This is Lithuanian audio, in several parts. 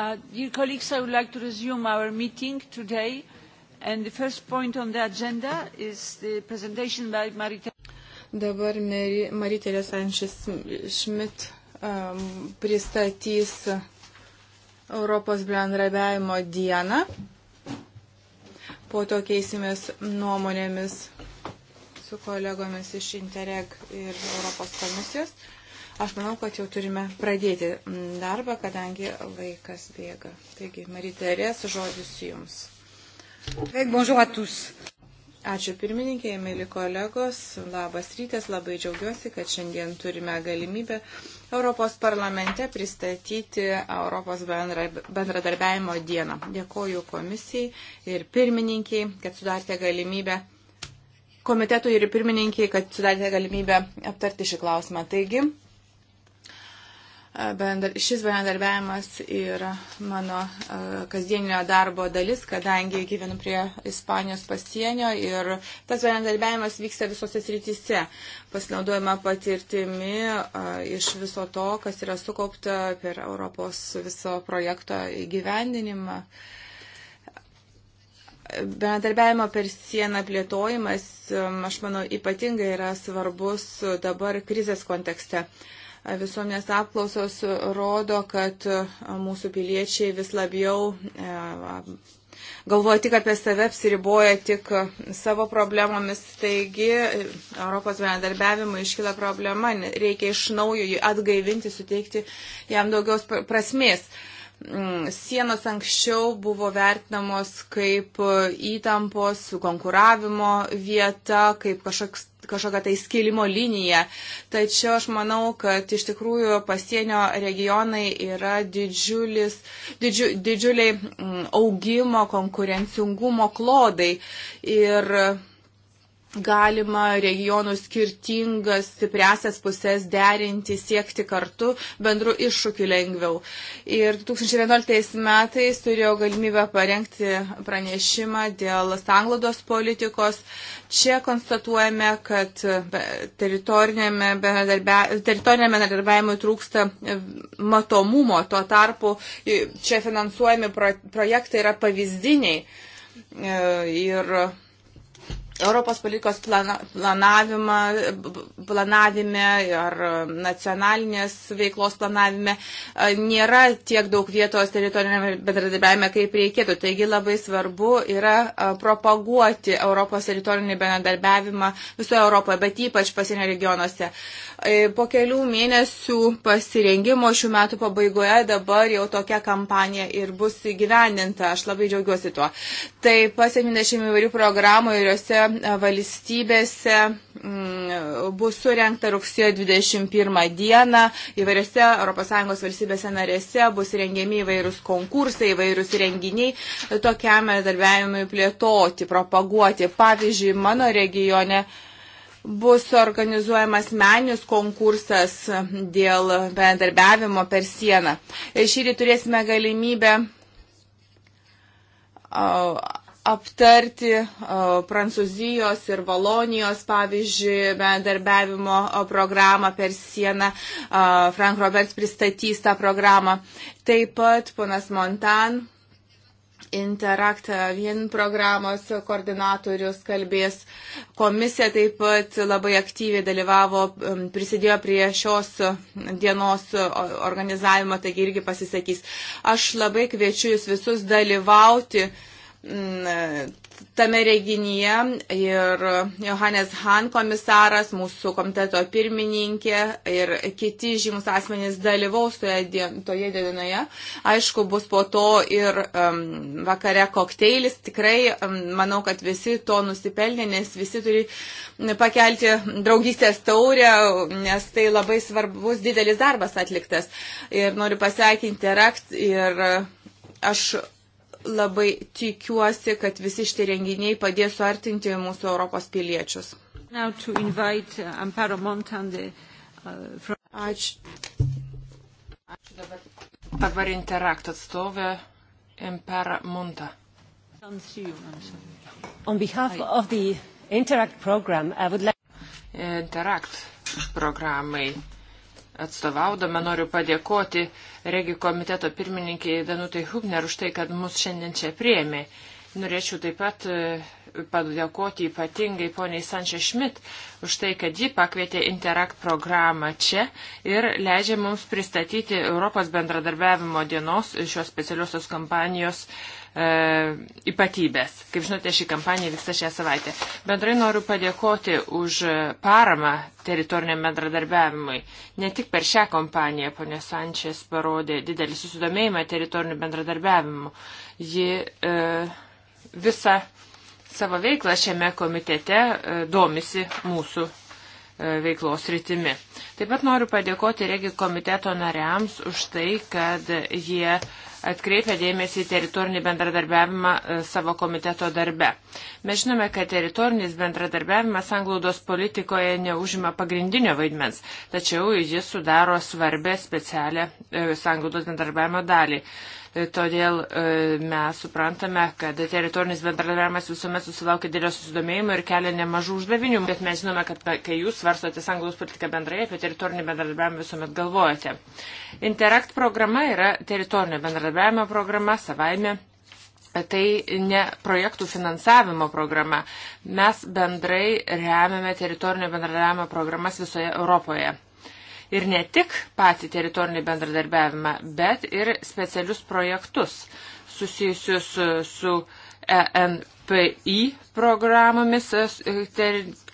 Uh, dear colleagues, I would like to resume our meeting today. And the first point on the agenda is the presentation by Marita. Dabar Marita Sančias Šmit um, pristatys Europos bendrabiavimo dieną. Po to keisimės nuomonėmis su kolegomis iš Interreg ir Europos komisijos. Uh, Aš manau, kad jau turime pradėti darbą, kadangi laikas bėga. Taigi, Mariterės, žodis jums. Bonjour à tous. Ačiū pirmininkė, mėly kolegos, labas rytas, labai džiaugiuosi, kad šiandien turime galimybę Europos parlamente pristatyti Europos bendradarbiavimo dieną. Dėkoju komisijai ir pirmininkiai, kad sudarėte galimybę komitetui ir pirmininkiai, kad sudarėte galimybę aptarti šį klausimą. Taigi, Šis bendarbiavimas yra mano e, kasdieninio darbo dalis, kadangi gyvenu prie Ispanijos pasienio ir tas bendarbiavimas vyksta visose srityse. Pasinaudojama patirtimi e, iš viso to, kas yra sukaupta per Europos viso projekto įgyvendinimą. Bendarbiavimo per sieną plėtojimas, aš manau, ypatingai yra svarbus dabar krizės kontekste. Visuomenės apklausos rodo, kad mūsų piliečiai vis labiau e, galvoja tik apie save, apsiriboja tik savo problemomis. Taigi e, Europos bendradarbiavimui iškyla problema, reikia iš naujo jį atgaivinti, suteikti jam daugiau prasmės. Mm, sienos anksčiau buvo vertinamos kaip įtampos, konkuravimo vieta, kaip kažkoks kažkokią tai skilimo liniją. Tačiau aš manau, kad iš tikrųjų pasienio regionai yra didžiulis, didžiu, didžiuliai mm, augimo, konkurencingumo klodai. Ir galima regionų skirtingas stipresias pusės derinti, siekti kartu, bendrų iššūkių lengviau. Ir 2011 metais turėjau galimybę parengti pranešimą dėl sanglodos politikos. Čia konstatuojame, kad teritorinėme bendradarbiavimui trūksta e, matomumo. Tuo tarpu čia finansuojami projektai yra pavyzdiniai. E, ir Europos politikos planavimą, planavime ar nacionalinės veiklos planavime nėra tiek daug vietos teritorinėme bendradarbiavime, kaip reikėtų. Taigi labai svarbu yra propaguoti Europos teritorinį bendradarbiavimą visoje Europoje, bet ypač pasienio regionuose. Uh, E, po kelių mėnesių pasirengimo šių metų pabaigoje dabar jau tokia kampanija ir bus įgyvendinta. Aš labai džiaugiuosi tuo. Taip pat 70 įvairių programų įvairiose e, valstybėse mm, bus surenkta rugsėjo 21 dieną. Įvairiose ES valstybėse narėse bus rengiami įvairūs konkursai, įvairūs renginiai tokiam darbiavimui plėtoti, propaguoti. Pavyzdžiui, mano regione bus organizuojamas meninis konkursas dėl bendarbiavimo per sieną. Šįryt turėsime galimybę aptarti Prancūzijos ir Valonijos, pavyzdžiui, bendarbiavimo programą per sieną. Frank Roberts pristatys tą programą. Taip pat ponas Montan Interact vien programos koordinatorius kalbės. Komisija taip pat labai aktyviai dalyvavo, prisidėjo prie šios dienos organizavimo, taigi irgi pasisakys. Aš labai kviečiu jūs visus dalyvauti uh, tame reginyje ir Johannes Han komisaras, mūsų komiteto pirmininkė ir kiti žymus asmenys dalyvaus toje, dien, toje dienoje. Aišku, bus po to ir um, vakare kokteilis. Tikrai um, manau, kad visi to nusipelnė, nes visi turi pakelti draugystės taurę, nes tai labai svarbus didelis darbas atliktas. Ir noriu pasveikinti Rakt ir aš labai tikiuosi, kad visi šitie renginiai padės suartinti mūsų Europos piliečius. Uh, Montande, uh, from... Ačiū. Ačiū dabar. Dabar Interakt atstovė Impera Munta. On behalf of the Interact program, I would like. Interact programai atstovaudama noriu padėkoti Regi komiteto pirmininkiai Danutai Hubner už tai, kad mus šiandien čia prieimė. Norėčiau taip pat e, padėkoti ypatingai poniai Sančia Šmit už tai, kad ji pakvietė Interact programą čia ir leidžia mums pristatyti Europos bendradarbiavimo dienos šios specialiosios kampanijos uh, E, ypatybės. Kaip žinote, ši kampanija vyksta šią savaitę. Bendrai noriu padėkoti už paramą teritoriniam bendradarbiavimui. Ne tik per šią kompaniją ponė Sančias parodė didelį susidomėjimą teritoriniu bendradarbiavimu. Ji e, visą savo veiklą šiame komitete e, domisi mūsų e, veiklos rytimi. Taip pat noriu padėkoti Regi komiteto nariams už tai, kad jie atkreipia dėmesį į teritorinį bendradarbiavimą e, savo komiteto darbe. Mes žinome, kad teritorinis bendradarbiavimas anglaudos politikoje neužima pagrindinio vaidmens, tačiau jis sudaro svarbę specialią e, anglaudos bendradarbiavimo dalį todėl e, mes suprantame, kad teritorinis bendradarbiavimas visuomet susilaukia didelio susidomėjimo ir kelia nemažų uždavinių, bet mes žinome, kad kai jūs svarstote sanglaus politiką bendrai, apie teritorinį bendradarbiavimą visuomet galvojate. Interact programa yra teritorinio bendradarbiavimo programa savaime tai ne projektų finansavimo programa. Mes bendrai remiame teritorinio bendradarbiavimo programas visoje Europoje ir ne tik patį teritorinį bendradarbiavimą, bet ir specialius projektus susijusius su ENPI programomis e, e,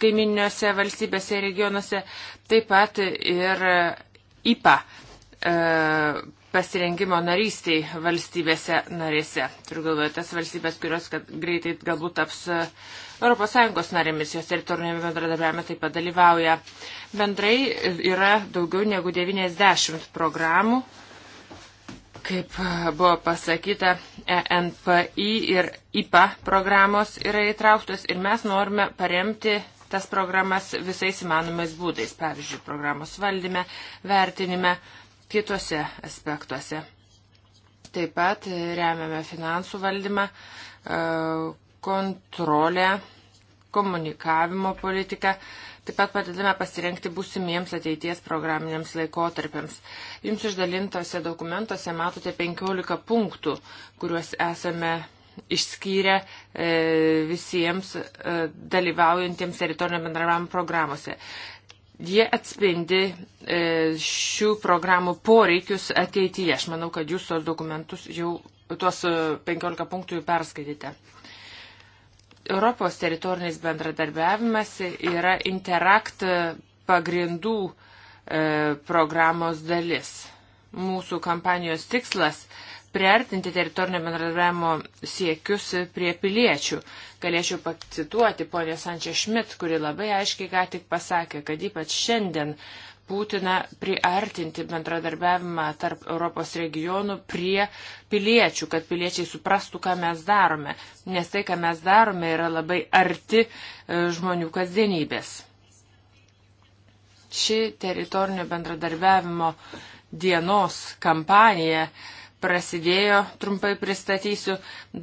kaiminiuose valstybėse ir regionuose, taip pat ir e, IPA pasirengimo narystiai valstybėse narėse. Turiu galvoje tas valstybės, kurios greitai galbūt taps ES narėmis, jos teritorinėme bendradarbiavime taip pat dalyvauja. Bendrai yra daugiau negu 90 programų, kaip e, buvo pasakyta, ENPI ir IPA programos yra įtrauktos ir mes norime paremti tas programas visais įmanomais būdais, pavyzdžiui, programos valdyme, vertinime, kitose aspektuose. Taip pat remiame finansų valdymą, e, kontrolę, komunikavimo politiką, taip pat padedame pasirenkti būsimiems ateities programiniams laikotarpiams. Jums išdalintose dokumentuose matote 15 punktų, kuriuos esame išskyrę e, visiems e, dalyvaujantiems teritorinio bendravimo programuose. Jie atspindi e, šių programų poreikius ateityje. Aš manau, kad jūs tuos dokumentus jau, tuos 15 e, punktų jau perskaitėte. Europos teritorinis bendradarbiavimas yra interakt pagrindų e, programos dalis. Mūsų kampanijos tikslas priartinti teritorinio bendradarbiavimo siekius prie piliečių. Galėčiau pacituoti ponę Sančią Šmit, kuri labai aiškiai ką tik pasakė, kad ypač šiandien būtina priartinti bendradarbiavimą tarp Europos regionų prie piliečių, kad piliečiai suprastų, ką mes darome, nes tai, ką mes darome, yra labai arti e, žmonių kasdienybės. Ši teritorinio bendradarbiavimo dienos kampanija uh, prasidėjo, trumpai pristatysiu,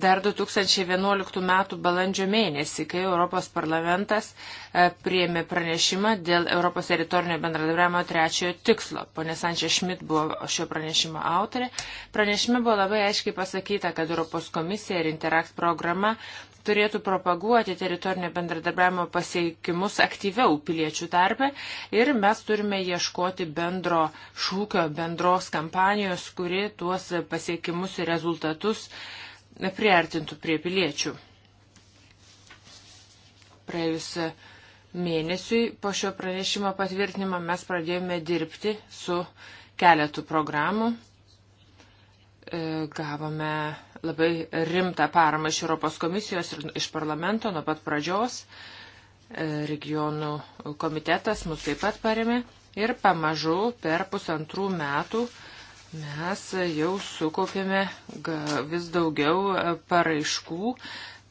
dar 2011 m. balandžio mėnesį, kai Europos parlamentas e, priėmė pranešimą dėl Europos teritorinio bendradarbiavimo trečiojo tikslo. Pone Sančia Šmit buvo šio pranešimo autorė. Pranešime buvo labai aiškiai pasakyta, kad Europos komisija ir Interact programa turėtų propaguoti teritorinio bendradarbiavimo pasiekimus aktyviau piliečių tarpe ir mes turime ieškoti bendro šūkio, bendros kampanijos, kuri tuos pasiekimus ir rezultatus priartintų prie piliečių. Praėjus mėnesiui po šio pranešimo patvirtinimo mes pradėjome dirbti su keletu programų. E, gavome labai rimtą paramą iš Europos komisijos ir iš parlamento nuo pat pradžios. E, regionų komitetas mus taip pat paremė ir pamažu per pusantrų metų mes jau sukaupėme vis daugiau e, paraiškų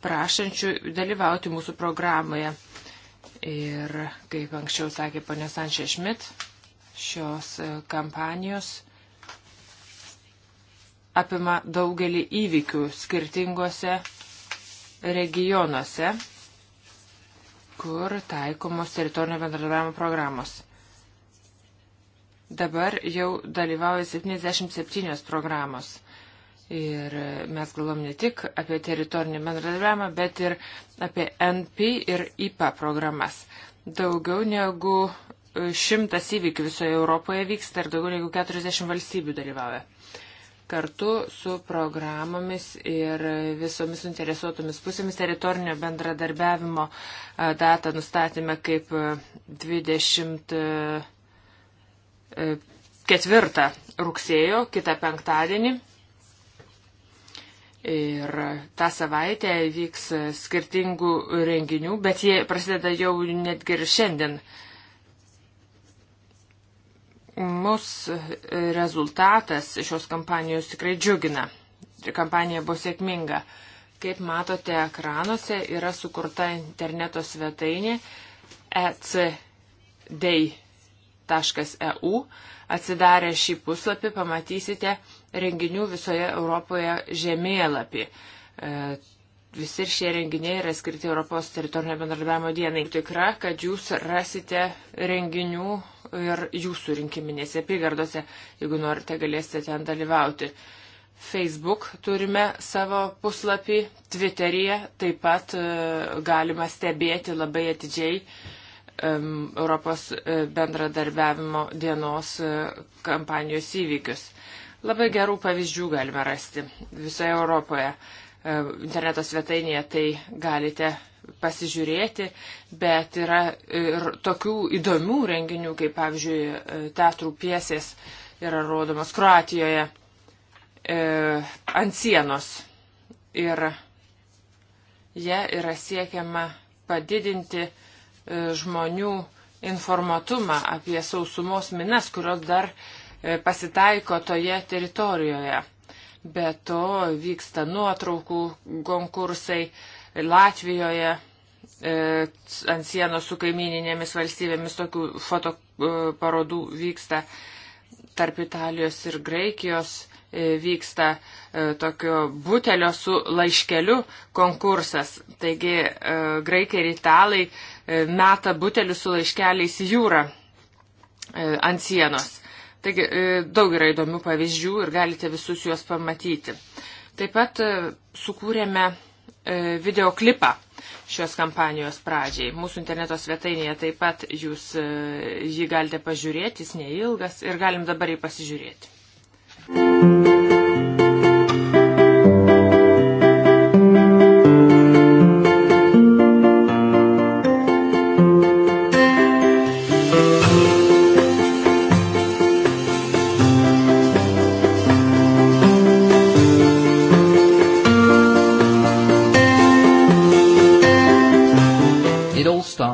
prašančių dalyvauti mūsų programoje. Ir kaip anksčiau sakė ponė Sančia Šmit, šios e, kampanijos apima daugelį įvykių skirtingose regionuose, kur taikomos teritorinio bendradarbiavimo programos. Dabar jau dalyvauja 77 programos. Ir mes galvom ne tik apie teritorinį bendradarbiavimą, bet ir apie NP ir IPA programas. Daugiau negu šimtas įvykių visoje Europoje vyksta ir daugiau negu 40 valstybių dalyvauja kartu su programomis ir visomis interesuotomis pusėmis teritorinio bendradarbiavimo e, datą nustatėme kaip 24 e, e, rugsėjo, kitą penktadienį. Ir tą savaitę vyks skirtingų renginių, bet jie prasideda jau netgi ir šiandien. Uh, Mus rezultatas šios kampanijos tikrai džiugina. Kampanija buvo sėkminga. Kaip matote ekranuose, yra sukurta interneto svetainė ecdei.eu. Atsidarę šį puslapį pamatysite renginių visoje Europoje žemėlapį. E, visi šie renginiai yra skirti Europos teritorinio bendradarbiavimo dienai. Tikra, kad jūs rasite renginių ir jūsų rinkiminėse apygardose, jeigu norite, galėsite ten dalyvauti. Facebook turime savo puslapį, Twitter'yje taip pat e, galima stebėti labai atidžiai Europos e, bendradarbiavimo dienos e, kampanijos įvykius. Labai gerų pavyzdžių galime rasti visoje Europoje. Interneto svetainėje tai galite pasižiūrėti, bet yra ir tokių įdomių renginių, kaip pavyzdžiui e, teatrų piesės yra rodomas Kroatijoje e, ant sienos. Ir jie yra siekiama padidinti e, žmonių informatumą apie sausumos minas, kurios dar e, pasitaiko toje teritorijoje. Be to vyksta nuotraukų konkursai, e, Latvijoje e, ant sienos su kaimininėmis valstybėmis tokių fotoparodų e, vyksta tarp Italijos ir Graikijos e, vyksta tokio butelio su laiškeliu konkursas. Taigi graikai ir italai meta butelių su laiškeliais į jūrą ant sienos. Taigi daug yra įdomių pavyzdžių ir galite visus juos pamatyti. Taip pat sukūrėme E, videoklipą šios kampanijos pradžiai. Mūsų interneto svetainėje taip pat jūs e, jį galite pažiūrėti, jis neilgas ir galim dabar jį pasižiūrėti. Thank you.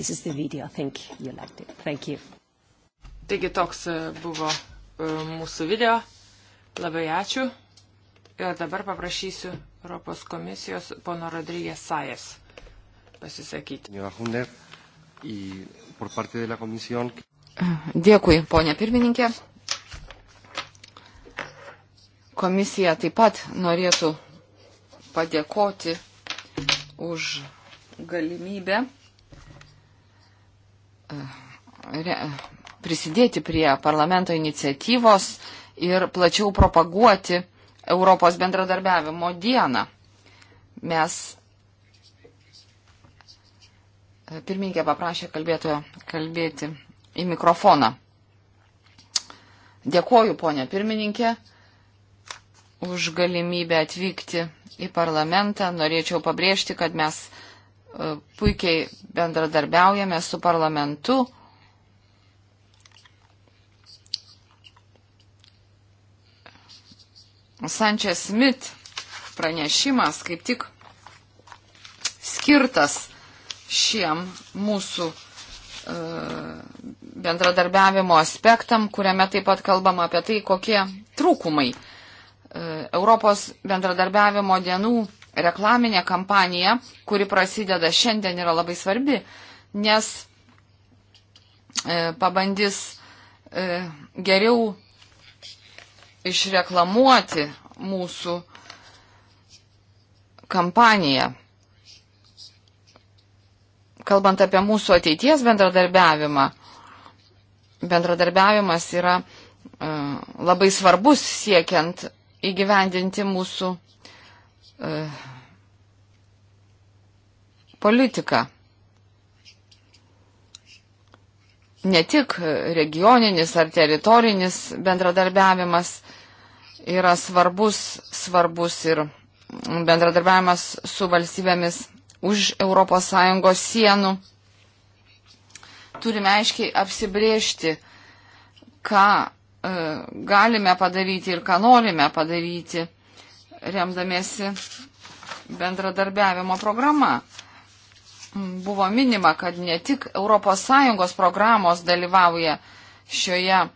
This is the video. I think you liked it. Thank you. Taigi toks e, buvo e, mūsų video. Labai ačiū. Ir dabar paprašysiu Europos komisijos pono Rodrygės Sajas pasisakyti. Dėkui, ponė pirmininkė. Komisija taip pat norėtų padėkoti už galimybę prisidėti prie parlamento iniciatyvos ir plačiau propaguoti Europos bendradarbiavimo dieną. Mes pirmininkė paprašė kalbėtojo kalbėti į mikrofoną. Dėkoju, ponė pirmininkė, už galimybę atvykti į parlamentą. Norėčiau pabrėžti, kad mes E, puikiai bendradarbiaujame su parlamentu. Sančias Smith pranešimas kaip tik skirtas šiem mūsų e, bendradarbiavimo aspektam, kuriame taip pat kalbama apie tai, kokie trūkumai e, Europos bendradarbiavimo dienų reklaminė kampanija, kuri prasideda šiandien, yra labai svarbi, nes e, pabandys e, geriau išreklamuoti mūsų kampaniją. Kalbant apie mūsų ateities bendradarbiavimą, bendradarbiavimas yra e, labai svarbus siekiant įgyvendinti mūsų E, politiką. Ne tik regioninis ar teritorinis bendradarbiavimas yra svarbus, svarbus ir bendradarbiavimas su valstybėmis už ES sienų. Turime aiškiai apsibriežti, ką e, galime padaryti ir ką norime padaryti remdamiesi bendradarbiavimo programa. Buvo minima, kad ne tik ES programos dalyvauja šioje,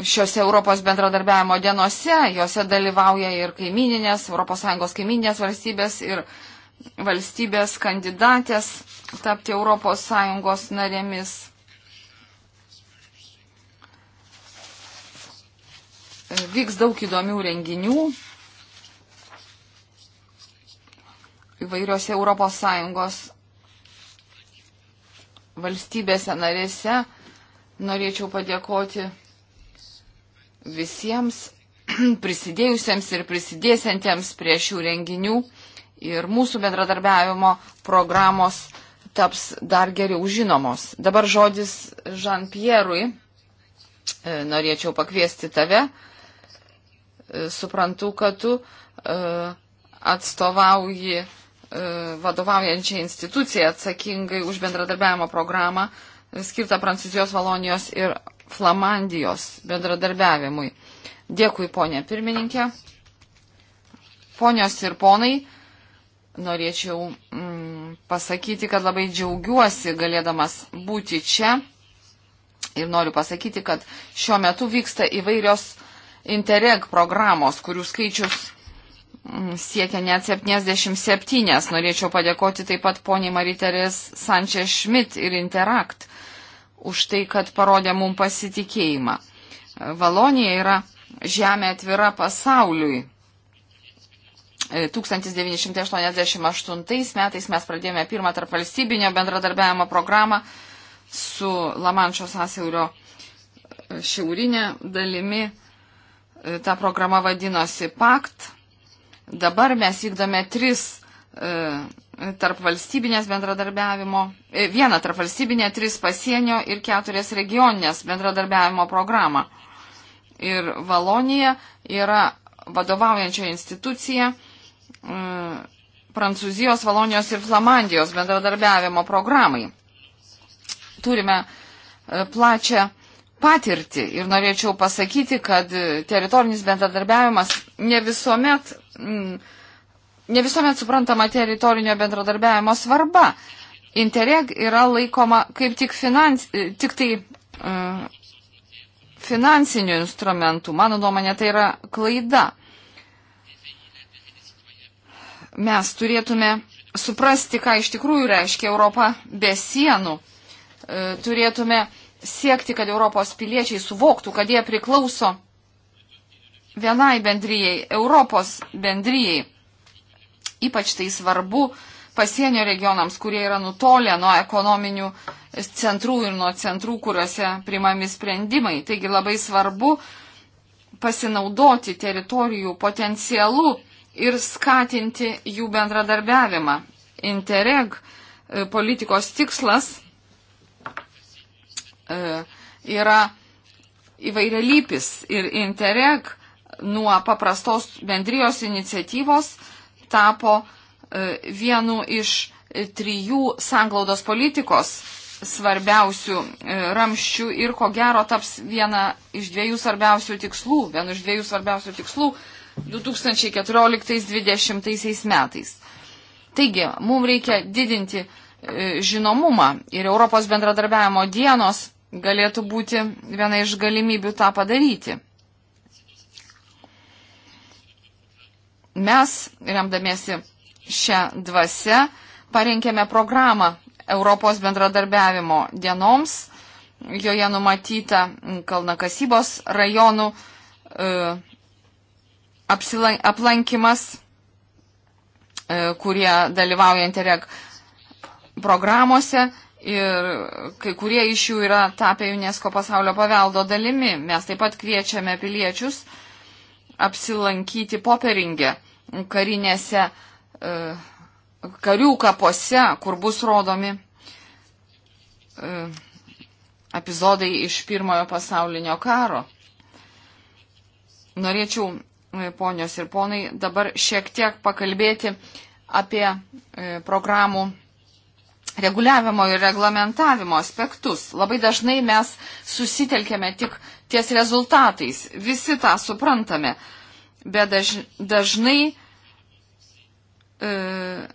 šiose Europos bendradarbiavimo dienose, juose dalyvauja ir kaimininės, ES kaimininės valstybės ir valstybės kandidatės tapti ES narėmis. Vyks daug įdomių renginių įvairiose ES valstybėse narėse. Norėčiau padėkoti visiems prisidėjusiems ir prisidėsiantiems prie šių renginių ir mūsų bendradarbiavimo programos taps dar geriau žinomos. Dabar žodis Žan Pierui. E, norėčiau pakviesti tave suprantu, kad tu e, atstovauji e, vadovaujančią instituciją atsakingai už bendradarbiavimo programą skirtą Prancūzijos, Valonijos ir Flamandijos bendradarbiavimui. Dėkui, ponė pirmininkė. Ponios ir ponai, norėčiau mm, pasakyti, kad labai džiaugiuosi galėdamas būti čia ir noriu pasakyti, kad šiuo metu vyksta įvairios uh, Interreg programos, kurių skaičius mm, siekia net 77. Norėčiau padėkoti taip pat poniai Mariterės Sančia Šmit ir Interakt už tai, kad parodė mums pasitikėjimą. Valonija yra žemė atvira pasauliui. 1988 e, metais mes pradėjome pirmą tarp valstybinio bendradarbiavimo programą su Lamančio sąsiaurio e, šiaurinė dalimi E, ta programa vadinosi PACT. Dabar mes vykdome tris e, tarp valstybinės bendradarbiavimo, e, vieną tarp valstybinę, tris pasienio ir keturias regioninės bendradarbiavimo programą. Ir Valonija yra vadovaujančia institucija Prancūzijos, Valonijos ir Flamandijos bendradarbiavimo programai. Turime plačią patirtį ir norėčiau pasakyti, kad teritorinis bendradarbiavimas ne visuomet, mm, ne visuomet suprantama teritorinio bendradarbiavimo svarba. Interreg yra laikoma kaip tik, finans, tik tai mm, finansinių instrumentų. Mano nuomonė, tai yra klaida. Mes turėtume suprasti, ką iš tikrųjų reiškia Europa be sienų. E, turėtume uh, siekti, kad Europos piliečiai suvoktų, kad jie priklauso vienai bendryjai, Europos bendryjai. Ypač tai svarbu pasienio regionams, kurie yra nutolę nuo ekonominių centrų ir nuo centrų, kuriuose primami sprendimai. Taigi labai svarbu pasinaudoti teritorijų potencialu ir skatinti jų bendradarbiavimą. Interreg e, politikos tikslas E, yra įvairialypis ir Interreg nuo paprastos bendrijos iniciatyvos tapo e, vienu iš trijų sanglaudos politikos svarbiausių e, ramščių ir ko gero taps viena iš dviejų svarbiausių tikslų, vienu iš dviejų svarbiausių tikslų 2014-2020 metais. Taigi, mums reikia didinti E, žinomumą. Ir Europos bendradarbiavimo dienos galėtų būti viena iš galimybių tą padaryti. Mes, remdamiesi šią dvasę, parengėme programą Europos bendradarbiavimo dienoms. Joje numatyta kalnakasybos rajonų e, apsilan, aplankimas, e, kurie dalyvauja Interreg programuose ir kai kurie iš jų yra tapę UNESCO pasaulio paveldo dalimi. Mes taip pat kviečiame piliečius apsilankyti poperingę karinėse e, karių kapuose, kur bus rodomi e, epizodai iš pirmojo pasaulinio karo. Norėčiau, e, ponios ir ponai, dabar šiek tiek pakalbėti apie programų reguliavimo ir reglamentavimo aspektus. Labai dažnai mes susitelkėme tik ties rezultatais. Visi tą suprantame. Bet daž, dažnai e,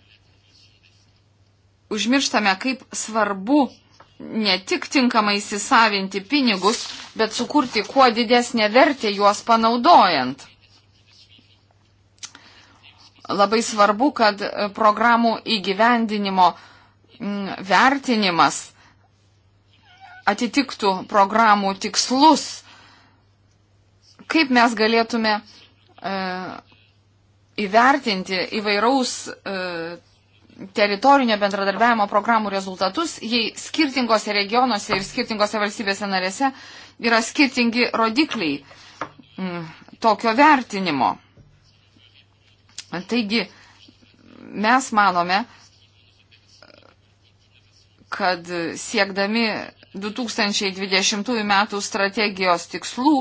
užmirštame, kaip svarbu ne tik tinkamai įsisavinti pinigus, bet sukurti kuo didesnę vertę juos panaudojant. Labai svarbu, kad programų įgyvendinimo e, Mm, vertinimas atitiktų programų tikslus, kaip mes galėtume e, įvertinti įvairaus e, teritorinio bendradarbiavimo programų rezultatus, jei skirtingose regionuose ir skirtingose valstybėse narėse yra skirtingi rodikliai mm, tokio vertinimo. Taigi, mes manome, kad siekdami 2020 m. strategijos tikslų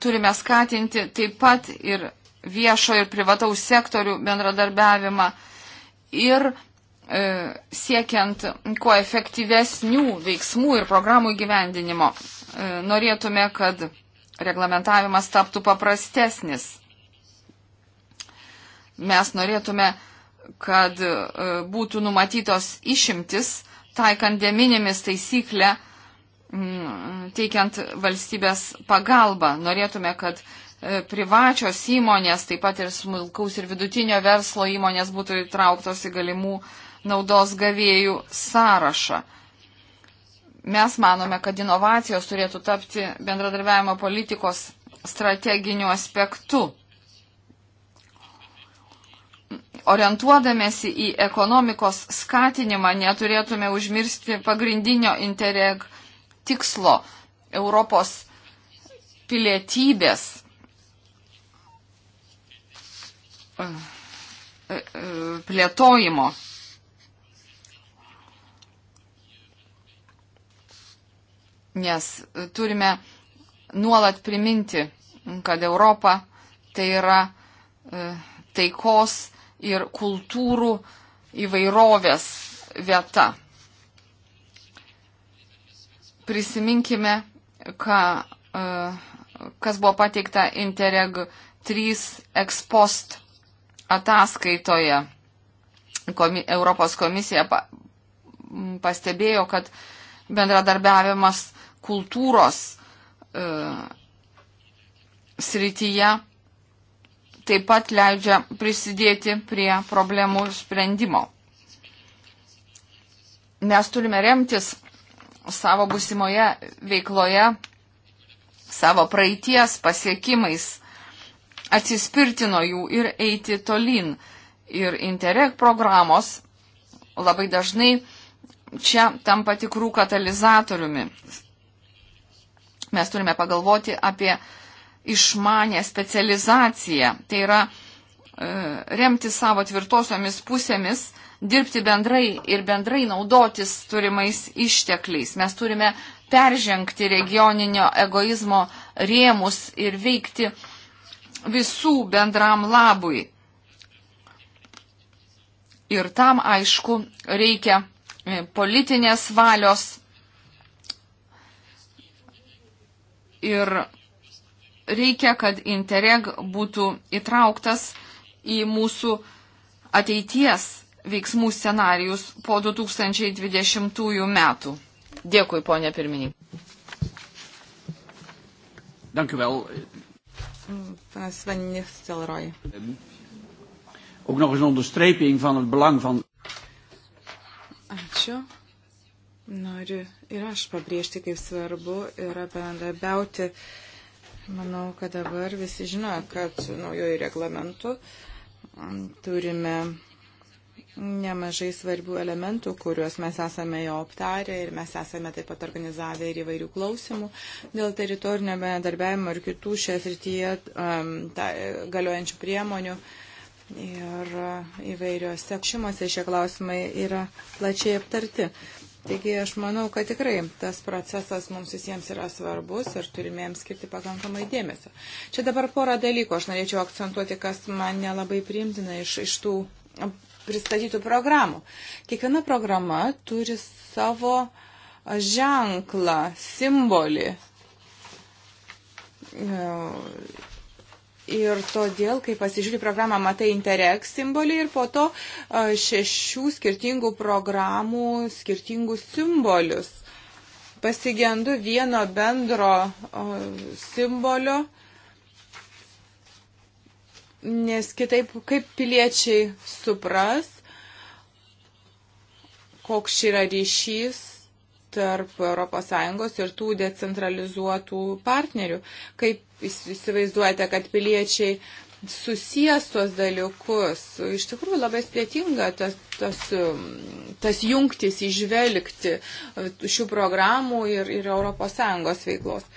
turime skatinti taip pat ir viešo ir privataus sektorių bendradarbiavimą ir e, siekiant kuo efektyvesnių veiksmų ir programų įgyvendinimo. E, norėtume, kad reglamentavimas taptų paprastesnis. Mes norėtume, kad e, būtų numatytos išimtis taikant deminimis taisyklę, mm, teikiant valstybės pagalbą. Norėtume, kad e, privačios įmonės, taip pat ir smulkaus ir vidutinio verslo įmonės būtų įtrauktos į galimų naudos gavėjų sąrašą. Mes manome, kad inovacijos turėtų tapti bendradarbiavimo politikos strateginiu aspektu orientuodamėsi į ekonomikos skatinimą, neturėtume užmirsti pagrindinio intereg tikslo Europos pilietybės plėtojimo. Nes turime nuolat priminti, kad Europa tai yra e, taikos ir kultūrų įvairovės vieta. Prisiminkime, ką, e, kas buvo pateikta Interreg 3 ekspost ataskaitoje. Komi, Europos komisija pa, pastebėjo, kad bendradarbiavimas kultūros e, srityje taip pat leidžia prisidėti prie problemų sprendimo. Mes turime remtis savo busimoje veikloje, savo praeities pasiekimais, atsispirti nuo jų ir eiti tolin. Ir Interreg programos labai dažnai čia tampa tikrų katalizatoriumi. Mes turime pagalvoti apie išmanę specializaciją. Tai yra e, remti savo tvirtosiomis pusėmis, dirbti bendrai ir bendrai naudotis turimais ištekliais. Mes turime peržengti regioninio egoizmo rėmus ir veikti visų bendram labui. Ir tam, aišku, reikia e, politinės valios ir reikia, kad Interreg būtų įtrauktas į mūsų ateities veiksmų scenarius po 2020 metų. Dėkui, ponė pirmininkė. Dank u wel. Panas Van Nistelrooy. Ehm, ook nog eens een onderstreping van het belang van. Ačiū. Noriu ir aš pabrėžti, kaip svarbu yra bendrabiauti uh, Manau, kad dabar visi žino, kad naujojų reglamentų turime nemažai svarbių elementų, kuriuos mes esame jau aptarę ir mes esame taip pat organizavę ir įvairių klausimų dėl teritorinio bendarbiavimo ir kitų šią srityje um, ta, galiojančių priemonių. Ir e, įvairiuose šimuose šie klausimai yra plačiai aptarti. Taigi aš manau, kad tikrai tas procesas mums visiems yra svarbus ir turime jam skirti pakankamai dėmesio. Čia dabar porą dalykų aš norėčiau akcentuoti, kas man nelabai priimtina iš, iš tų pristatytų programų. Kiekviena programa turi savo ženklą, simbolį Ir todėl, kai pasižiūri programą, matai Interreg simbolį ir po to šešių skirtingų programų skirtingus simbolius. Pasigendu vieno bendro simbolio, nes kitaip kaip piliečiai supras, koks yra ryšys tarp ES ir tų decentralizuotų partnerių. Kaip įsivaizduojate, kad piliečiai susijęs tos dalykus. Iš tikrųjų labai sudėtinga tas, tas, tas jungtis išvelgti e, šių programų ir, ir ES veiklos.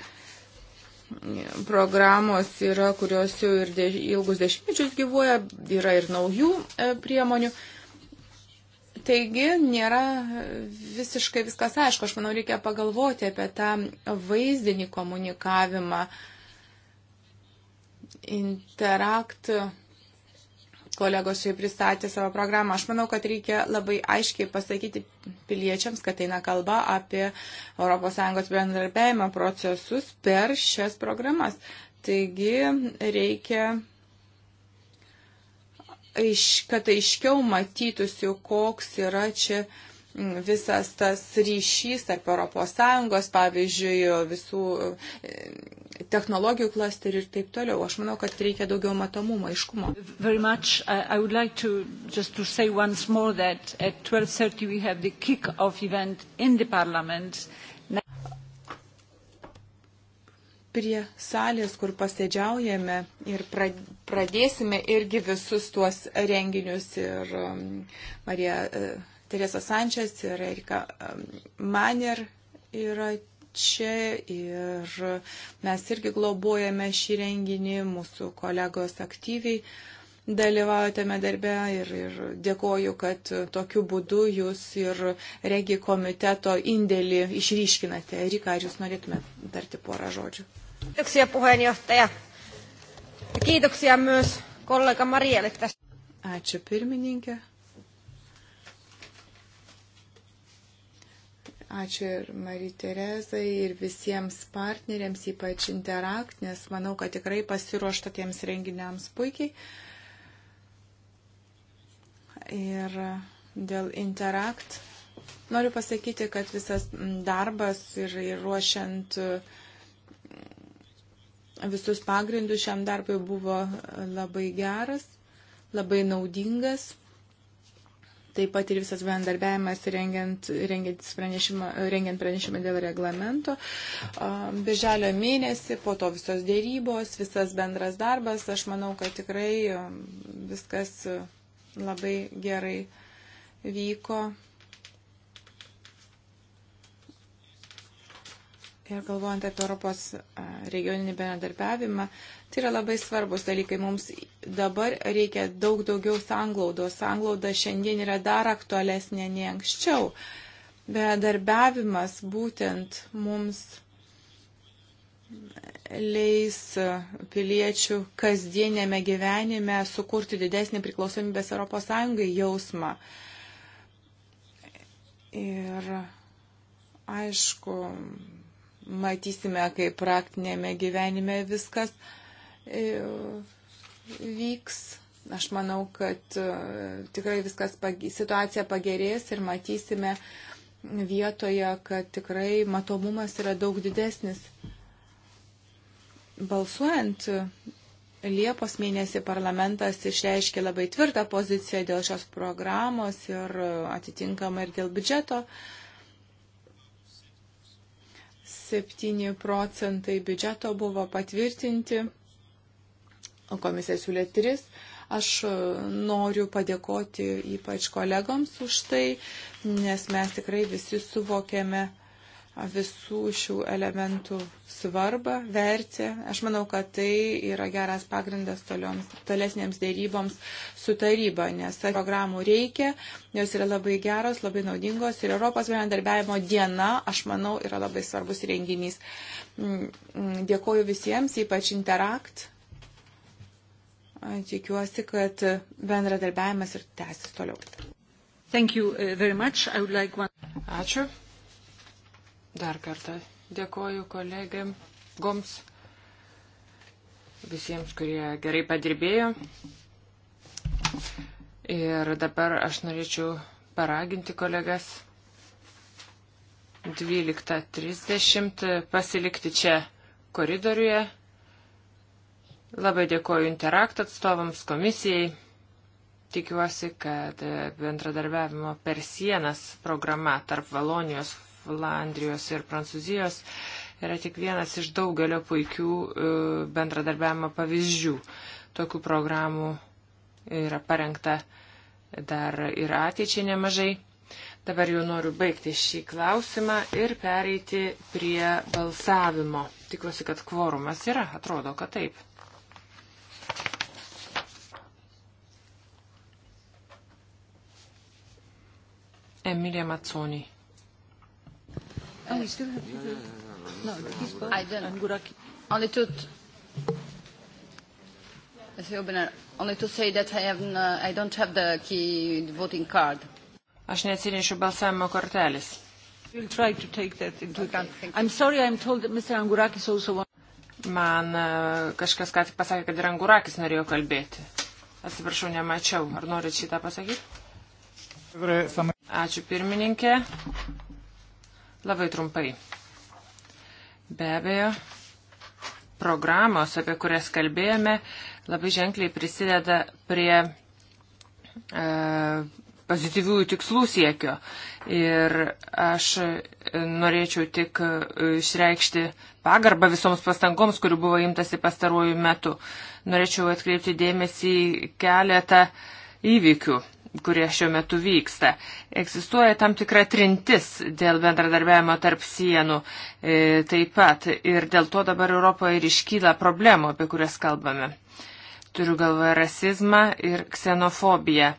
Programos yra, kurios jau ir de, ilgus dešimtmečius gyvuoja, yra ir naujų e, priemonių. Taigi nėra visiškai viskas aišku. Aš manau, reikia pagalvoti apie tą vaizdinį komunikavimą. Interakt kolegos jau pristatė savo programą. Aš manau, kad reikia labai aiškiai pasakyti piliečiams, kad eina kalba apie ES bendradarbiavimo procesus per šias programas. Taigi reikia aiš, kad aiškiau matytųsi, koks yra čia mm, visas tas ryšys tarp ES, pavyzdžiui, visų e, technologijų klasterių ir taip toliau. Aš manau, kad reikia daugiau matomumo, aiškumo. Like to, to that, prie salės, kur pasėdžiaujame ir pradėsime irgi visus tuos renginius. Ir um, Marija e, Teresa Sančias ir Erika um, Maner yra čia ir mes irgi globojame šį renginį, mūsų kolegos aktyviai dalyvauja tame darbe ir, ir dėkoju, kad tokiu būdu jūs ir regi komiteto indėlį išryškinate. Rika, ar jūs norėtumėte tarti porą žodžių? Kiitoksia puheenjohtaja. Kiitoksia myös kollega Marielle tästä. Ačiū pirmininkė. ačiū ir Marijai Terezai, ir visiems partneriams, ypač Interakt, nes manau, kad tikrai pasiruošta tiems renginiams puikiai ir dėl Interact. Noriu pasakyti, kad visas darbas ir, ir ruošiant mm, visus pagrindus šiam darbui buvo labai geras, labai naudingas. Taip pat ir visas bendarbiavimas rengiant, pranešimą, rengiant pranešimą dėl reglamento. Birželio mėnesį, po to visos dėrybos, visas bendras darbas, aš manau, kad tikrai viskas labai gerai vyko. Ir galvojant apie Europos regioninį bendradarbiavimą, tai yra labai svarbus dalykai. Mums dabar reikia daug daugiau sanglaudos. Sanglauda šiandien yra dar aktualesnė nei anksčiau. Bendradarbiavimas būtent mums leis piliečių kasdienėme gyvenime sukurti didesnį priklausomybės ES jausmą. Ir aišku, matysime, kaip praktinėme gyvenime viskas e, vyks. Aš manau, kad e, tikrai viskas situacija pagerės ir matysime vietoje, kad tikrai matomumas yra daug didesnis balsuojant Liepos mėnesį parlamentas išreiškė labai tvirtą poziciją dėl šios programos ir atitinkamai ir dėl biudžeto. 7 procentai biudžeto buvo patvirtinti, komisija siūlė 3. Aš noriu padėkoti ypač kolegoms už tai, nes mes tikrai visi suvokėme, visų šių elementų svarbą, vertę. Aš manau, kad tai yra geras pagrindas tolioms, tolesnėms dėryboms su taryba, nes programų reikia, jos yra labai geros, labai naudingos ir Europos bendarbiavimo diena, aš manau, yra labai svarbus renginys. Mm, mm, dėkoju visiems, ypač Interakt. Tikiuosi, kad bendradarbiavimas ir tęsis toliau. Eh, like one... Ačiū. Dar kartą dėkoju kolegėms, visiems, kurie gerai padirbėjo. Ir dabar aš norėčiau paraginti kolegas 12.30 pasilikti čia koridoriuje. Labai dėkoju Interakt atstovams, komisijai. Tikiuosi, kad bendradarbiavimo per sienas programa tarp Valonijos Flandrijos ir Prancūzijos yra tik vienas iš daugelio puikių e, bendradarbiavimo pavyzdžių. Tokių programų yra parengta dar ir ateičiai nemažai. Dabar jau noriu baigti šį klausimą ir pereiti prie balsavimo. Tikiuosi, kad kvorumas yra, atrodo, kad taip. Emilia Mazzoni. Oh, ah you still have to do it? No, this part. I don't. And Guraki. Only to... Mr. Obiner, only to say that I, have, uh, I don't have the key the voting card. Aš neatsinešiu balsavimo kortelės. We'll try to take that into okay, account. I'm sorry, I'm told that Mr. Angurakis also wants... Man uh, kažkas ką tik pasakė, kad ir Angurakis norėjo kalbėti. Atsiprašau, nemačiau. Ar norit šitą pasakyti? Ačiū pirmininkė. Labai trumpai. Be abejo, programos, apie kurias kalbėjome, labai ženkliai prisideda prie e, pozityviųjų tikslų siekio. Ir aš norėčiau tik e, išreikšti pagarbą visoms pastangoms, kurių buvo imtasi pastaruoju metu. Norėčiau atkreipti dėmesį keletą įvykių kurie šiuo metu vyksta. Egzistuoja tam tikra trintis dėl bendradarbiavimo tarp sienų e, taip pat ir dėl to dabar Europoje ir iškyla problemų, apie kurias kalbame. Turiu galvoje rasizmą ir ksenofobiją.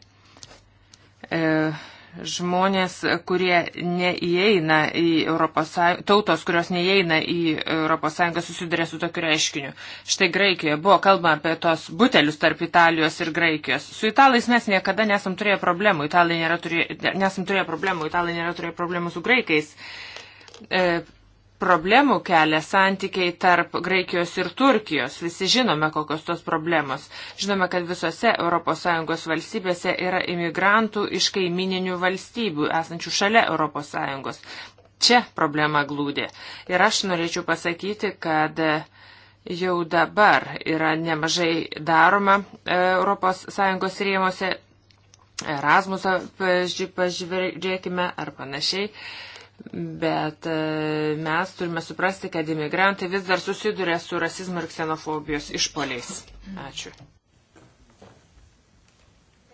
E, žmonės, kurie neįeina į Europos Sąjungą, tautos, kurios neįeina į Europos Sąjungą, susiduria su tokiu reiškiniu. Štai Graikijoje buvo kalbama apie tos butelius tarp Italijos ir Graikijos. Su italais mes niekada nesam turėję problemų. Italai nėra turėję, nesam turėję problemų. Italai nėra turėję problemų su graikais. E, problemų kelia santykiai tarp Graikijos ir Turkijos. Visi žinome, kokios tos problemos. Žinome, kad visose ES valstybėse yra imigrantų iš kaimininių valstybių esančių šalia ES. Čia problema glūdė. Ir aš norėčiau pasakyti, kad jau dabar yra nemažai daroma e, ES rėmose. Erasmusą pažiūrėkime ar panašiai. Bet e, mes turime suprasti, kad imigrantai vis dar susiduria su rasizmo ir ksenofobijos išpoliais. Ačiū.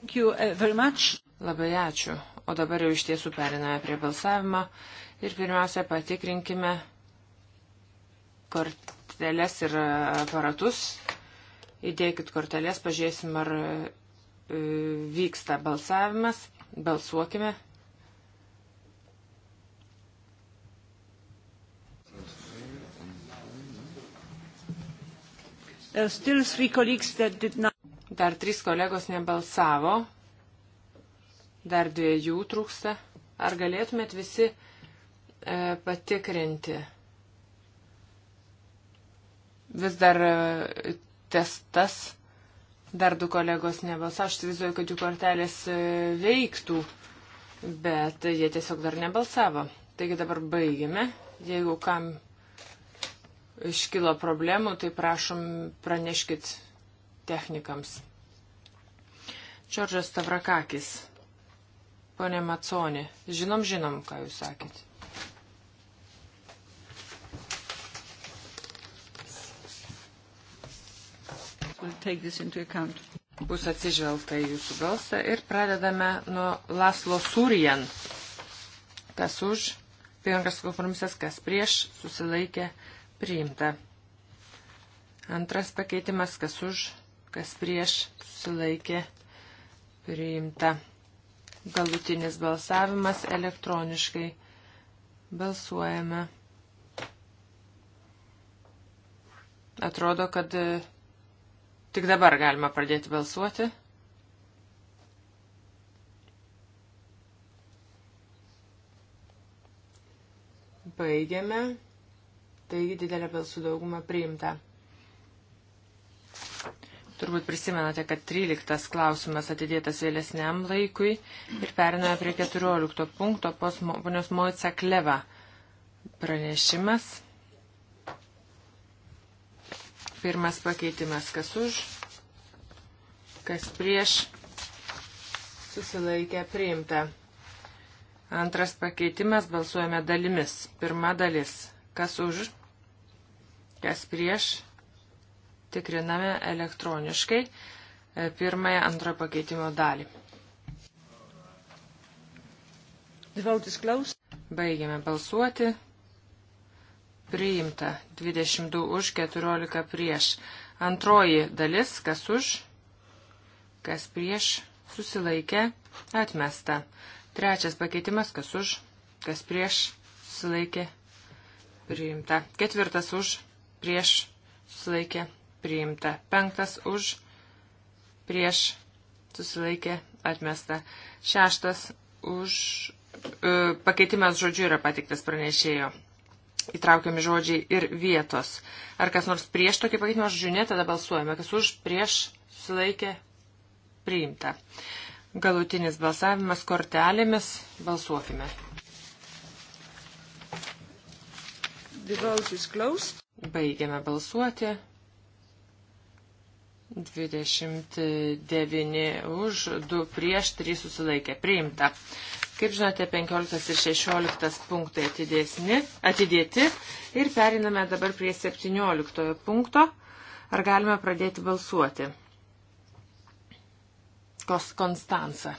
Eh, Labai ačiū. O dabar jau iš tiesų periname prie balsavimo ir pirmiausia patikrinkime korteles ir aparatus. Įdėkit korteles, pažiūrėsim, ar e, vyksta balsavimas. Balsuokime. Uh, dar trys kolegos nebalsavo, dar dviejų trūksta. Ar galėtumėt visi e, patikrinti? Vis dar e, testas, dar du kolegos nebalsavo. Aš įsivaizduoju, kad jų kortelės e, veiktų, bet jie tiesiog dar nebalsavo. Taigi dabar baigime. Jeigu kam iškilo problemų, tai prašom praneškit technikams. Čioržas Tavrakakis. Pone Maconi, žinom, žinom, ką jūs sakėt. Bus atsižvelgta į jūsų balsą ir pradedame nuo Laslo Surijan. Kas už, pirmas kompromisas, kas prieš, susilaikė Priimta. Antras pakeitimas, kas už, kas prieš, susilaikė, priimta. Galutinis balsavimas elektroniškai. Balsuojame. Atrodo, kad e, tik dabar galima pradėti balsuoti. Baigiame. Taigi didelė balsų dauguma priimta. Turbūt prisimenate, kad 13 klausimas atidėtas vėlesniam laikui ir periname prie 14 punkto pos ponios Moica Kleva pranešimas. Pirmas pakeitimas, kas už, kas prieš, susilaikė priimta. Antras pakeitimas, balsuojame dalimis. Pirma dalis, kas už, kas prieš, tikriname elektroniškai e, pirmąją antrojo pakeitimo dalį. Baigiame balsuoti. Priimta 22 už 14 prieš. Antroji dalis, kas už, kas prieš, susilaikė, atmesta. Trečias pakeitimas, kas už, kas prieš, susilaikė, priimta. Ketvirtas už, prieš susilaikė priimta. Penktas už prieš susilaikė atmesta. Šeštas už e, pakeitimas žodžiu yra patiktas pranešėjo. Įtraukiami žodžiai ir vietos. Ar kas nors prieš tokį pakeitimą žodžiu ne, tada balsuojame. Kas už prieš susilaikė priimta. Galutinis balsavimas kortelėmis. Balsuokime. The vote is closed. Baigiame balsuoti. 29 už, 2 prieš, 3 susilaikė. Priimta. Kaip žinote, 15 ir 16 punktai atidėsni, atidėti ir periname dabar prie 17 punkto. Ar galime pradėti balsuoti? Kos Konstanca.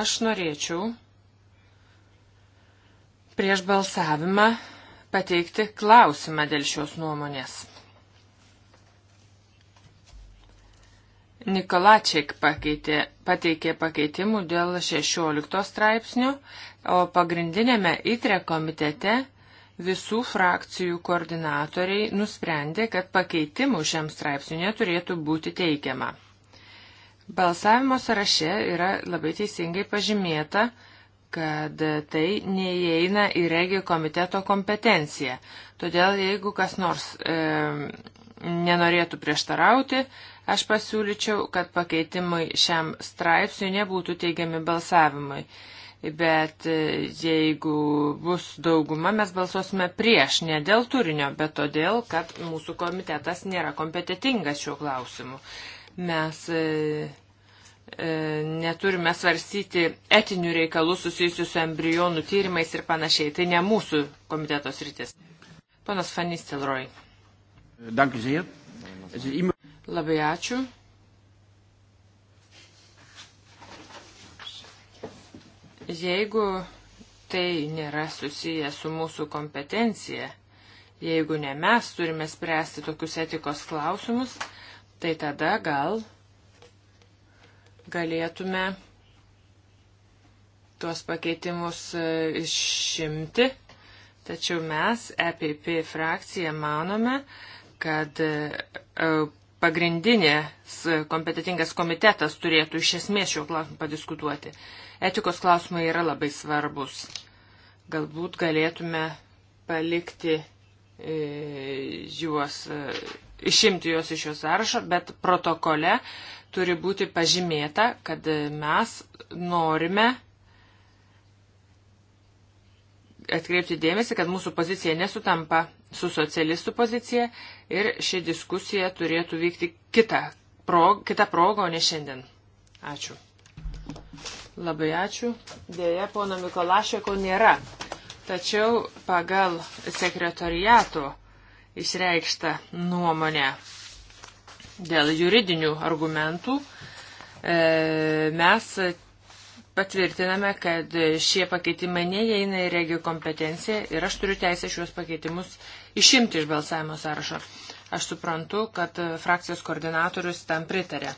Aš norėčiau prieš balsavimą pateikti klausimą dėl šios nuomonės. Nikolačiak pakeitė, pateikė pakeitimų dėl 16 straipsnių, o pagrindinėme ITRE komitete visų frakcijų koordinatoriai nusprendė, kad pakeitimų šiam straipsniu neturėtų būti teikiama. Balsavimo sąraše yra labai teisingai pažymėta, kad tai neįeina į regio komiteto kompetenciją. Todėl jeigu kas nors e, nenorėtų prieštarauti, aš pasiūlyčiau, kad pakeitimai šiam straipsniui nebūtų teigiami balsavimai. Bet e, jeigu bus dauguma, mes balsuosime prieš, ne dėl turinio, bet todėl, kad mūsų komitetas nėra kompetitingas šiuo klausimu. Mes. E, E, neturime svarstyti etinių reikalų susijusių su embrionų tyrimais ir panašiai. Tai ne mūsų komitetos rytis. Panas Fanys Telroj. Labai ačiū. Jeigu tai nėra susiję su mūsų kompetencija, jeigu ne mes turime spręsti tokius etikos klausimus, tai tada gal galėtume tuos pakeitimus e, išimti, tačiau mes, EPP frakcija, manome, kad e, e, pagrindinės kompetitingas komitetas turėtų iš esmės šio klausimu padiskutuoti. Etikos klausimai yra labai svarbus. Galbūt galėtume palikti juos, išimti juos iš jo sąrašo, bet protokole turi būti pažymėta, kad mes norime atkreipti dėmesį, kad mūsų pozicija nesutampa su socialistų pozicija ir ši diskusija turėtų vykti kitą, prog, kitą progą, o ne šiandien. Ačiū. Labai ačiū. Dėja, pono Mikolašeko nėra. Tačiau pagal sekretoriato išreikštą nuomonę dėl juridinių argumentų e, mes patvirtiname, kad šie pakeitimai neįeina į regijų kompetenciją ir aš turiu teisę šiuos pakeitimus išimti iš balsavimo sąrašo. Aš suprantu, kad frakcijos koordinatorius tam pritarė.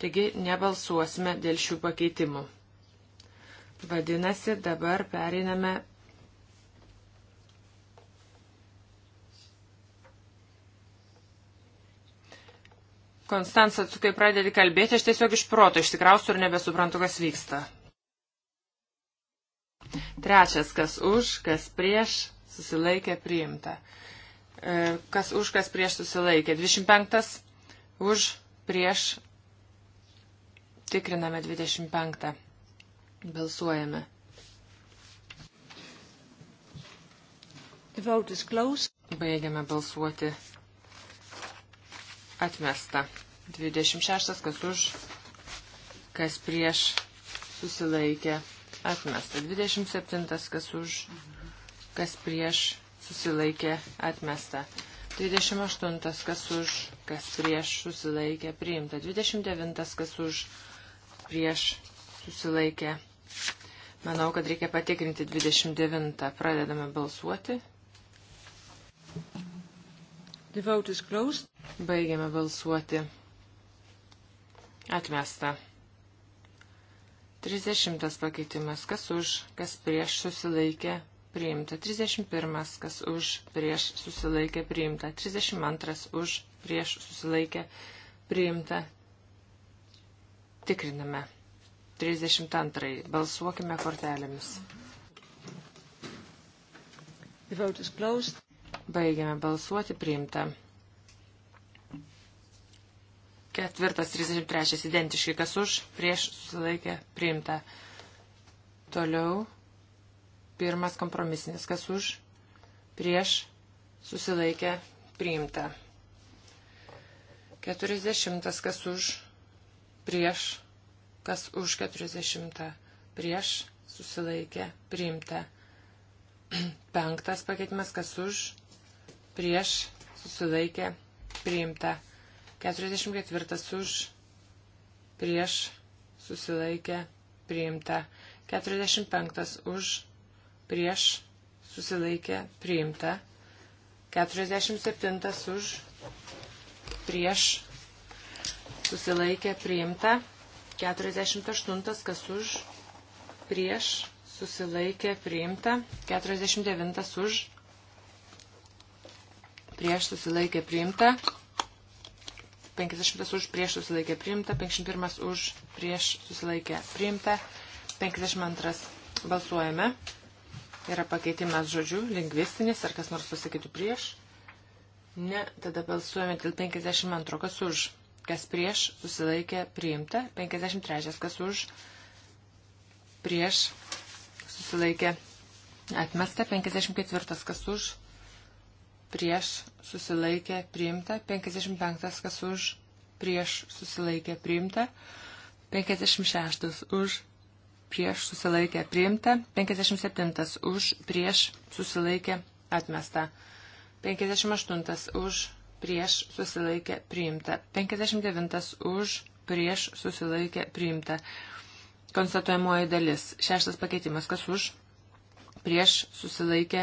Taigi nebalsuosime dėl šių pakeitimų. Vadinasi, dabar pereiname Konstantas, tu kai pradedi kalbėti, aš tiesiog iš proto išsikraustu ir nebesuprantu, kas vyksta. Trečias, kas už, kas prieš, susilaikė priimta. E, kas už, kas prieš susilaikė. 25. Už, prieš. Tikriname 25. Balsuojame. Baigiame balsuoti. Atmesta. 26. Kas už, kas prieš susilaikė. Atmesta. 27. Kas už, kas prieš susilaikė. Atmesta. 28. Kas už, kas prieš susilaikė. Priimta. 29. Kas už, prieš susilaikė. Manau, kad reikia patikrinti 29. Pradedame balsuoti. Thank you. The vote is closed. Baigiame balsuoti. Atmesta. 30 pakeitimas, kas už, kas prieš susilaikė, priimta. 31, kas už, prieš susilaikė, priimta. 32, už, prieš susilaikė, priimta. Tikriname. 32. Balsuokime kortelėmis. The vote is closed. Baigiame balsuoti priimta. Ketvirtas 33 identiškai, kas už, prieš susilaikė priimta. Toliau pirmas kompromisinis, kas už, prieš susilaikė priimta. 40, kas už, prieš, kas už 40, prieš susilaikė priimta. Penktas pakeitimas, kas už, prieš susilaikė priimta. 44 už prieš susilaikė priimta. 45 už prieš susilaikė priimta. 47 už prieš susilaikė priimta. 48 kas už prieš susilaikė priimta. 49 už prieš susilaikė priimta. 50 už prieš susilaikė priimta, 51 už prieš susilaikė priimta, 52 balsuojame. Yra pakeitimas žodžių, lingvistinis, ar kas nors pasakytų prieš. Ne, tada balsuojame dėl 52, kas už, kas prieš susilaikė priimta, 53, kas už, prieš susilaikė atmesta, 54, kas už, prieš susilaikė priimta, 55 kas už, prieš susilaikė priimta, 56 už, prieš susilaikė priimta, 57 už, prieš susilaikė atmesta, 58 už, prieš susilaikė priimta, 59 už, prieš susilaikė priimta. Konstatuojamoji dalis. Šeštas pakeitimas. Kas už? prieš susilaikę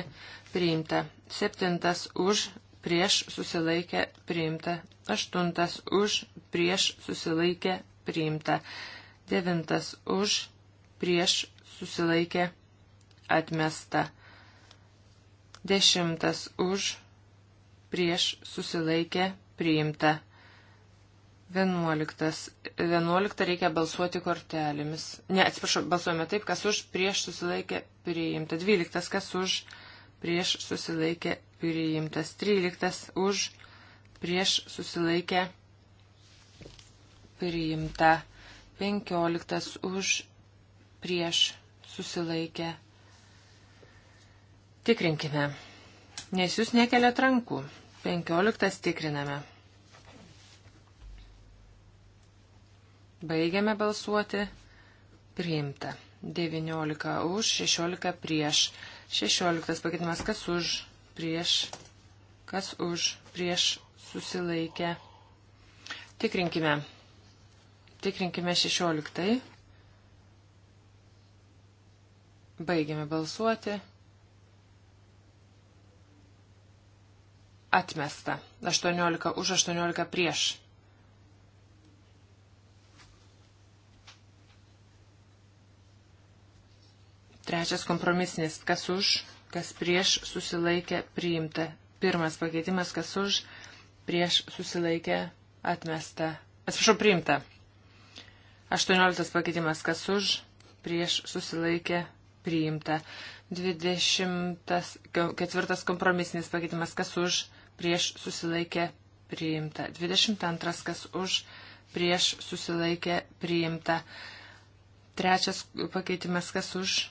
priimta. Septintas už prieš susilaikę priimta. Aštuntas už prieš susilaikę priimta. Devintas už prieš susilaikę atmesta. Dešimtas už prieš susilaikę priimta. 11. 11 reikia balsuoti kortelėmis. Ne, atsiprašau, balsuojame taip, kas už prieš susilaikė priimta. 12. Kas už prieš susilaikė priimtas. 13. Už prieš susilaikė priimta. 15. Už prieš susilaikė. Tikrinkime. Nes jūs nekeliat rankų. 15. Tikriname. Baigiame balsuoti. Priimta. 19 už, 16 prieš. 16 pakeitimas, kas už, prieš, kas už, prieš, susilaikė. Tikrinkime. Tikrinkime 16. Baigiame balsuoti. Atmesta. 18 už, 18 prieš. Trečias kompromisinis, kas už, kas prieš susilaikė priimta. Pirmas pakeitimas, kas už, prieš susilaikė atmesta. Atsiprašau, priimta. Aštuonioliktas pakeitimas, kas už, prieš susilaikė priimta. Dvidešimtas ketvirtas kompromisinis pakeitimas, kas už, prieš susilaikė priimta. Dvidešimt antras, kas už, prieš susilaikė priimta. Trečias pakeitimas, kas už,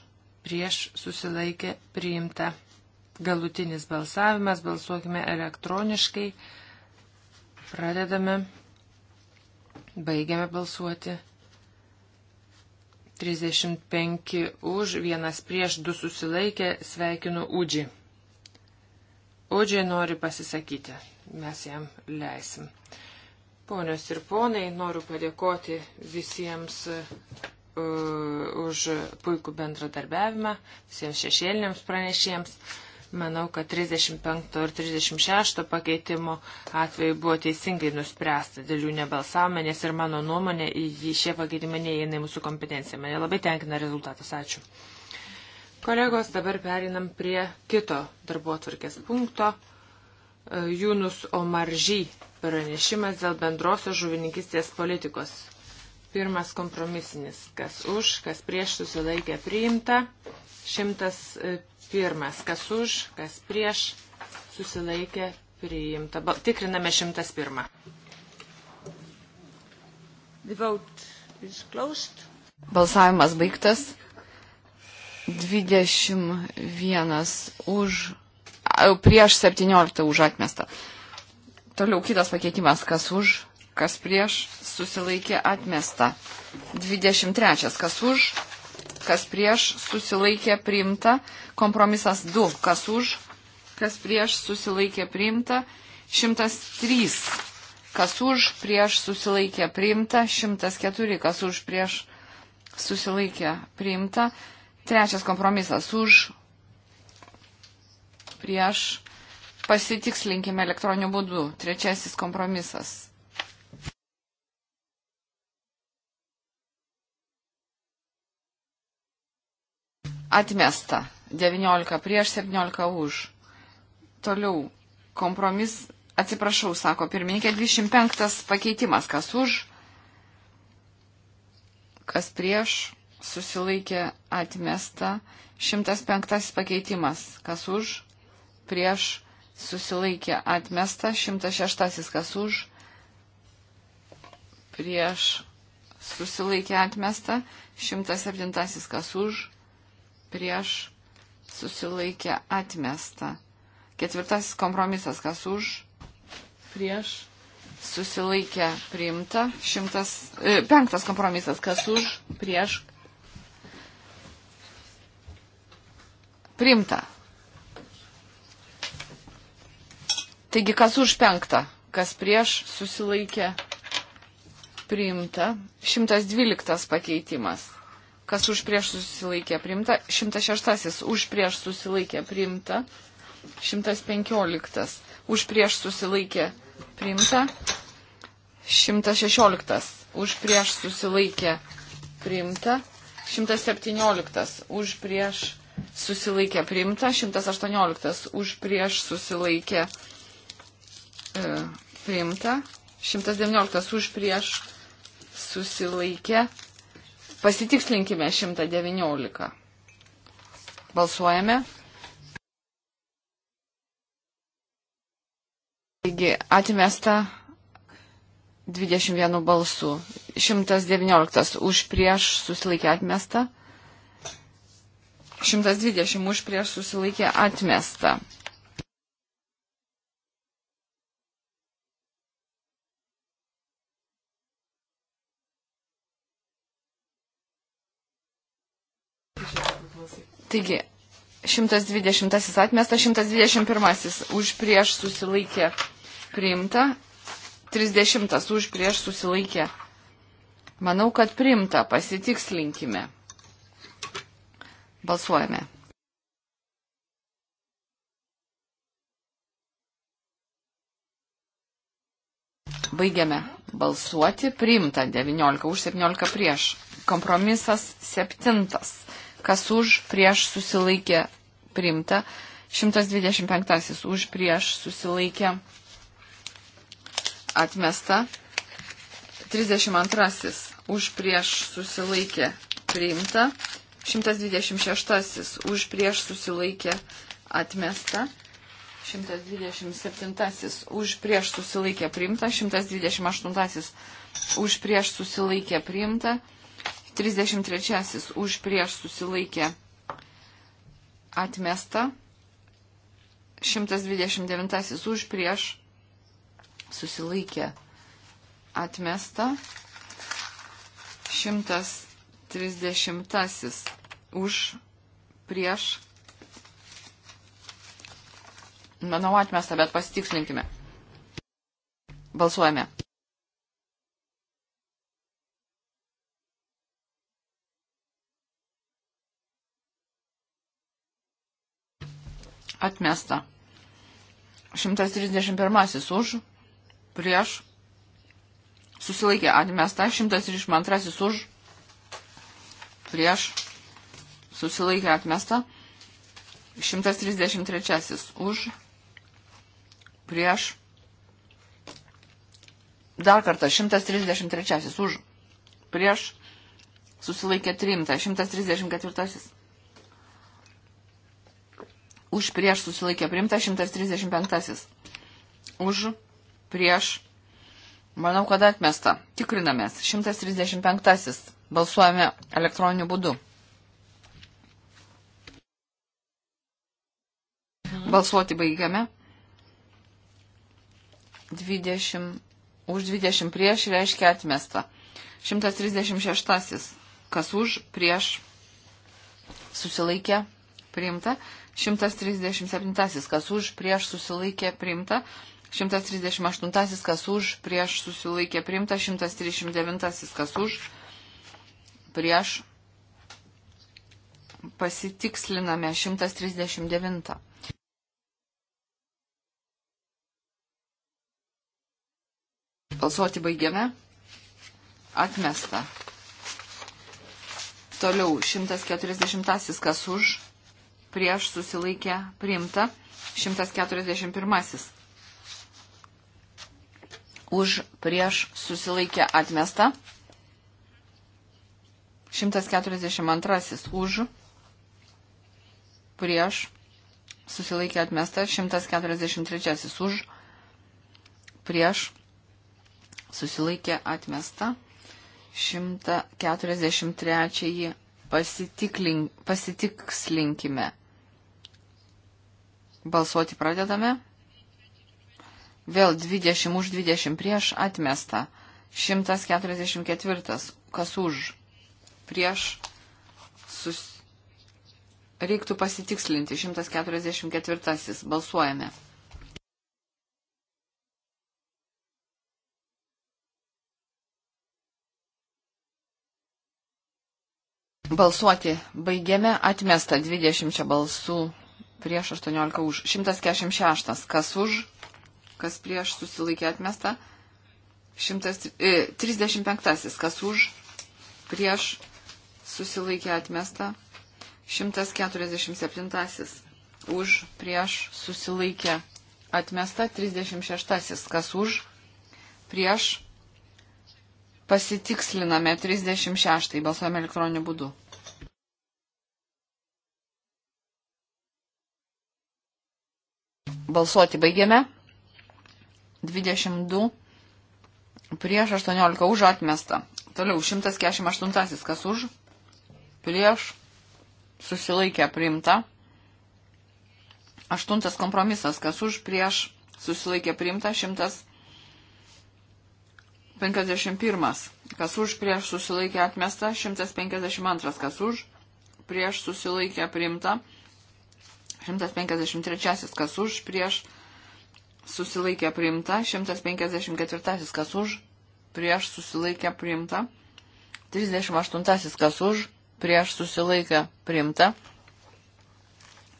prieš susilaikė priimta. Galutinis balsavimas, balsuokime elektroniškai, pradedame, baigiame balsuoti. 35 už, vienas prieš, du susilaikė, sveikinu Udži. Udži nori pasisakyti, mes jam leisim. Ponios ir ponai, noriu padėkoti visiems Uh, už puikų bendradarbiavimą visiems šešėliniams pranešėjams. Manau, kad 35 ir 36 pakeitimo atveju buvo teisingai nuspręsta, dėl jų nebalsavome, nes ir mano nuomonė, šie pakeitimai neįeina į mūsų kompetenciją. Mane labai tenkina rezultatas. Ačiū. Kolegos, dabar perinam prie kito darbo atvarkės punkto. Jūnus uh, Omaržy pranešimas dėl bendrosios žuvininkistės politikos. Pirmas kompromisinis, kas už, kas prieš susilaikė priimta. Šimtas e, pirmas, kas už, kas prieš susilaikė priimta. Ba, tikriname šimtas pirmą. Balsavimas baigtas. 21 už, prieš 17 už atmestą. Toliau kitas pakeitimas, kas už, kas prieš, susilaikė atmesta. 23. Kas už, kas prieš, susilaikė priimta. Kompromisas 2. Kas už, kas prieš, susilaikė priimta. 103. Kas už, prieš, susilaikė priimta. 104. Kas už, prieš, susilaikė priimta. Trečias kompromisas už, prieš, pasitikslinkime elektroniniu būdu. Trečiasis kompromisas. Atmesta. 19 prieš, 17 už. Toliau. Kompromis. Atsiprašau, sako pirmininkė, 25 pakeitimas. Kas už? Kas prieš? Susilaikė atmesta. 105 pakeitimas. Kas už? Prieš? Susilaikė atmesta. 106 kas už? Prieš? Susilaikė atmesta. 107 kas už? prieš susilaikė atmesta. Ketvirtas kompromisas, kas už, prieš susilaikė priimta. Šimtas, e, penktas kompromisas, kas už, prieš priimta. Taigi, kas už penktą, kas prieš susilaikė priimta. 112 pakeitimas kas už prieš susilaikė priimta, 106 už prieš susilaikė priimta, 115 už prieš susilaikė priimta, 116 už prieš susilaikė priimta, 117 už prieš susilaikė priimta, 118 už prieš susilaikė e, priimta, 119 už prieš susilaikė priimta. Pasitikslinkime 119. Balsuojame. Taigi atmesta 21 balsų. 119 už prieš susilaikė atmesta. 120 už prieš susilaikė atmesta. Taigi, 120 atmestas, 121 už prieš susilaikė priimta, 30 už prieš susilaikė. Manau, kad priimta, pasitikslinkime. Balsuojame. Baigiame balsuoti. Priimta 19 už 17 prieš. Kompromisas 7 kas už, prieš susilaikė priimta. 125 už, prieš susilaikė atmesta. 32 už, prieš susilaikė priimta. 126 už, prieš susilaikė atmesta. 127 už prieš susilaikė priimta, 128 už prieš susilaikė priimta, 33 už prieš susilaikė atmesta. 129 už prieš susilaikė atmesta. 130 už prieš. Manau, atmesta, bet pasitikslinkime. Balsuojame. atmesta. 131 už, prieš, susilaikė atmesta. 132 už, prieš, susilaikė atmesta. 133 už, prieš, dar kartą 133 už, prieš, susilaikė 3, 134 už prieš susilaikė primta 135. Už prieš. Manau, kad atmesta. Tikrinamės. 135. Balsuojame elektroniniu būdu. Balsuoti baigiame. 20, už 20 prieš reiškia atmesta. 136. Kas už prieš susilaikė priimta. 137. Kas už prieš susilaikė priimta. 138. Kas už prieš susilaikė priimta. 139. Kas už prieš pasitiksliname 139. Balsuoti baigiame. Atmesta. Toliau 140. Kas už prieš susilaikę priimta 141. Už prieš susilaikę atmesta 142. Už prieš susilaikė atmesta 143. Už prieš susilaikė atmesta 143 pasitikslinkime. Balsuoti pradedame. Vėl 20 už 20 prieš atmesta. 144. Kas už? Prieš. Sus... Reiktų pasitikslinti. 144. Balsuojame. Balsuoti baigiame, atmesta 20 balsų prieš 18 už. 146, kas už, kas prieš susilaikė atmesta. 135, e, kas už, prieš susilaikė atmesta. 147, už, prieš susilaikė atmesta. 36, kas už, prieš Pasitiksliname 36. Balsuojame elektroniniu būdu. Balsuoti baigėme. 22 prieš 18 už atmestą. Toliau 148. Kas už? Prieš susilaikę priimta. Aštuntas kompromisas. Kas už prieš susilaikė priimta. Šimtas 51. Kas už prieš susilaikė atmesta. 152. Kas už prieš susilaikė primta. 153. Kas už prieš susilaikė primta. 154. Kas už prieš susilaikė primta. 38. Kas už prieš susilaikė primta.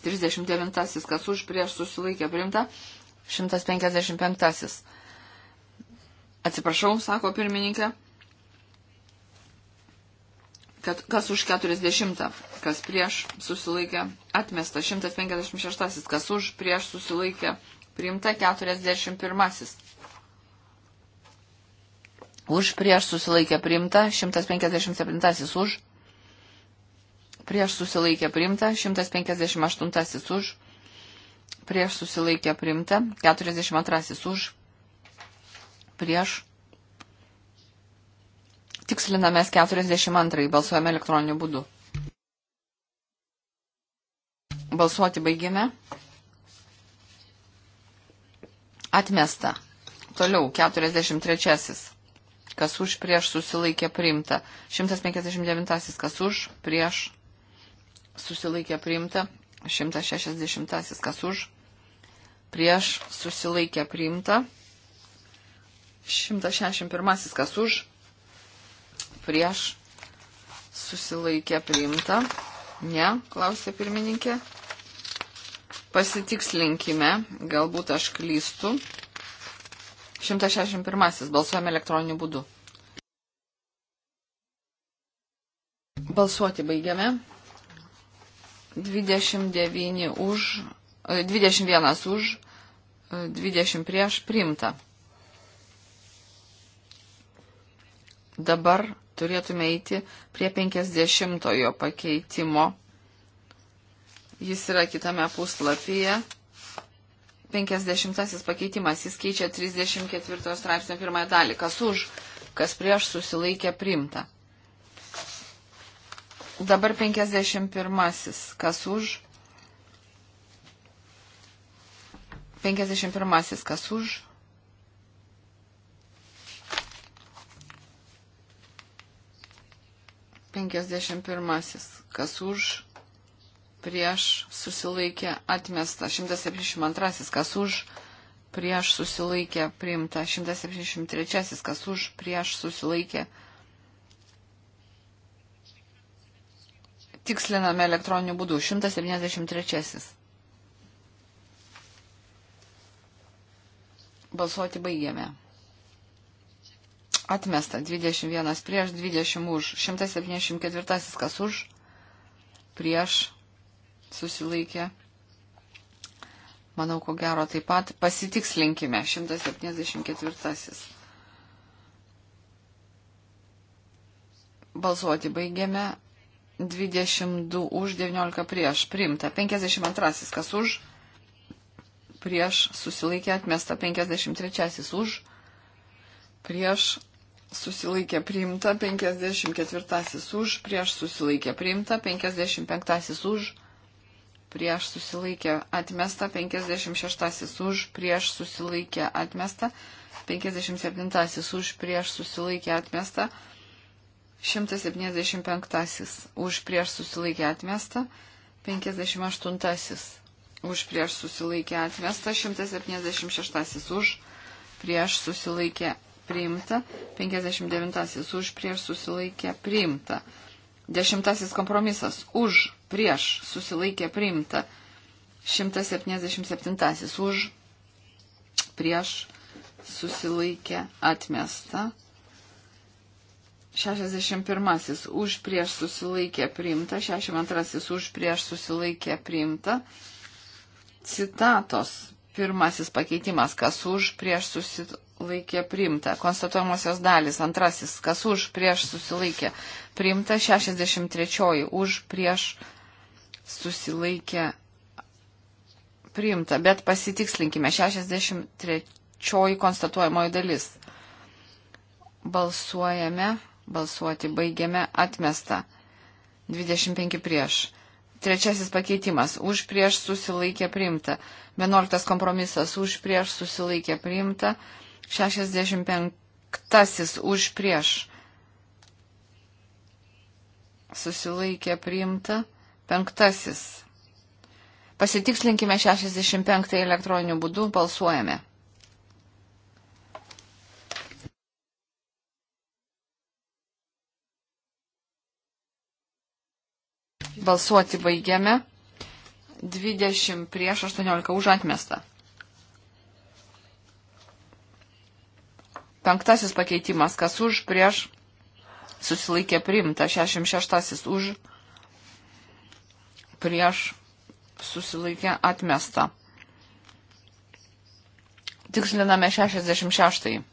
39. Kas už prieš susilaikė primta. 155. Atsiprašau, sako pirmininkė, kad kas už 40, kas prieš susilaikė, atmesta 156, kas už prieš susilaikė, priimta 41. Už prieš susilaikė priimta 157 už. Prieš susilaikė priimta 158 už. Prieš susilaikė priimta 42 už prieš. Tikslinamės 42, balsuojame elektroniniu būdu. Balsuoti baigėme. Atmesta. Toliau 43. Kas už prieš susilaikė priimta. 159. Kas už prieš susilaikė priimta. 160. Kas už prieš susilaikė priimta. 161 kas už, prieš, susilaikė priimta. Ne, klausė pirmininkė. Pasitikslinkime, galbūt aš klystu. 161 balsuojame elektroniniu būdu. Balsuoti baigiame. 29 už, 21 e, už, 20 e, prieš, primta. Dabar turėtume eiti prie 50 pakeitimo. Jis yra kitame puslapyje. 50 pakeitimas, jis keičia 34 straipsnio pirmąją dalį. Kas už, kas prieš susilaikė primta. Dabar 51. Kas už? 51. Kas už? 151. Kas už, prieš susilaikė atmesta. 172. Kas už, prieš susilaikė priimta. 173. Kas už, prieš susilaikė. Tiksliname elektroniniu būdu. 173. Balsuoti baigėme. Atmesta 21 prieš 20 už. 174 kas už. Prieš susilaikė. Manau, ko gero taip pat pasitikslinkime. 174. Balsuoti baigėme. 22 už, 19 prieš. Primta. 52. Kas už? Prieš susilaikė atmesta. 53. Už. Prieš susilaikė priimta, 54 už, prieš susilaikė priimta, 55 už, prieš susilaikė atmesta, 56 už, prieš susilaikė atmesta, 57 už, prieš susilaikė atmesta, 175 už, prieš susilaikė atmesta, 58 už, prieš susilaikė atmesta, 176 už, prieš susilaikė priimta, 59 už prieš susilaikė priimta, 10 kompromisas už prieš susilaikė priimta, 177 už prieš susilaikė atmesta, 61 už prieš susilaikė priimta, 62 už prieš susilaikė priimta. Citatos pirmasis pakeitimas, kas už prieš susilaikė susilaikė priimta. Konstatuojamosios dalis, antrasis, kas už, prieš susilaikė priimta, 63 už, prieš susilaikė priimta. Bet pasitikslinkime, 63 konstatuojamoji dalis. Balsuojame, balsuoti baigiame, atmesta. 25 prieš. Trečiasis pakeitimas. Už prieš susilaikė priimta. Vienuoliktas kompromisas. Už prieš susilaikė priimta. 65 už prieš susilaikė priimta. Penktasis. Pasitikslinkime 65 elektroniniu būdu, balsuojame. Balsuoti baigiame. 20 prieš 18 už atmestą. Penktasis pakeitimas, kas už, prieš, susilaikė priimta. 66 už, prieš, susilaikė atmesta. Tiksliname 66.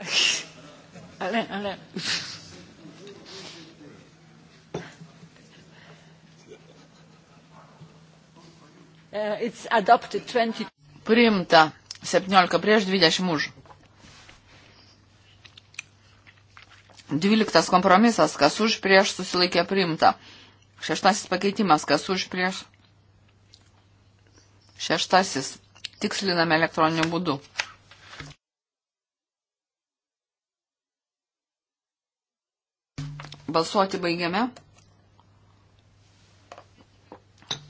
Ale, ale. Uh, priimta 17 prieš 20 už. Dvyliktas kompromisas, kas už prieš susilaikė priimta. Šeštasis pakeitimas, kas už prieš. Šeštasis. Tiksliname elektroniniu būdu. Balsuoti baigiame.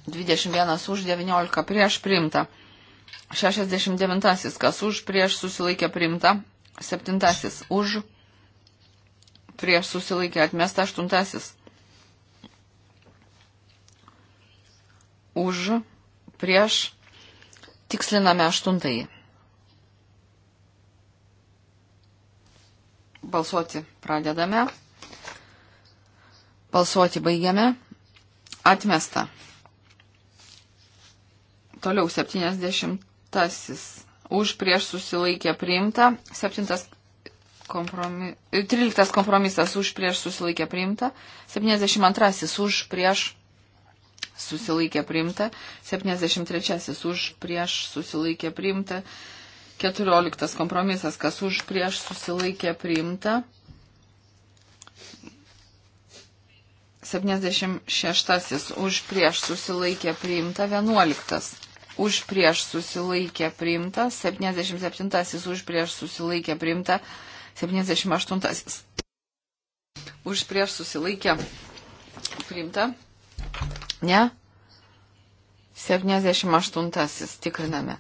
21 už 19 prieš priimta. 69. Kas už prieš susilaikė priimta. 7. Už prieš susilaikė atmesta aštuntasis. Už prieš tiksliname aštuntąjį. Balsuoti pradedame. Balsuoti baigiame. Atmesta. Toliau 70. Už prieš susilaikė priimta. 7 kompromi... 13 kompromisas už prieš susilaikė priimta, 72 už prieš susilaikė priimta, 73 už prieš susilaikė priimta, 14 kompromisas, kas už prieš susilaikė priimta, 76 už prieš susilaikė priimta, 11 už prieš susilaikė priimta, 77 už prieš susilaikė priimta, 78. Už prieš susilaikę priimta. Ne. 78. Tikriname.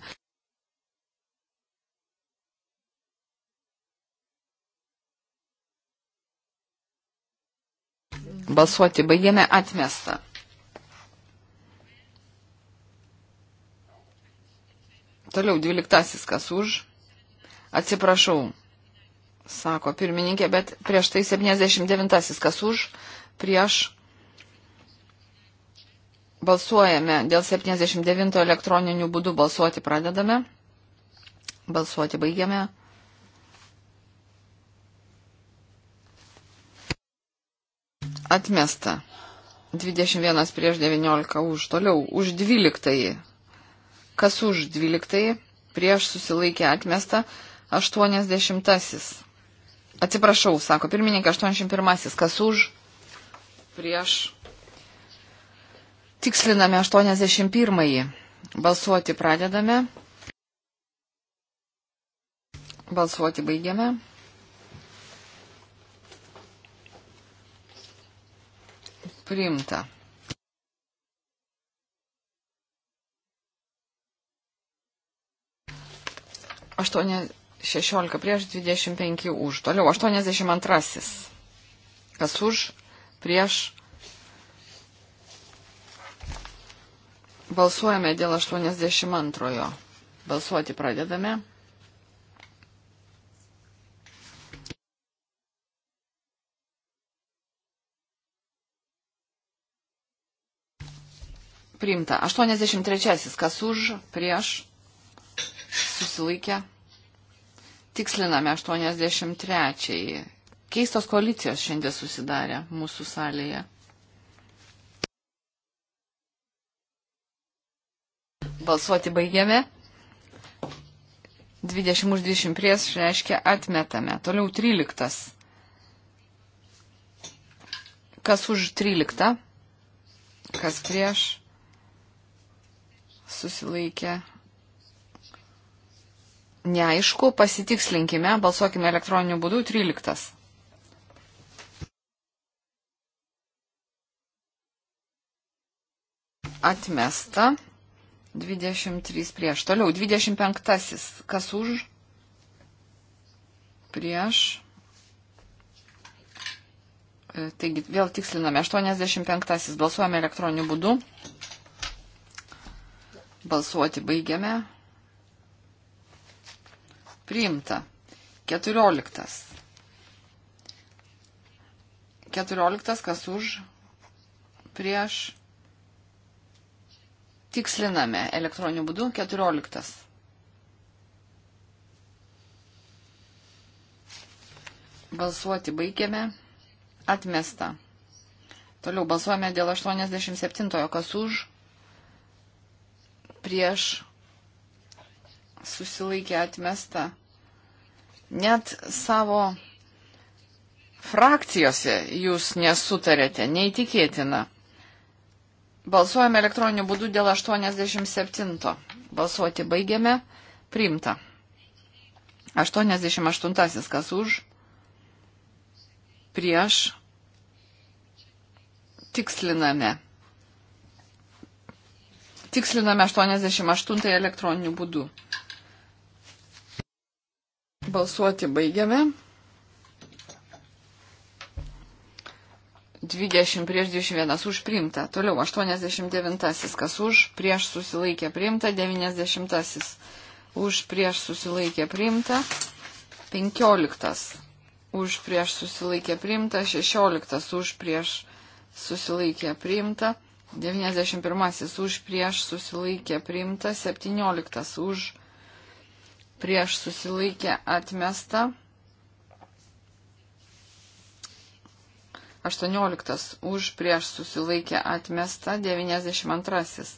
Balsuoti baigėme atmestą. Toliau dvyliktasis kas už. Atsiprašau, sako pirmininkė, bet prieš tai 79-asis, kas už, prieš. Balsuojame dėl 79 elektroninių būdų balsuoti pradedame. Balsuoti baigiame. Atmesta. 21 prieš 19 už. Toliau. Už 12. -ąjį. Kas už 12? -ąjį? Prieš susilaikė atmesta. 80. -asis. Atsiprašau, sako pirmininkas 81. Kas už? Prieš. Tiksliname 81. Balsuoti pradedame. Balsuoti baigiame. Priimta. Aštuonė... 16 prieš 25 už. Toliau 82. Kas už, prieš. Balsuojame dėl 82. Balsuoti pradedame. Priimta. 83. Kas už, prieš, susilaikė tiksliname 83. Keistos koalicijos šiandien susidarė mūsų salėje. Balsuoti baigiame. 20 už 20 prieš reiškia atmetame. Toliau 13. Kas už 13? Kas prieš? Susilaikė neaišku, pasitikslinkime, balsuokime elektroniniu būdu 13. Atmesta. 23 prieš. Toliau 25. Kas už? Prieš. E, taigi vėl tiksliname. 85. Balsuojame elektroniniu būdu. Balsuoti baigiame. Priimta. 14. 14. Kas už? Prieš. Tiksliname elektroniniu būdu 14. Balsuoti baigėme. Atmesta. Toliau balsuojame dėl 87-ojo, kas už, prieš, susilaikė atmesta. Net savo frakcijose jūs nesutarėte, neįtikėtina. Balsuojame elektroniniu būdu dėl 87. Balsuoti baigiame. Priimta. 88. Kas už? Prieš. Tiksliname. Tiksliname 88 elektroniniu būdu. Balsuoti baigiame. 20 prieš 21 už primta. Toliau 89 kas už, prieš susilaikė primta, 90 už prieš susilaikė primta, 15 už prieš susilaikė primta, 16 už prieš susilaikė primta, 91 už prieš susilaikė primta, 17 už prieš susilaikę atmesta. 18. Už prieš susilaikę atmesta 92.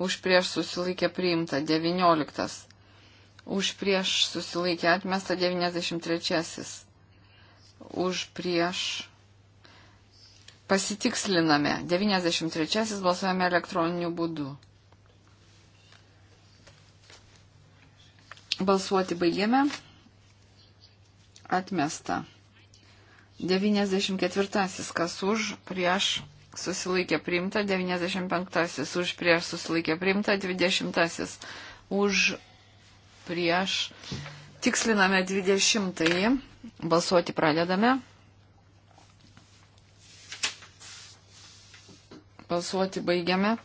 Už prieš susilaikę priimta 19. Už prieš susilaikę atmesta 93. Už prieš pasitiksliname 93. balsuojame elektroniniu būdu. Balsuoti baigėme. Atmesta. 94. Kas už, prieš susilaikė priimta. 95. Už, prieš susilaikė priimta. 20. Už, prieš. Tiksliname 20. Balsuoti pradedame. Balsuoti baigiame.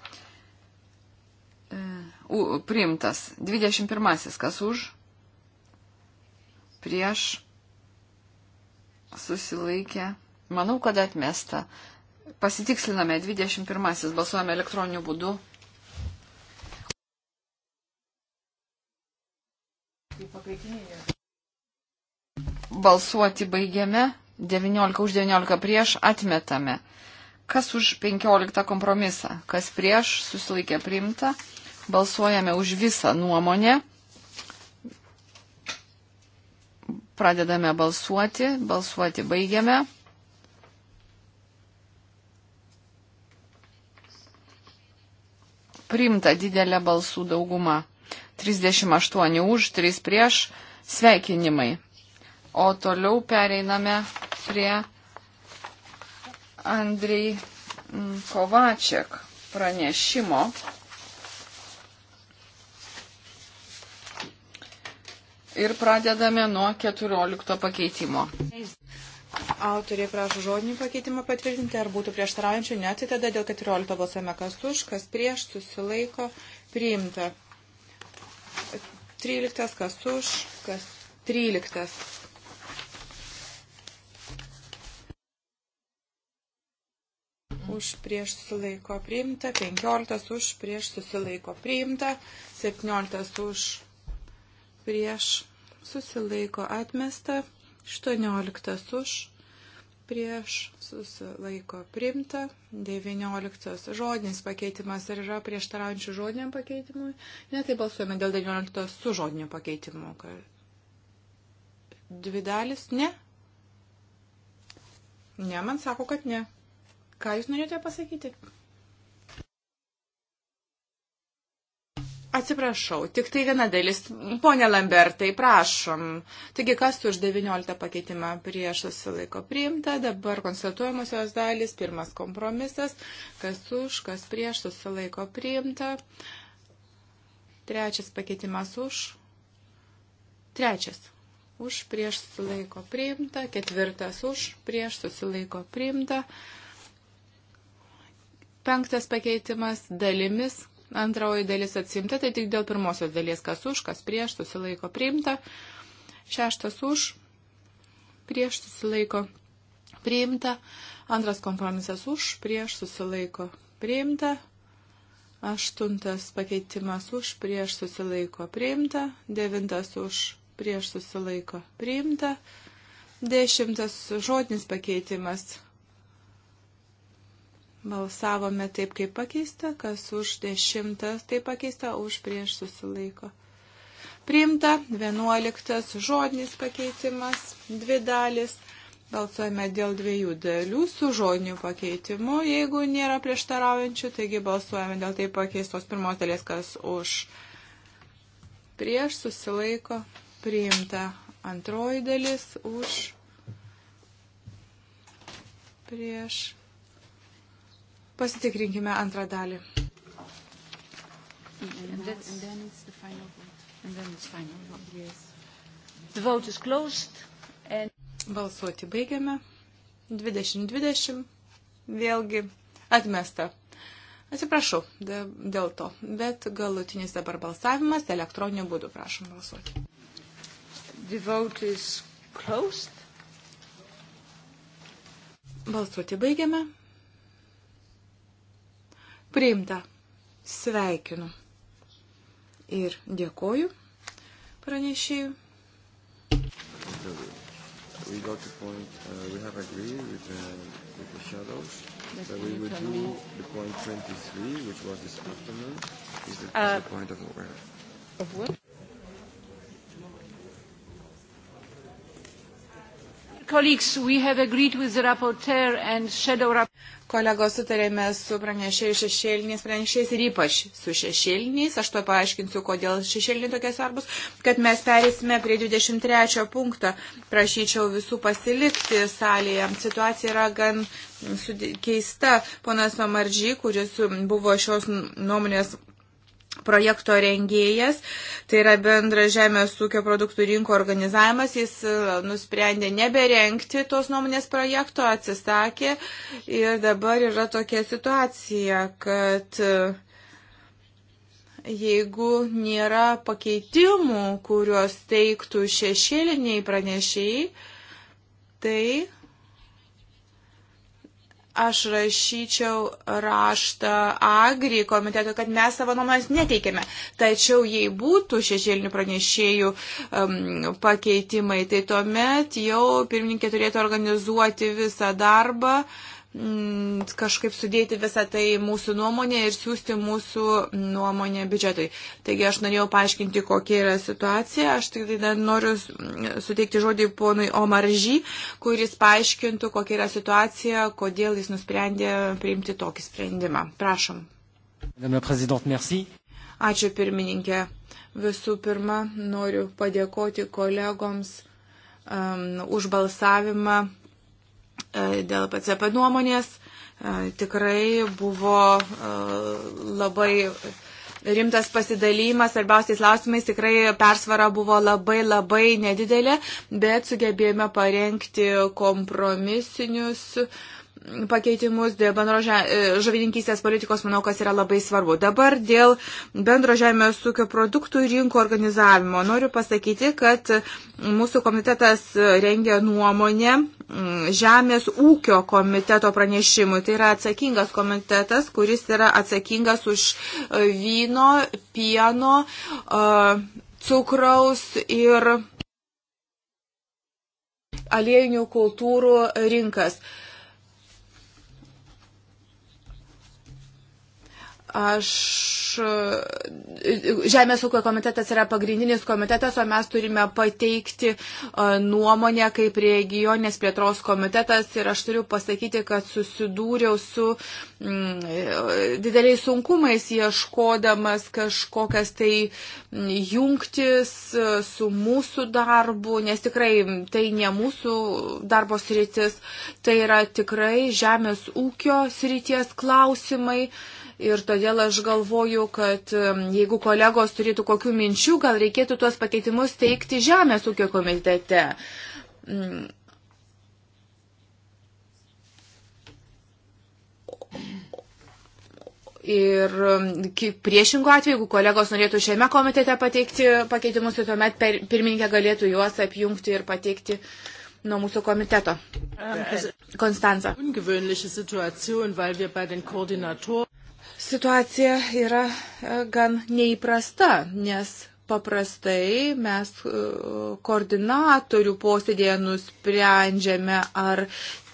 U, priimtas. 21. Kas už? Prieš. Susilaikė. Manau, kad atmesta. Pasitiksliname 21. Balsuojame elektroniniu būdu. Balsuoti baigiame. 19 už 19 prieš atmetame. Kas už 15 kompromisą? Kas prieš susilaikė priimta? Balsuojame už visą nuomonę. Pradedame balsuoti, balsuoti baigiame. Primta didelė balsų dauguma. 38 už, 3 prieš. Sveikinimai. O toliau pereiname prie Andrei Kovačiak pranešimo. ir pradedame nuo 14 pakeitimo. Autoriai prašo žodinį pakeitimą patvirtinti, ar būtų prieštaraujančių, net tai tada dėl 14 balsame kas už, kas prieš, susilaiko, priimta. 13 kas už, kas 13. už prieš susilaiko priimta, 15 už prieš susilaiko priimta, 17 už prieš susilaiko atmesta, 18 už prieš susilaiko primta, 19 žodinis pakeitimas ir yra prieštaraujančių žodiniam pakeitimui. Netai balsuojame dėl 19 su žodiniu pakeitimu. Dvi dalis? Ne? Ne, man sako, kad ne. Ką jūs norėjote pasakyti? Atsiprašau, tik tai viena dalis. Pone Lambertai, prašom. Taigi, kas už 19 pakeitimą prieš susilaiko priimta, dabar konstatuojamosios dalis, pirmas kompromisas, kas už, kas prieš susilaiko priimta, trečias pakeitimas už, trečias už prieš susilaiko priimta, ketvirtas už prieš susilaiko priimta, penktas pakeitimas dalimis Antroji dalis atsimta, tai tik dėl pirmosios dalies, kas už, kas prieš, susilaiko priimta. Šeštas už, prieš, susilaiko priimta. Antras kompromisas už, prieš, susilaiko priimta. Aštuntas pakeitimas už, prieš, susilaiko priimta. Devintas už, prieš, susilaiko priimta. Dešimtas žodinis pakeitimas Balsavome taip, kaip pakeista, kas už dešimtas taip pakeista, už prieš susilaiko. Priimta vienuoliktas žodinis pakeitimas, dvi dalis. Balsuojame dėl dviejų dalių su žodiniu pakeitimu, jeigu nėra prieštaraujančių, taigi balsuojame dėl taip pakeistos pirmos dalies, kas už prieš susilaiko. Priimta antroji dalis už prieš Pasitikrinkime antrą dalį. And that's, and then it's the final vote. And then it's final vote. Yes. The vote is closed. And... Balsuoti baigiame. 20-20. Vėlgi atmesta. Atsiprašau dėl to, bet galutinis dabar balsavimas elektroniniu būdu. Prašom balsuoti. The vote is closed. Balsuoti baigiame. Priimta. Sveikinu. Ir dėkoju pranešėjų. We got to point, uh, we have agreed with, uh, with the shadows that we would do the point 23, which was this afternoon, is the, uh, is the point of order. Of what? Kolegos sutarėme su pranešėjais šešėliniais pranešėjais ir ypač su šešėliniais, aš to paaiškinsiu, kodėl šešėliniai tokie svarbus, kad mes perėsime prie 23 punktą. Prašyčiau visų pasilikti salėje. Situacija yra gan keista. Ponas Mamardžiai, kuris buvo šios nuomonės projekto rengėjas, tai yra bendra žemės ūkio produktų rinko organizavimas, jis e, nusprendė neberengti tos nuomonės projekto, atsisakė ir dabar yra tokia situacija, kad e, jeigu nėra pakeitimų, kuriuos teiktų šešėliniai pranešėjai, tai aš rašyčiau raštą Agri komiteto, kad mes savo nuomonės neteikėme. Tačiau jei būtų šešėlinių pranešėjų um, pakeitimai, tai tuomet jau pirmininkė turėtų organizuoti visą darbą. Uh, Mm, kažkaip sudėti visą tai mūsų nuomonę ir siūsti mūsų nuomonę biudžetui. Taigi aš norėjau paaiškinti, kokia yra situacija. Aš tik tai dar noriu suteikti žodį ponui Omaržy, kuris paaiškintų, kokia yra situacija, kodėl jis nusprendė priimti tokį sprendimą. Prašom. Ačiū pirmininkė. Visų pirma, noriu padėkoti kolegoms um, už balsavimą E, dėl PCP nuomonės. E, tikrai buvo e, labai rimtas pasidalymas, svarbiausiais klausimais tikrai persvara buvo labai labai nedidelė, bet sugebėjome parengti kompromisinius uh, pakeitimus, dėl bendro žavininkystės e, politikos, manau, kas yra labai svarbu. Dabar dėl bendro žemės ūkio produktų rinko organizavimo. Noriu pasakyti, kad mūsų komitetas rengia nuomonę mm, Žemės ūkio komiteto pranešimui. Tai yra atsakingas komitetas, kuris yra atsakingas už e, vyno, pieno, e, cukraus ir aliejinių kultūrų rinkas. Uh, Aš Žemės ūkio komitetas yra pagrindinis komitetas, o mes turime pateikti nuomonę kaip regioninės plėtros komitetas ir aš turiu pasakyti, kad susidūriau su mm, dideliais sunkumais ieškodamas kažkokias tai mm, jungtis su mūsų darbu, nes tikrai tai ne mūsų darbo sritis, tai yra tikrai žemės ūkio srities klausimai. Uh, Ir todėl aš galvoju, kad jeigu kolegos turėtų kokių minčių, gal reikėtų tuos pakeitimus teikti Žemės ūkio komitete. Mm. Ir priešingų atveju, jeigu kolegos norėtų šiame komitete pateikti pakeitimus, tai tuomet per, pirmininkė galėtų juos apjungti ir pateikti nuo mūsų komiteto. Konstanza situacija yra e, gan neįprasta, nes paprastai mes e, koordinatorių posėdėje nusprendžiame, ar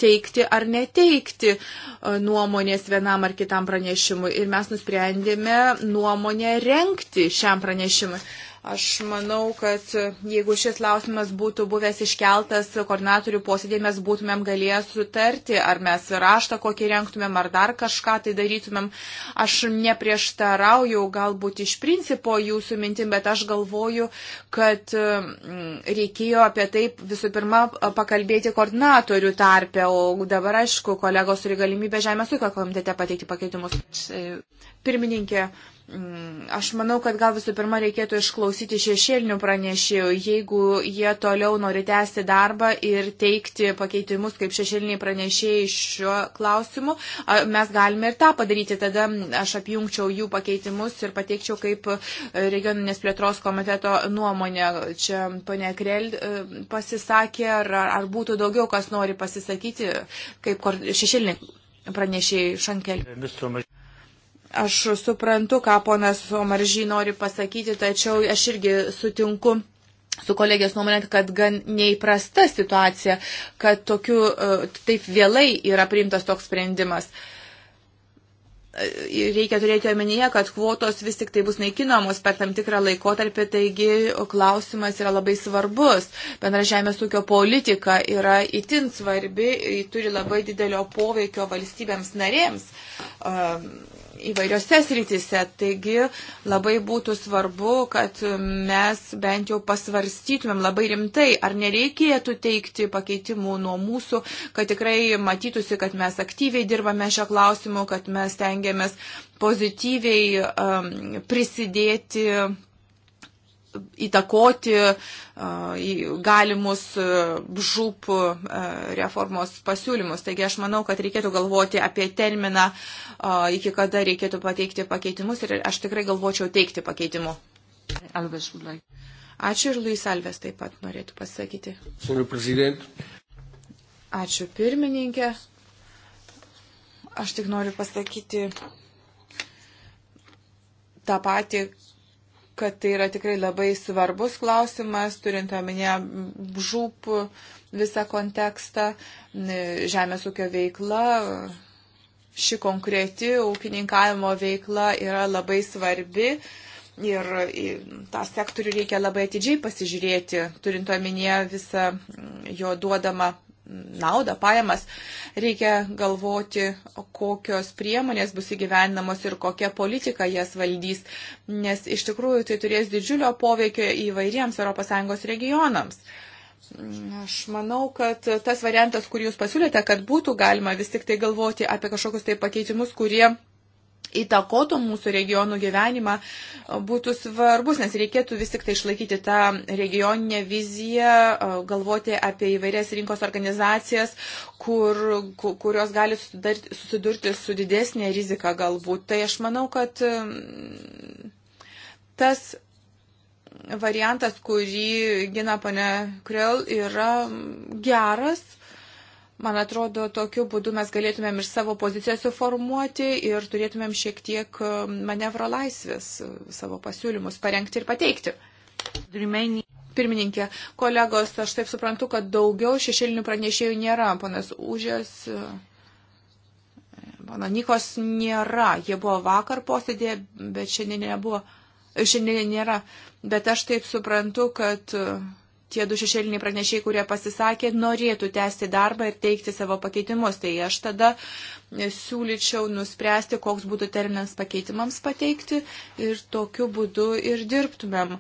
teikti ar neteikti e, nuomonės vienam ar kitam pranešimui. Ir mes nusprendėme nuomonę renkti šiam pranešimui. Aš manau, kad jeigu šis klausimas būtų buvęs iškeltas koordinatorių posėdėje, mes būtumėm galėję sutarti, ar mes raštą kokį renktumėm, ar dar kažką tai darytumėm. Aš neprieštarauju galbūt iš principo jūsų mintim, bet aš galvoju, kad mm, reikėjo apie tai visų pirma pakalbėti koordinatorių tarpę, o dabar, aišku, kolegos turi galimybę Žemės ūkio komitete pateikti pakeitimus. Pirmininkė, Mm, aš manau, kad gal visų pirma reikėtų išklausyti šešėlinių pranešėjų, jeigu jie toliau nori tęsti darbą ir teikti pakeitimus kaip šešėliniai pranešėjai šiuo klausimu, mes galime ir tą padaryti. Tada aš apjungčiau jų pakeitimus ir pateikčiau kaip regioninės plėtros komiteto nuomonę. Čia ponė Krel e, pasisakė, ar, ar būtų daugiau, kas nori pasisakyti kaip šešėliniai pranešėjai Šankel. Aš suprantu, ką ponas Omaržiai nori pasakyti, tačiau aš irgi sutinku su kolegės nuomonė, kad gan neįprasta situacija, kad tokiu, e, taip vėlai yra priimtas toks sprendimas. E, reikia turėti omenyje, kad kvotos vis tik tai bus naikinamos per tam tikrą laikotarpį, taigi klausimas yra labai svarbus. Bendra žemės ūkio politika yra itin svarbi, turi labai didelio poveikio valstybėms narėms. Um, įvairiose srityse. Taigi labai būtų svarbu, kad mes bent jau pasvarstytumėm labai rimtai, ar nereikėtų teikti pakeitimų nuo mūsų, kad tikrai matytųsi, kad mes aktyviai dirbame šio klausimu, kad mes tengiamės pozityviai um, prisidėti įtakoti galimus žūp reformos pasiūlymus. Taigi aš manau, kad reikėtų galvoti apie terminą, iki kada reikėtų pateikti pakeitimus ir aš tikrai galvočiau teikti pakeitimu. Ačiū ir Luis Alves taip pat norėtų pasakyti. Ačiū pirmininkė. Aš tik noriu pasakyti tą patį, kad tai yra tikrai labai svarbus klausimas, turint omenyje žūp visą kontekstą, žemės ūkio veikla, ši konkreti ūkininkavimo veikla yra labai svarbi. Ir tą sektorių reikia labai atidžiai pasižiūrėti, turint omenyje visą jo duodamą naudą, pajamas, reikia galvoti, kokios priemonės bus įgyvendinamos ir kokia politika jas valdys, nes iš tikrųjų tai turės didžiulio poveikio įvairiems ES regionams. Aš manau, kad tas variantas, kurį jūs pasiūlėte, kad būtų galima vis tik tai galvoti apie kažkokius tai pakeitimus, kurie įtakotų mūsų regionų gyvenimą, būtų svarbus, nes reikėtų vis tik tai išlaikyti tą regioninę viziją, galvoti apie įvairias rinkos organizacijas, kur, kurios gali susidurti, susidurti su didesnė rizika galbūt. Tai aš manau, kad mm, tas variantas, kurį gina pane Krell, yra mm, geras Man atrodo, tokiu būdu mes galėtumėm ir savo poziciją suformuoti ir turėtumėm šiek tiek um, manevro laisvės uh, savo pasiūlymus parengti ir pateikti. Pirmininkė, kolegos, aš taip suprantu, kad daugiau šešėlinių pranešėjų nėra. Ponas Užės, pana uh, Nikos nėra. Jie buvo vakar posėdėje, bet šiandien nebuvo. Šiandien nėra. Bet aš taip suprantu, kad. Uh, tie du šešėliniai pranešiai, kurie pasisakė, norėtų tęsti darbą ir teikti savo pakeitimus. Tai aš tada e, siūlyčiau nuspręsti, koks būtų terminas pakeitimams pateikti ir tokiu būdu ir dirbtumėm,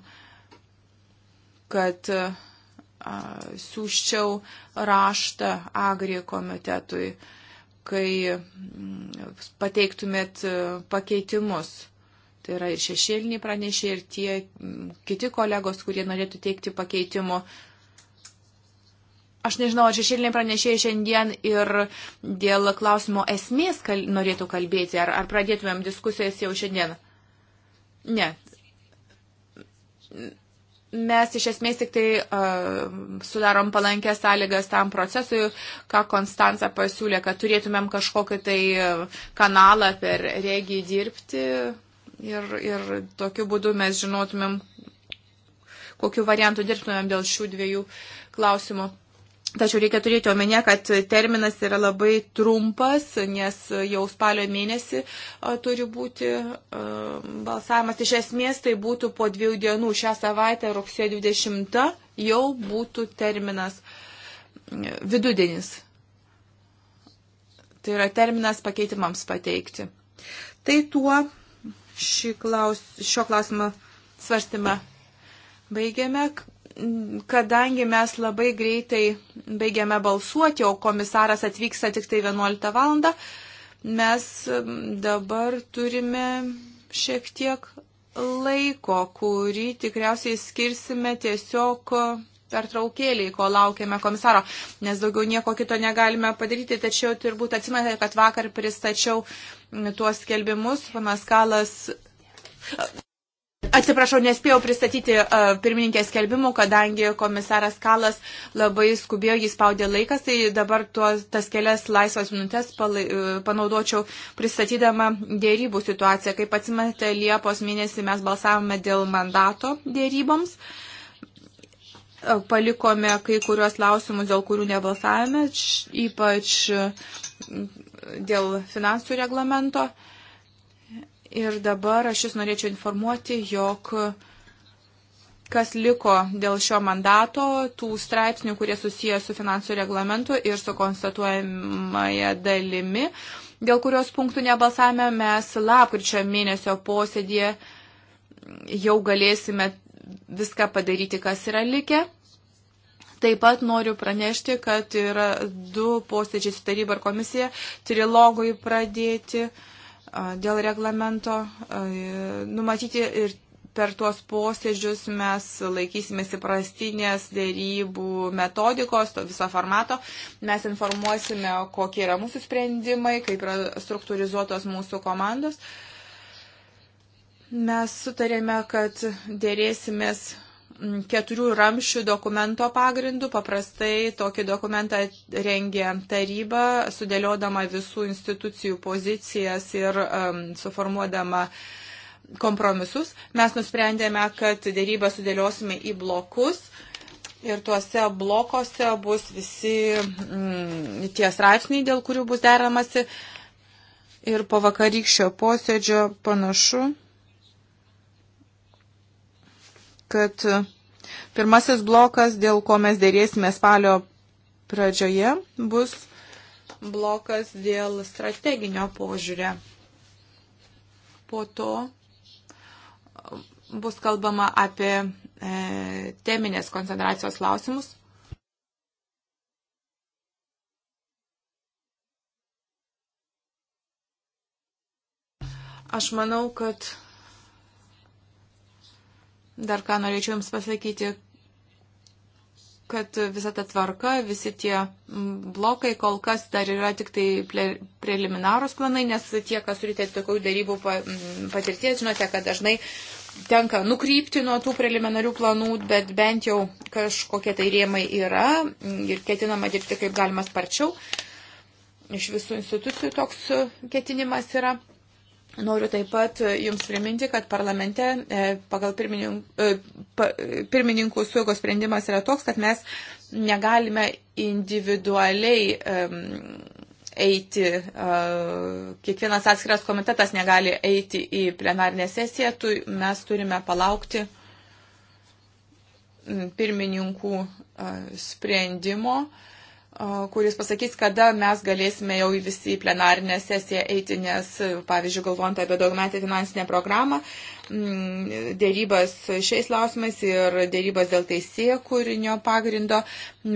kad e, a, siūščiau raštą agri komitetui, kai pateiktumėt e, pakeitimus tai yra ir šešėliniai pranešė, ir tie kiti kolegos, kurie norėtų teikti pakeitimų. Aš nežinau, ar šešėliniai pranešėjai šiandien ir dėl klausimo esmės kal norėtų kalbėti, ar, ar pradėtumėm diskusijas jau šiandien. Ne. Mes iš esmės tik tai uh, sudarom palankęs sąlygas tam procesui, ką Konstanca pasiūlė, kad turėtumėm kažkokį tai kanalą per regį dirbti. Uh, Ir, ir tokiu būdu mes žinotumėm, kokiu variantu dirbtumėm dėl šių dviejų klausimų. Tačiau reikia turėti omenyje, kad terminas yra labai trumpas, nes jau spalio mėnesį turi būti balsavimas. Iš esmės tai būtų po dviejų dienų. Šią savaitę rugsėjo 20 jau būtų terminas vidudienis. Tai yra terminas pakeitimams pateikti. Tai tuo klaus, šio klausimo svarstymą baigiame, kadangi mes labai greitai baigiame balsuoti, o komisaras atvyksta tik tai 11 val. Mes dabar turime šiek tiek laiko, kurį tikriausiai skirsime tiesiog pertraukėlį, kol laukiame komisaro, nes daugiau nieko kito negalime padaryti, tačiau turbūt atsimenate, kad vakar pristačiau mm, tuos skelbimus, panas Kalas. Atsiprašau, nespėjau pristatyti uh, pirmininkės skelbimų, kadangi komisaras Kalas labai skubėjo, jis spaudė laikas, tai dabar tuos, tas kelias laisvas minutės palai, e, panaudočiau pristatydama dėrybų situaciją. Kaip atsimate, Liepos mėnesį mes balsavome dėl mandato dėryboms. Uh, palikome kai kuriuos klausimus, dėl kurių nebalsavome, ypač dėl finansų reglamento. Ir dabar aš jūs norėčiau informuoti, jog kas liko dėl šio mandato, tų straipsnių, kurie susiję su finansų reglamentu ir su konstatuojamąją dalimi, dėl kurios punktų nebalsavome, mes lapkričio mėnesio posėdėje jau galėsime viską padaryti, kas yra likę. Taip pat noriu pranešti, kad yra du posėdžiai su taryba ir komisija trilogui pradėti dėl reglamento numatyti ir per tuos posėdžius mes laikysimės įprastinės dėrybų metodikos, to viso formato. Mes informuosime, kokie yra mūsų sprendimai, kaip yra struktūrizuotos mūsų komandos. Uh, Mes sutarėme, kad dėrėsimės keturių ramščių dokumento pagrindų. Paprastai tokį dokumentą rengia taryba, sudėliodama visų institucijų pozicijas ir um, suformuodama kompromisus. Mes nusprendėme, kad dėrybą sudėliosime į blokus. Ir tuose blokuose bus visi mm, tie straipsniai, dėl kurių bus deramasi. Ir po vakarykščio posėdžio panašu kad pirmasis blokas, dėl ko mes dėrėsime spalio pradžioje, bus blokas dėl strateginio požiūrio. Po to e, bus kalbama apie e, teminės koncentracijos klausimus. Aš manau, kad Dar ką norėčiau Jums pasakyti, kad visa ta tvarka, visi tie blokai kol kas dar yra tik tai preliminarūs planai, nes tie, kas turite tokių darybų patirties, žinote, kad dažnai tenka nukrypti nuo tų preliminarių planų, bet bent jau kažkokie tai rėmai yra ir ketinama dirbti kaip galima sparčiau. Iš visų institucijų toks ketinimas yra. Noriu taip pat e, Jums priminti, kad parlamente e, pagal e, pirmininkų suėgos sprendimas yra toks, kad mes negalime individualiai eiti, kiekvienas atskiras komitetas negali eiti į plenarinę sesiją, mes turime palaukti pirmininkų sprendimo kuris pasakys, kada mes galėsime jau visi į plenarinę sesiją eiti, nes, pavyzdžiui, galvojant apie daugmetę finansinę programą, mm, dėrybas šiais lausimais ir dėrybas dėl teisėjų kūrinio pagrindo,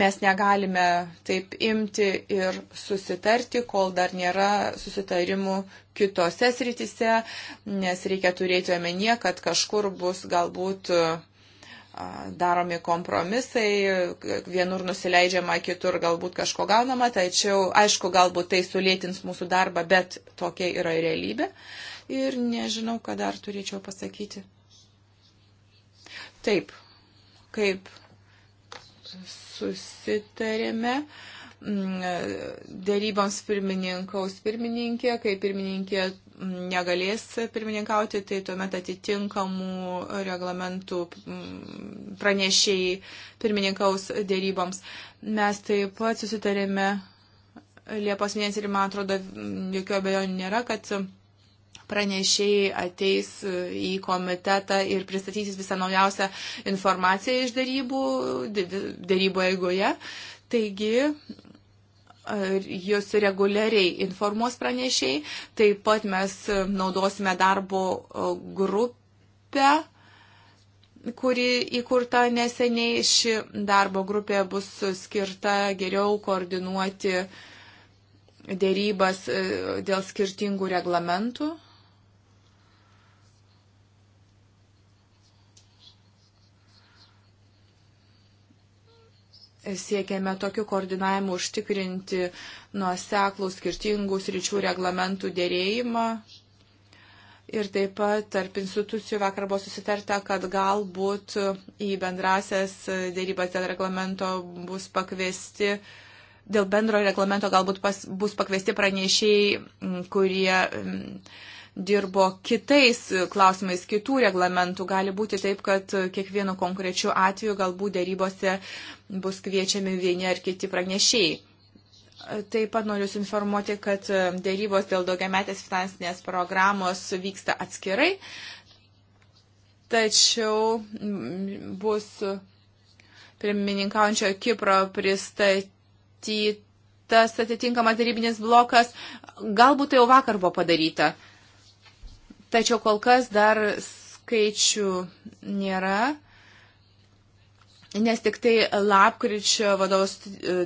mes negalime taip imti ir susitarti, kol dar nėra susitarimų kitose sritise, nes reikia turėti omenyje, kad kažkur bus galbūt daromi kompromisai, vienur nusileidžiama, kitur galbūt kažko gaunama, tačiau aišku, galbūt tai sulėtins mūsų darbą, bet tokia yra realybė. Ir nežinau, ką dar turėčiau pasakyti. Taip, kaip susitarėme. Dėryboms pirmininkaus pirmininkė, kai pirmininkė negalės pirmininkauti, tai tuomet atitinkamų reglamentų mm, pranešėjai pirmininkaus dėryboms. Mes taip pat susitarėme Liepos mėnesį ir man atrodo, mm, jokio abejonių nėra, kad pranešėjai ateis mm, į komitetą ir pristatys visą naujausią informaciją iš darybų, darybų eigoje. Taigi, jūs reguliariai informuos pranešiai. Taip pat mes naudosime darbo e, grupę kuri įkurta neseniai. Ši darbo grupė bus skirta geriau koordinuoti dėrybas e, dėl skirtingų reglamentų. siekiame tokiu koordinavimu užtikrinti nuoseklų skirtingų sričių reglamentų dėrėjimą. Ir taip pat tarp institucijų vakar buvo susitarta, kad galbūt į bendrasias dėrybas dėl reglamento bus pakviesti uh, dėl bendro reglamento galbūt pas, bus pakviesti pranešėjai, kurie dirbo kitais klausimais, kitų reglamentų. Gali būti taip, kad kiekvienu konkrečiu atveju galbūt dėrybose bus kviečiami vieni ar kiti pranešėjai. Taip pat noriu Jūs informuoti, kad dėrybos dėl daugiametės finansinės programos vyksta atskirai, tačiau bus pirmininkaujančio Kipro pristatytas atitinkamas dėrybinis blokas. Galbūt tai jau vakar buvo padaryta. Tačiau kol kas dar skaičių nėra, nes tik tai lapkričio vadovos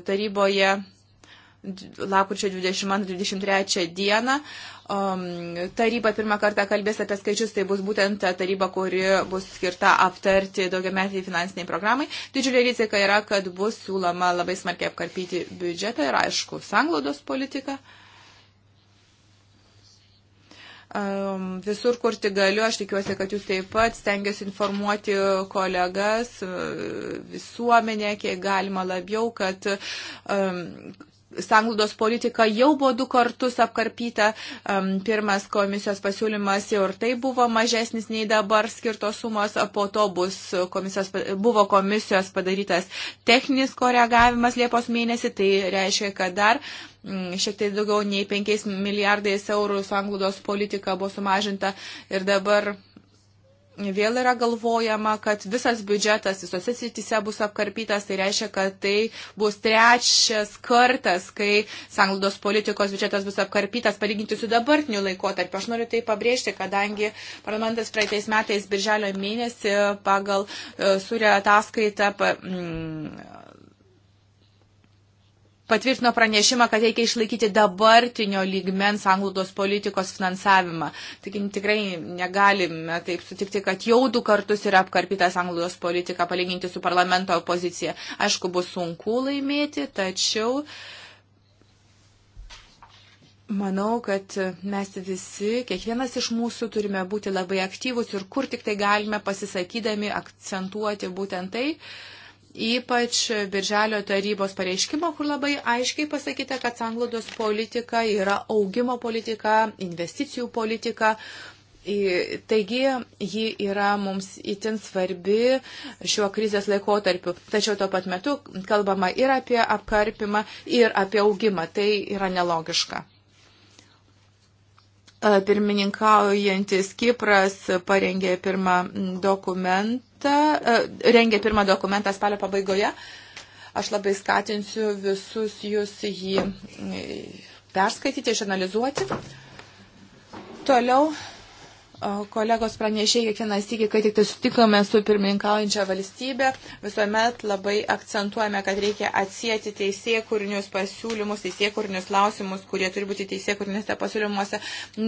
taryboje lapkričio 22-23 dieną. Um, taryba pirmą kartą kalbės apie skaičius, tai bus būtent ta taryba, kuri bus skirta aptarti daugiametį finansiniai programai. Didžiulė rizika yra, kad bus siūloma labai smarkiai apkarpyti biudžetą ir aišku, sanglaudos politiką. Uh, Visur, kur tik galiu, aš tikiuosi, kad jūs taip pat stengiasi informuoti kolegas, e, visuomenę, kiek galima labiau, kad sanglaudos politika jau buvo du kartus apkarpyta. Pirmas komisijos pasiūlymas jau ir tai buvo mažesnis nei dabar skirtos sumos, po to bus komisijos, buvo komisijos padarytas techninis koregavimas Liepos mėnesį, tai reiškia, kad dar Mm, šiek tiek daugiau nei 5 milijardais eurų sanglaudos politika buvo sumažinta ir dabar vėl yra galvojama, kad visas biudžetas visose srityse bus apkarpytas, tai reiškia, kad tai bus trečias kartas, kai sanglaudos politikos biudžetas bus apkarpytas, palyginti su dabartiniu laikotarpiu. Aš noriu tai pabrėžti, kadangi parlamentas praeitais metais, birželio mėnesį, pagal e, surę ataskaitą mm, patvirtino pranešimą, kad reikia išlaikyti dabartinio lygmens anglūdos politikos finansavimą. Taigi tikrai negalime taip sutikti, kad jau du kartus yra apkarpytas anglūdos politika palyginti su parlamento opozicija. Aišku, bus sunku laimėti, tačiau. Manau, kad mes visi, kiekvienas iš mūsų turime būti labai aktyvus ir kur tik tai galime pasisakydami akcentuoti būtent tai, uh, ypač Birželio tarybos pareiškimo, kur labai aiškiai pasakyta, kad sanglaudos politika yra augimo politika, investicijų politika. Taigi, ji yra mums itin svarbi šiuo krizės laikotarpiu. Tačiau tuo pat metu kalbama ir apie apkarpimą, ir apie augimą. Tai yra nelogiška e, pirmininkaujantis Kipras parengė pirmą dokumentą dokumentą, e, rengė pirmą dokumentą spalio pabaigoje. Aš labai skatinsiu visus jūs jį e, perskaityti, išanalizuoti. Toliau kolegos pranešė kiekvienas tiki, kai tik tai sutikome su pirmininkaujančia valstybė, visuomet labai akcentuojame, kad reikia atsijėti teisėkurinius pasiūlymus, teisėkurinius klausimus, kurie turi būti teisėkurinėse pasiūlymuose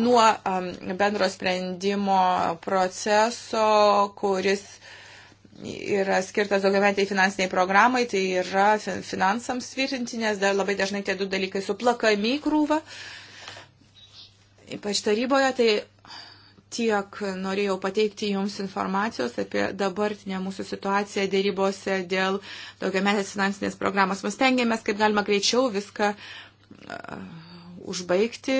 nuo um, bendro sprendimo proceso, kuris yra skirtas daugiametei finansiniai programai, tai yra finansams tvirtinti, nes dar labai dažnai tie du dalykai suplakami į krūvą. Ypač taryboje, tai tiek norėjau pateikti Jums informacijos apie dabartinę mūsų situaciją dėrybose dėl daugiametės finansinės programos. Mes tengiamės, kaip galima greičiau viską užbaigti,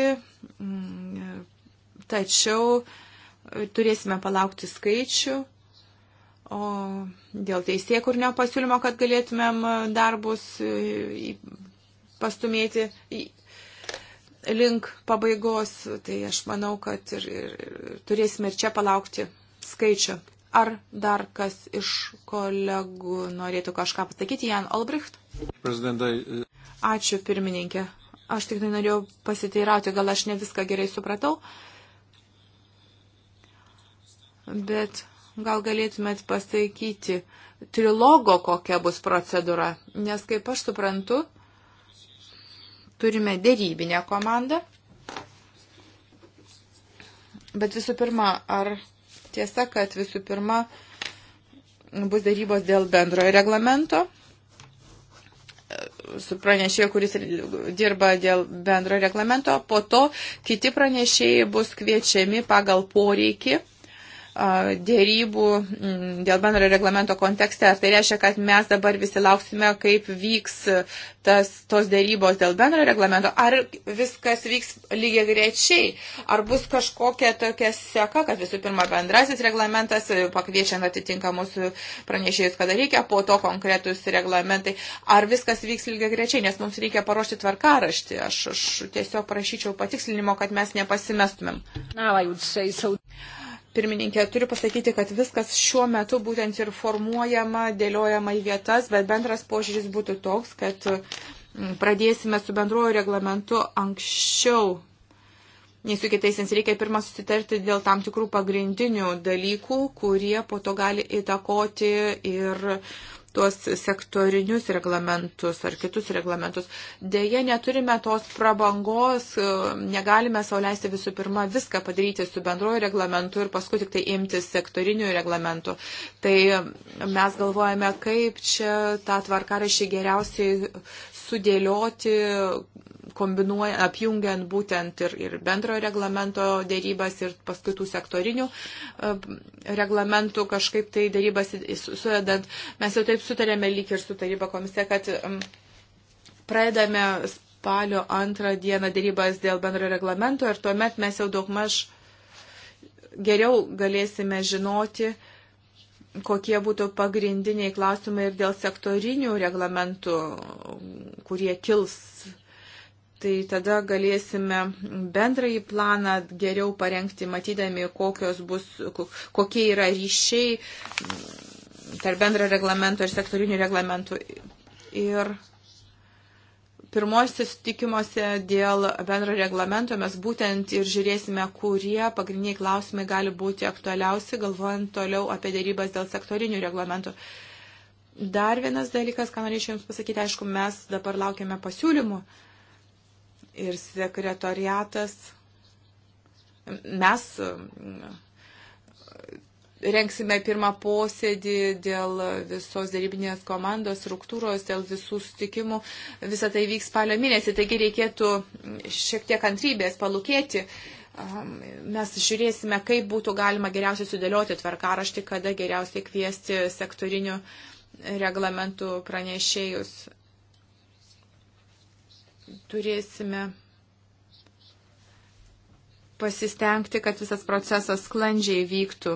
tačiau turėsime palaukti skaičių O dėl teisėkurnio pasiūlymo, kad galėtumėm e, darbus e, pastumėti link pabaigos, tai aš manau, kad ir, ir turėsime ir čia palaukti skaičių. Ar dar kas iš kolegų norėtų kažką pasakyti, Jan Albrecht? Prezidentai. E, Ačiū, pirmininkė. Aš tik tai norėjau pasiteirauti, gal aš ne viską gerai supratau. Bet gal galėtumėt pasakyti trilogo, kokia bus procedūra? Nes, kaip aš suprantu, turime dėrybinę komandą. Bet visų pirma, ar tiesa, kad visų pirma bus darybos dėl bendrojo reglamento? su pranešėju, kuris dirba dėl bendro reglamento, po to kiti pranešėjai bus kviečiami pagal poreikį dėrybų dėl bendro reglamento kontekste. Ar tai reiškia, kad mes dabar visi lauksime, kaip vyks tas, tos dėrybos dėl bendro reglamento, ar viskas vyks lygiai grečiai, ar bus kažkokia tokia seka, kad visų pirma bendrasis reglamentas, pakviečiant atitinkamus pranešėjus, kada reikia, po to konkretus reglamentai, ar viskas vyks lygiai grečiai, nes mums reikia paruošti tvarkaraštį. Aš, aš tiesiog prašyčiau patikslinimo, kad mes nepasimestumėm. Now, pirmininkė, turiu pasakyti, kad viskas šiuo metu būtent ir formuojama, dėliojama į vietas, bet bendras požiūris būtų toks, kad mm, pradėsime su bendruoju reglamentu anksčiau. Nei su kitais, nes reikia pirmą susitarti dėl tam tikrų pagrindinių dalykų, kurie po to gali įtakoti ir uh, tuos sektorinius reglamentus ar kitus reglamentus. Deja, neturime tos prabangos, e, negalime sauliaisti visų pirma viską padaryti su bendroju reglamentu ir paskui tik tai imtis sektorinių reglamentų. Tai mes galvojame, kaip čia tą tvarkarašį geriausiai sudėlioti, kombinuoja, apjungiant būtent ir, ir bendrojo reglamento dėrybas ir paskui tų sektorinių e, reglamentų kažkaip tai dėrybas suvedant. Mes jau taip sutarėme lyg ir su taryba komisija, kad pradedame spalio antrą dieną dėrybas dėl bendrojo reglamento ir tuomet mes jau daugmaž geriau galėsime žinoti, kokie būtų pagrindiniai klausimai ir dėl sektorinių reglamentų, kurie kils tai tada galėsime bendrąjį planą geriau parengti, matydami, bus, kokie yra ryšiai tarp bendro reglamento ir sektorinių reglamentų. Ir pirmosiuose sutikimuose dėl bendro reglamento mes būtent ir žiūrėsime, kurie pagrindiniai klausimai gali būti aktualiausi, galvojant toliau apie dėrybas dėl sektorinių reglamentų. Dar vienas dalykas, ką norėčiau Jums pasakyti, aišku, mes dabar laukiame pasiūlymų. Uh, ir sekretoriatas. Mes mm, rengsime pirmą posėdį dėl visos darybinės komandos struktūros, dėl visų sutikimų. Visą tai vyks spalio mėnesį, taigi reikėtų šiek tiek kantrybės palūkėti. Mes žiūrėsime, kaip būtų galima geriausiai sudėlioti tvarkaraštį, kada geriausiai kviesti sektorinių reglamentų pranešėjus turėsime pasistengti, kad visas procesas sklandžiai vyktų.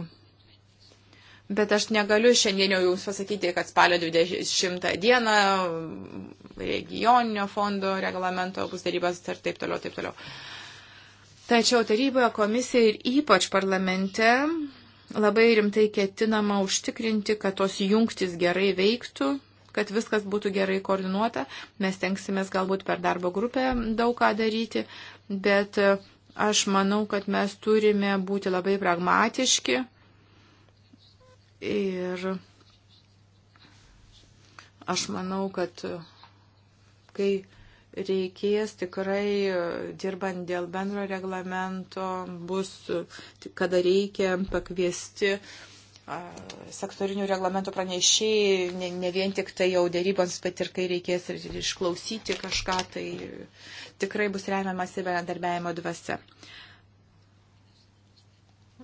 Bet aš negaliu šiandien jau jums pasakyti, kad spalio 20 dieną regioninio fondo reglamento bus darybas ir taip toliau, taip toliau. Tačiau taryboje, komisija ir ypač parlamente labai rimtai ketinama užtikrinti, kad tos jungtis gerai veiktų kad viskas būtų gerai koordinuota. Mes tenksimės galbūt per darbo grupę daug ką daryti, bet e, aš manau, kad mes turime būti labai pragmatiški ir aš manau, kad e, kai reikės tikrai, e, dirbant dėl bendro reglamento, bus, kada reikia pakviesti uh, sektorinių reglamentų pranešėjai, ne, ne vien tik tai jau dėrybams, bet ir kai reikės ir išklausyti kažką, tai tikrai bus remiamas į bendarbiavimo dvasę.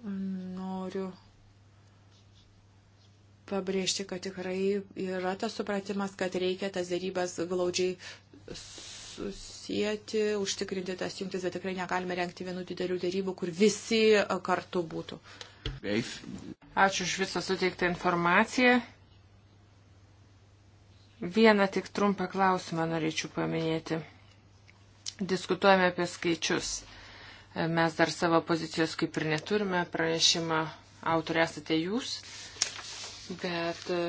Noriu pabrėžti, kad tikrai yra tas supratimas, kad reikia tas dėrybas glaudžiai susijęti, užtikrinti tas jungtis, bet tikrai negalime renkti vienų didelių dėrybų, kur visi kartu būtų. Ačiū už visą suteiktą informaciją. Vieną tik trumpą klausimą norėčiau paminėti. Diskutuojame apie skaičius. Mes dar savo pozicijos kaip ir neturime, pranešimą autorė esate jūs, bet e,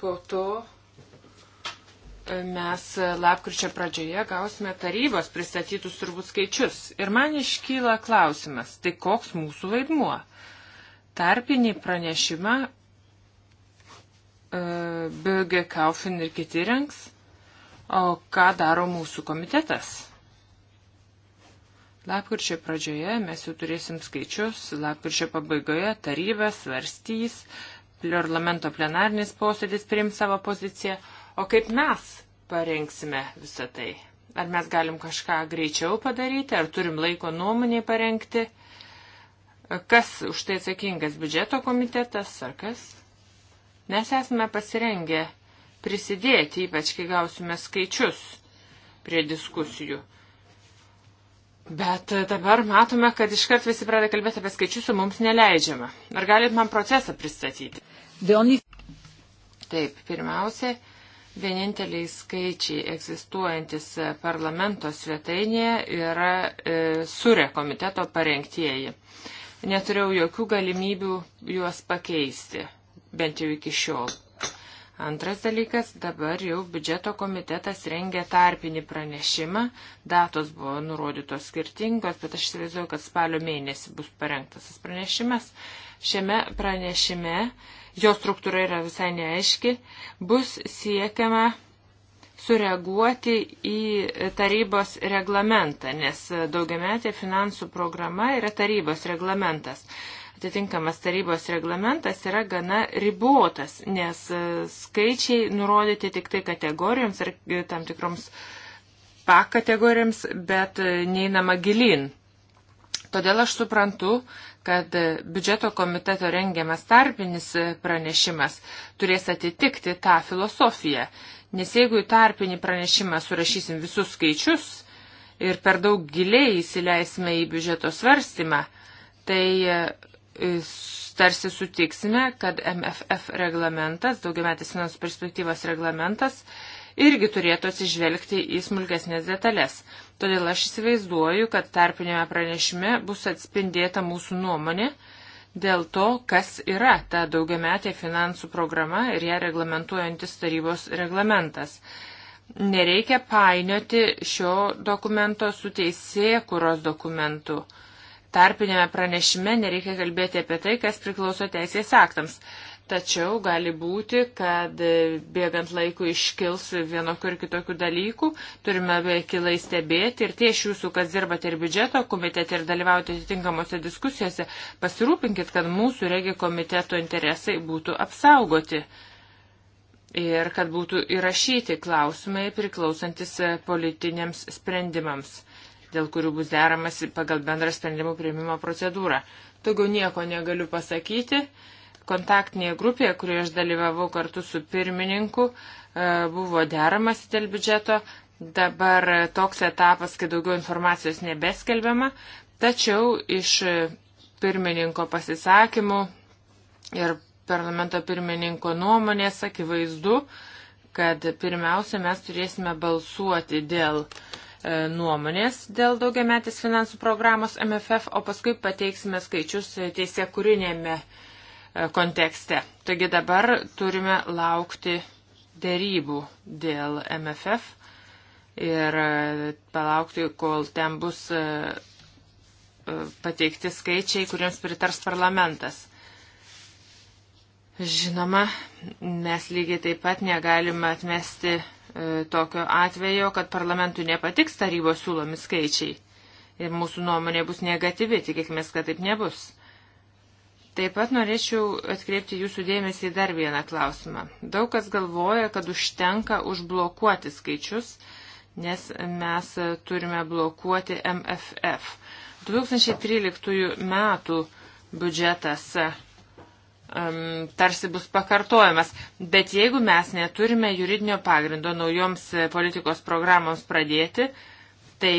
po to e, mes lapkričio pradžioje gausime tarybos pristatytus turbūt skaičius. Ir man iškyla klausimas, tai koks mūsų vaidmuo? tarpinį pranešimą e, BG Kaufin ir kiti rengs, o ką daro mūsų komitetas. Lapkirčio pradžioje mes jau turėsim skaičius, lapkirčio pabaigoje taryba svarstys, parlamento plenarnis posėdis priims savo poziciją, o kaip mes parengsime visą tai? Ar mes galim kažką greičiau padaryti, ar turim laiko nuomonėje parengti? Kas už tai atsakingas biudžeto komitetas ar kas? Mes esame pasirengę prisidėti, ypač kai gausime skaičius prie diskusijų. Bet dabar matome, kad iškart visi pradeda kalbėti apie skaičius, o mums neleidžiama. Ar galit man procesą pristatyti? Only... Taip, pirmiausia, vieninteliai skaičiai egzistuojantis parlamento svetainėje yra e, surė komiteto parengtieji neturėjau jokių galimybių juos pakeisti, bent jau iki šiol. Antras dalykas, dabar jau biudžeto komitetas rengia tarpinį pranešimą, datos buvo nurodytos skirtingos, bet aš įsivaizduoju, kad spalio mėnesį bus parengtas tas pranešimas. Šiame pranešime, jo struktūra yra visai neaiški, bus siekiama sureaguoti į tarybos reglamentą, nes daugiametė finansų programa yra tarybos reglamentas. Atitinkamas tarybos reglamentas yra gana ribotas, nes e, skaičiai nurodyti tik tai kategorijoms ir e, tam tikroms pakategorijoms, bet e, neinama gilin. Todėl aš suprantu, kad biudžeto komiteto rengiamas tarpinis pranešimas turės atitikti tą filosofiją Nes jeigu į tarpinį pranešimą surašysim visus skaičius ir per daug giliai įsileisime į biudžeto svarstymą, tai e, tarsi sutiksime, kad MFF reglamentas, daugiametis finansų perspektyvos reglamentas, irgi turėtų atsižvelgti į smulkesnės detalės. Todėl aš įsivaizduoju, kad tarpinėme pranešime bus atspindėta mūsų nuomonė dėl to, kas yra ta daugiametė finansų programa ir ją reglamentuojantis tarybos reglamentas. Nereikia painioti šio dokumento su teisėkuros dokumentu. Tarpinėme pranešime nereikia kalbėti apie tai, kas priklauso teisės aktams. Tačiau gali būti, kad bėgant laiku iškils vienokių ir kitokių dalykų, turime veikilai stebėti ir tie iš jūsų, kas dirbate ir biudžeto komitete ir dalyvaujate atitinkamose diskusijose, pasirūpinkit, kad mūsų regi komiteto interesai būtų apsaugoti ir kad būtų įrašyti klausimai priklausantis politiniams sprendimams, dėl kurių bus deramasi pagal bendrą sprendimų prieimimo procedūrą. Daugiau nieko negaliu pasakyti kontaktinėje grupėje, kurioje aš dalyvavau kartu su pirmininku, e, buvo deramas dėl biudžeto. Dabar toks etapas, kai daugiau informacijos nebeskelbiama, tačiau iš pirmininko pasisakymų ir parlamento pirmininko nuomonės akivaizdu, kad pirmiausia mes turėsime balsuoti dėl e, nuomonės dėl daugiametės finansų programos MFF, o paskui pateiksime skaičius teisė kūrinėme kontekste. Taigi dabar turime laukti dėrybų dėl MFF ir e, palaukti, kol ten bus e, e, pateikti skaičiai, kuriems pritars parlamentas. Žinoma, mes lygiai taip pat negalime atmesti tokio atvejo, kad parlamentui nepatiks tarybos siūlomi skaičiai. Ir mūsų nuomonė bus negatyvi, tikėkime, kad taip nebus. Taip pat norėčiau atkreipti jūsų dėmesį į dar vieną klausimą. Daug kas galvoja, kad užtenka užblokuoti skaičius, nes mes turime blokuoti MFF. 2013 metų biudžetas um, tarsi bus pakartojamas. Bet jeigu mes neturime juridinio pagrindo naujoms politikos programoms pradėti, tai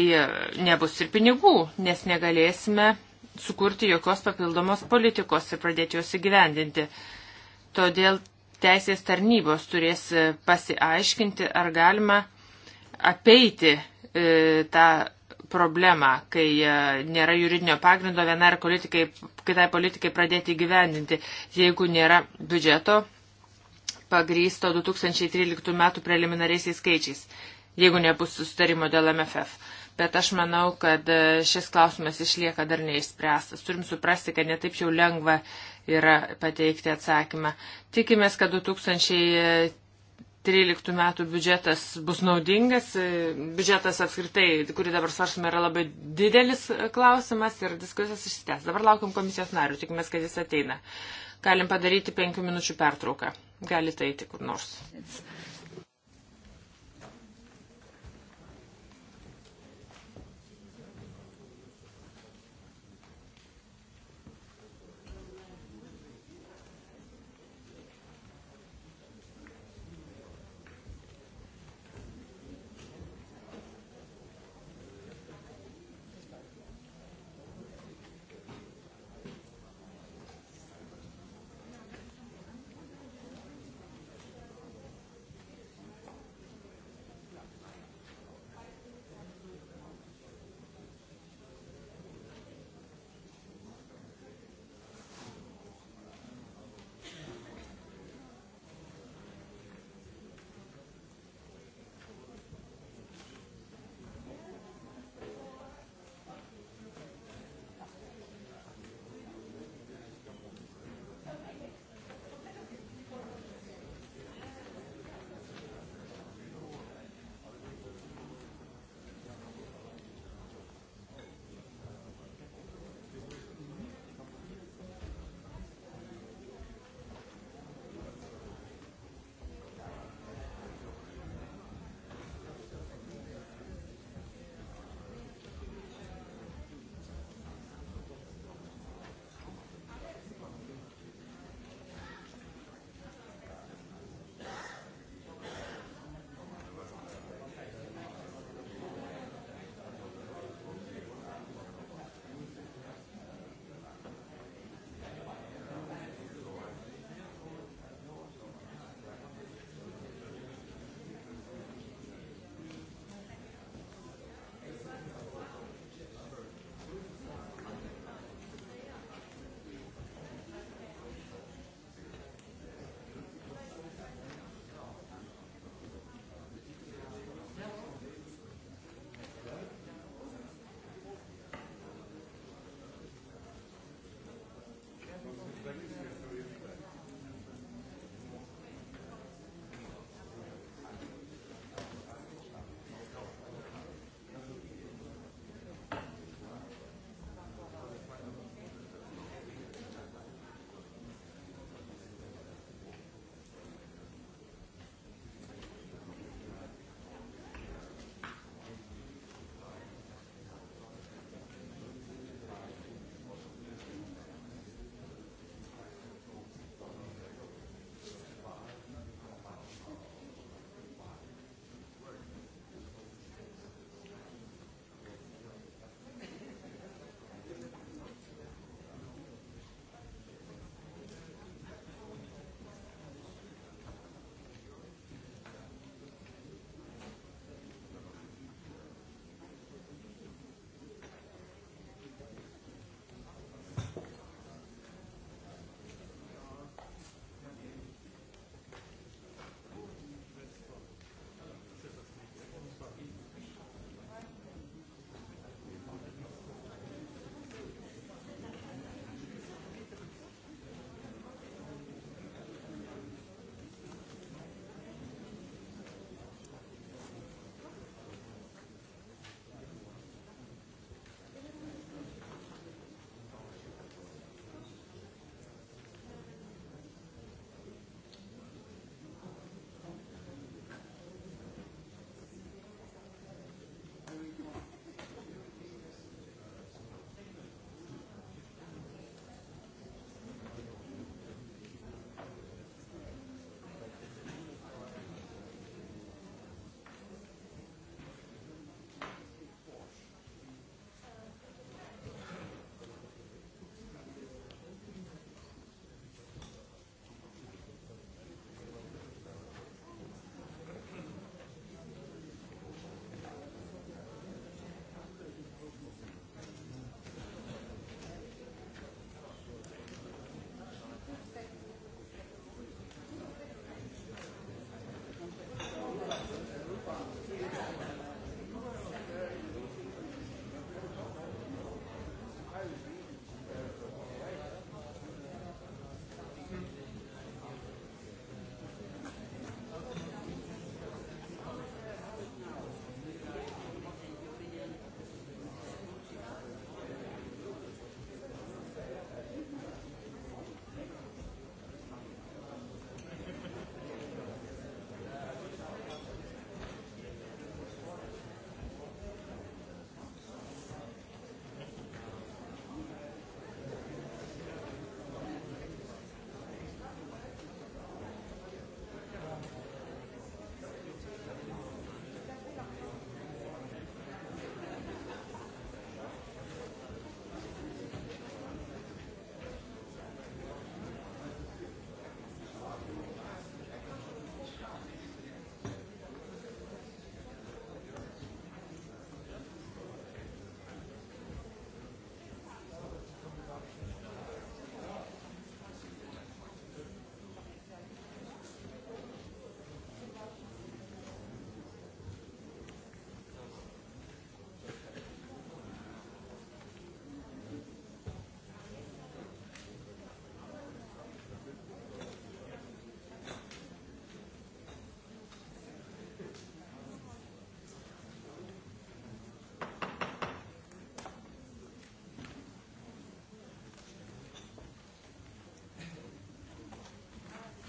nebus ir pinigų, nes negalėsime sukurti jokios papildomos politikos ir pradėti jos įgyvendinti. Todėl teisės tarnybos turės e, pasiaiškinti, ar galima apeiti e, tą problemą, kai e, nėra juridinio pagrindo vienai ar politikai, kitai politikai pradėti gyvendinti, jeigu nėra biudžeto pagrysto 2013 metų preliminariaisiais skaičiais, jeigu nebus sustarimo dėl MFF bet aš manau, kad e, šis klausimas išlieka dar neišspręstas. Turim suprasti, kad netaip jau lengva yra pateikti atsakymą. Tikimės, kad 2000. 2013 metų biudžetas bus naudingas. E, biudžetas apskritai, kurį dabar svarstame, yra labai didelis e, klausimas ir diskusijos išsitęs. Dabar laukiam komisijos narių, tikimės, kad jis ateina. Galim padaryti penkių minučių pertrauką. Galite eiti kur nors. It's...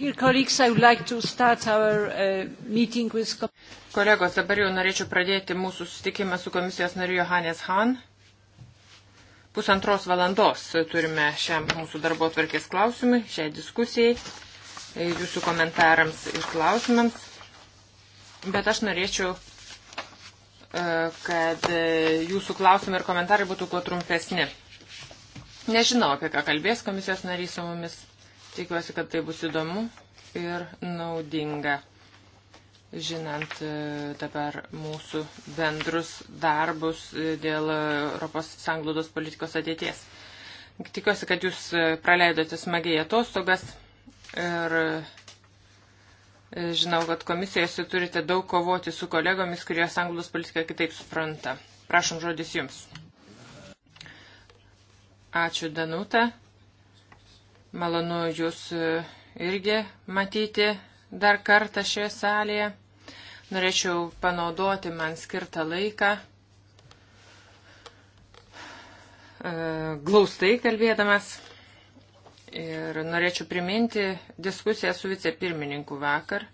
Uh, Kolegos, dabar jau norėčiau pradėti mūsų susitikimą su komisijos nariu Johannes Han. Pusantros valandos turime šiam mūsų darbo tvarkės klausimui, šiai diskusijai, e, jūsų komentarams ir klausimams. Bet aš norėčiau, e, kad e, jūsų klausimai ir komentarai būtų kuo trumpesni. Nežinau, apie ką kalbės komisijos narys su mumis Tikiuosi, kad tai bus įdomu ir naudinga, žinant e, dabar mūsų bendrus darbus e, dėl e, Europos sanglaudos politikos ateities. Tikiuosi, kad jūs praleidote smagiai atostogas ir žinau, kad komisijose turite daug kovoti su kolegomis, kurie sanglaudos politiką kitaip supranta. Prašom žodis jums. Ačiū Danutė. Malonu Jūs e, irgi matyti dar kartą šioje salėje. Norėčiau panaudoti man skirtą laiką e, glaustai kalbėdamas. Ir norėčiau priminti diskusiją su vicepirmininku vakar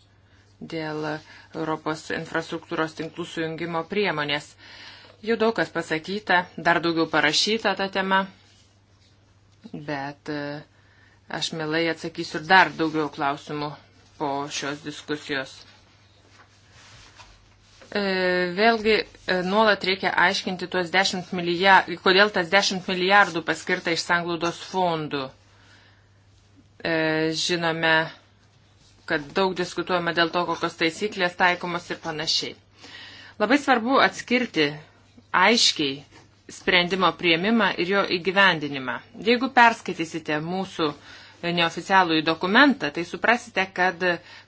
dėl Europos infrastruktūros tinklų sujungimo priemonės. Jau daug kas pasakyta, dar daugiau parašyta tą temą, bet uh, Aš mielai atsakysiu ir dar daugiau klausimų po šios diskusijos. E, vėlgi e, nuolat reikia aiškinti tuos 10 milijardų, kodėl tas 10 milijardų paskirta iš sanglaudos fondų. E, žinome, kad daug diskutuojame dėl to, kokios taisyklės taikomos ir panašiai. Labai svarbu atskirti aiškiai sprendimo prieimimą ir jo įgyvendinimą. Jeigu perskaitysite mūsų uh, neoficialų į dokumentą, tai suprasite, kad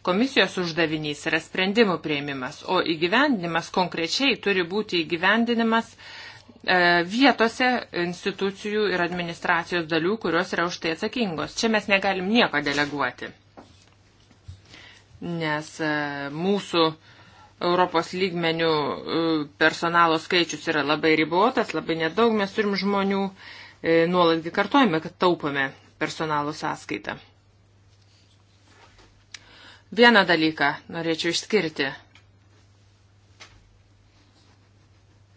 komisijos uždavinys yra sprendimų prieimimas, o įgyvendinimas konkrečiai turi būti įgyvendinimas e, vietose institucijų ir administracijos dalių, kurios yra už tai atsakingos. Čia mes negalim nieko deleguoti, nes e, mūsų Europos lygmenių e, personalo skaičius yra labai ribotas, labai nedaug mes turim žmonių, nuolatgi kartojame, kad taupome personalo sąskaitą. Vieną dalyką norėčiau išskirti,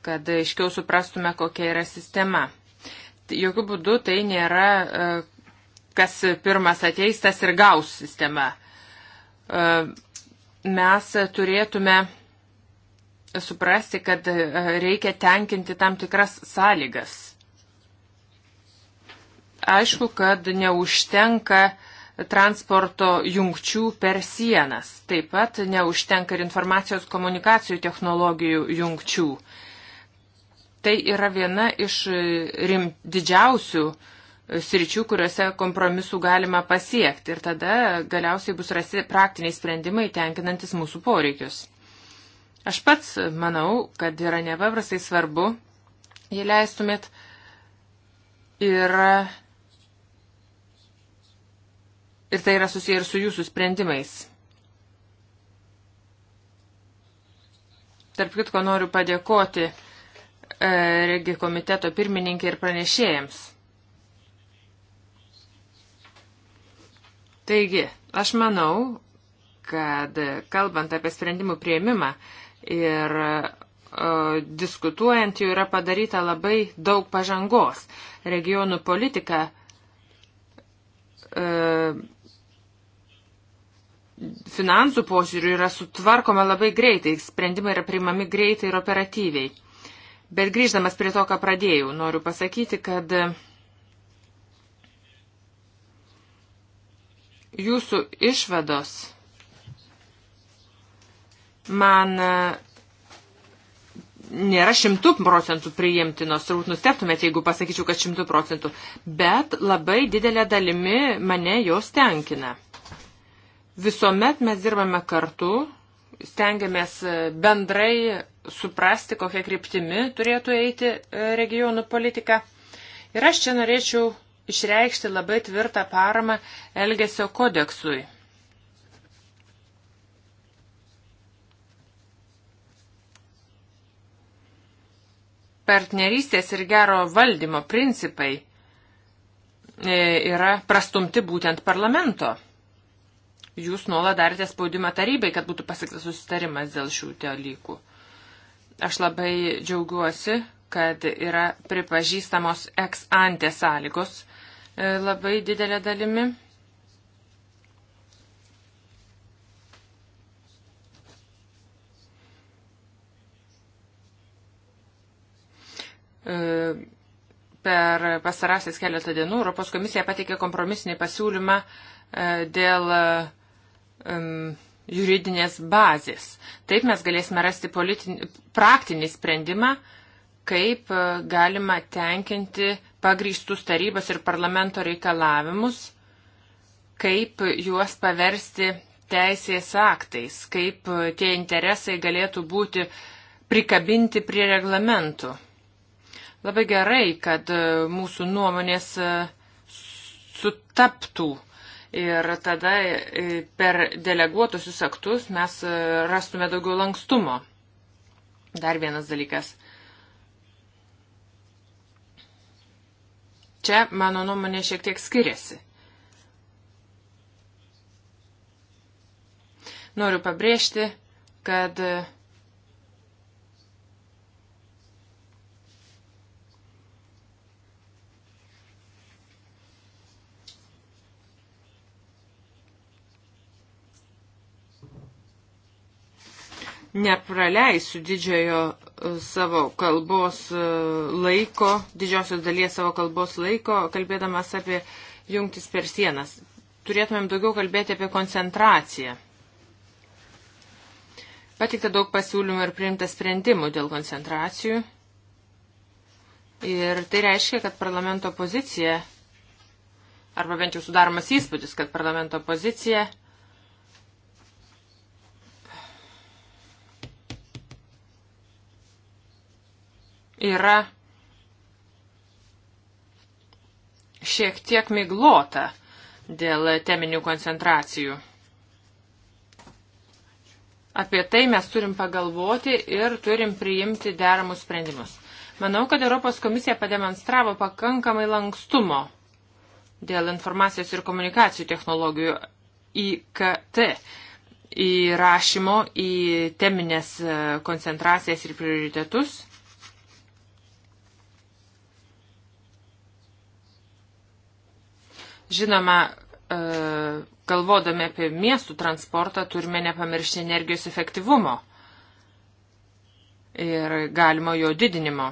kad aiškiau suprastume, kokia yra sistema. Jokių būdų tai nėra, e, kas pirmas ateis, tas ir gaus sistema. E, mes turėtume suprasti, kad e, reikia tenkinti tam tikras sąlygas Aišku, kad neužtenka transporto jungčių per sienas. Taip pat neužtenka ir informacijos komunikacijų technologijų jungčių. Tai yra viena iš rim, didžiausių sričių, kuriuose kompromisų galima pasiekti ir tada galiausiai bus rasti praktiniai sprendimai tenkinantis mūsų poreikius. Aš pats manau, kad yra nepaprastai svarbu, jei leistumėt, yra Ir tai yra susiję ir su jūsų sprendimais. Tarp kitko noriu padėkoti e, regi komiteto pirmininkai ir pranešėjams. Taigi, aš manau, kad e, kalbant apie sprendimų prieimimą ir e, diskutuojant jau yra padaryta labai daug pažangos. Regionų politika e, finansų požiūrių yra sutvarkoma labai greitai, sprendimai yra priimami greitai ir operatyviai. Bet grįždamas prie to, ką pradėjau, noriu pasakyti, kad jūsų išvados man e, nėra šimtų procentų priimtinos, turbūt nustebtumėte, jeigu pasakyčiau, kad šimtų procentų, bet labai didelė dalimi mane jos tenkina. Visuomet mes dirbame kartu, stengiamės e, bendrai suprasti, kokia kryptimi turėtų eiti e, regionų politika. Ir aš čia norėčiau išreikšti labai tvirtą paramą Elgesio kodeksui. Partnerystės ir gero valdymo principai e, yra prastumti būtent parlamento jūs nuolat darėte spaudimą tarybai, kad būtų pasiektas susitarimas dėl šių dalykų. Aš labai džiaugiuosi, kad yra pripažįstamos ex ante sąlygos e, labai didelė dalimi. E, per pasarąsias keletą dienų Europos komisija pateikė kompromisinį pasiūlymą e, dėl uh, um, juridinės bazės. Taip mes galėsime rasti politinį, praktinį sprendimą, kaip e, galima tenkinti pagrįstus tarybos ir parlamento reikalavimus, kaip juos paversti teisės aktais, kaip e, tie interesai galėtų būti prikabinti prie reglamentų. Labai gerai, kad e, mūsų nuomonės sutaptų Ir tada e, per deleguotusius aktus mes e, rastume daugiau lankstumo. Dar vienas dalykas. Čia mano nuomonė šiek tiek skiriasi. Noriu pabrėžti, kad e, nepraleisiu didžiojo e, savo kalbos e, laiko, didžiosios dalies savo kalbos laiko, kalbėdamas apie jungtis per sienas. Turėtumėm daugiau kalbėti apie koncentraciją. Patikta daug pasiūlymų ir priimta sprendimų dėl koncentracijų. Ir tai reiškia, kad parlamento pozicija, arba bent jau sudaromas įspūdis, kad parlamento pozicija yra šiek tiek miglota dėl teminių koncentracijų. Apie tai mes turim pagalvoti ir turim priimti deramus sprendimus. Manau, kad Europos komisija pademonstravo pakankamai lankstumo dėl informacijos ir komunikacijų technologijų IKT įrašymo į teminės koncentracijas ir prioritetus Žinoma, e, galvodami apie miestų transportą, turime nepamiršti energijos efektyvumo ir galimo jo didinimo.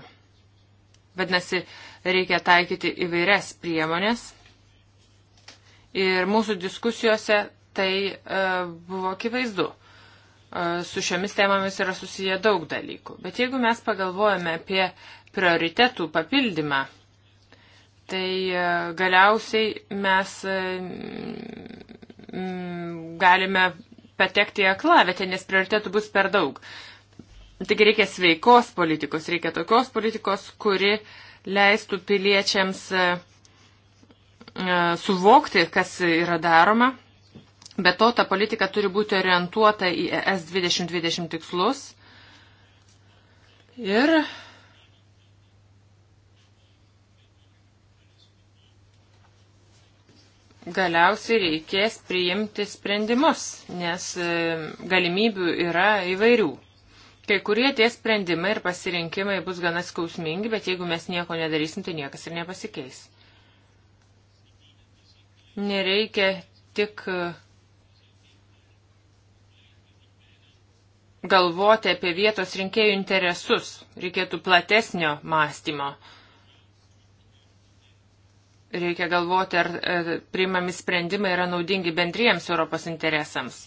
Vadinasi, reikia taikyti įvairias priemonės. Ir mūsų diskusijose tai e, buvo akivaizdu. E, su šiomis temomis yra susiję daug dalykų. Bet jeigu mes pagalvojame apie prioritetų papildymą, tai e, galiausiai mes e, galime patekti į aklavietę, nes prioritėtų bus per daug. Taigi reikia sveikos politikos, reikia tokios politikos, kuri leistų piliečiams e, suvokti, kas yra daroma. Be to, ta politika turi būti orientuota į ES 2020 tikslus. Ir galiausiai reikės priimti sprendimus, nes e, galimybių yra įvairių. Kai kurie tie sprendimai ir pasirinkimai bus gana skausmingi, bet jeigu mes nieko nedarysim, tai niekas ir nepasikeis. Nereikia tik e, galvoti apie vietos rinkėjų interesus, reikėtų platesnio mąstymo. Reikia galvoti, ar priimami sprendimai yra naudingi bendriems Europos interesams.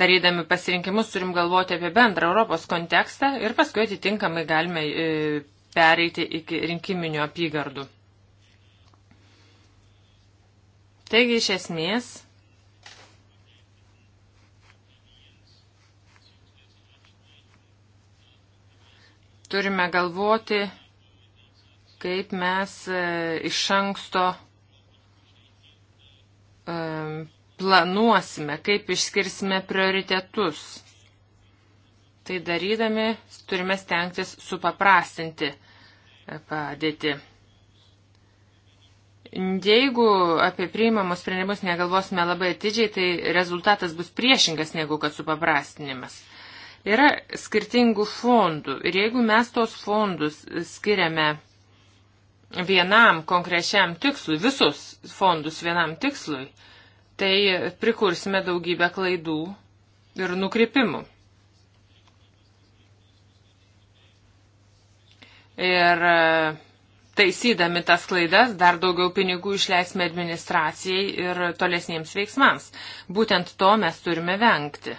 Darydami pasirinkimus turim galvoti apie bendrą Europos kontekstą ir paskui atitinkamai galime e, pereiti iki rinkiminių apygardų. Taigi iš esmės turime galvoti kaip mes e, iš anksto e, planuosime, kaip išskirsime prioritetus. Tai darydami turime stengtis supaprastinti e, padėti. Jeigu apie priimamus sprendimus negalvosime labai atidžiai, tai rezultatas bus priešingas negu kad supaprastinimas. Yra skirtingų fondų ir jeigu mes tos fondus skiriame vienam konkrečiam tikslui, visus fondus vienam tikslui, tai prikursime daugybę klaidų ir nukrypimų. Ir e, taisydami tas klaidas dar daugiau pinigų išleisime administracijai ir tolesniems veiksmams. Būtent to mes turime vengti.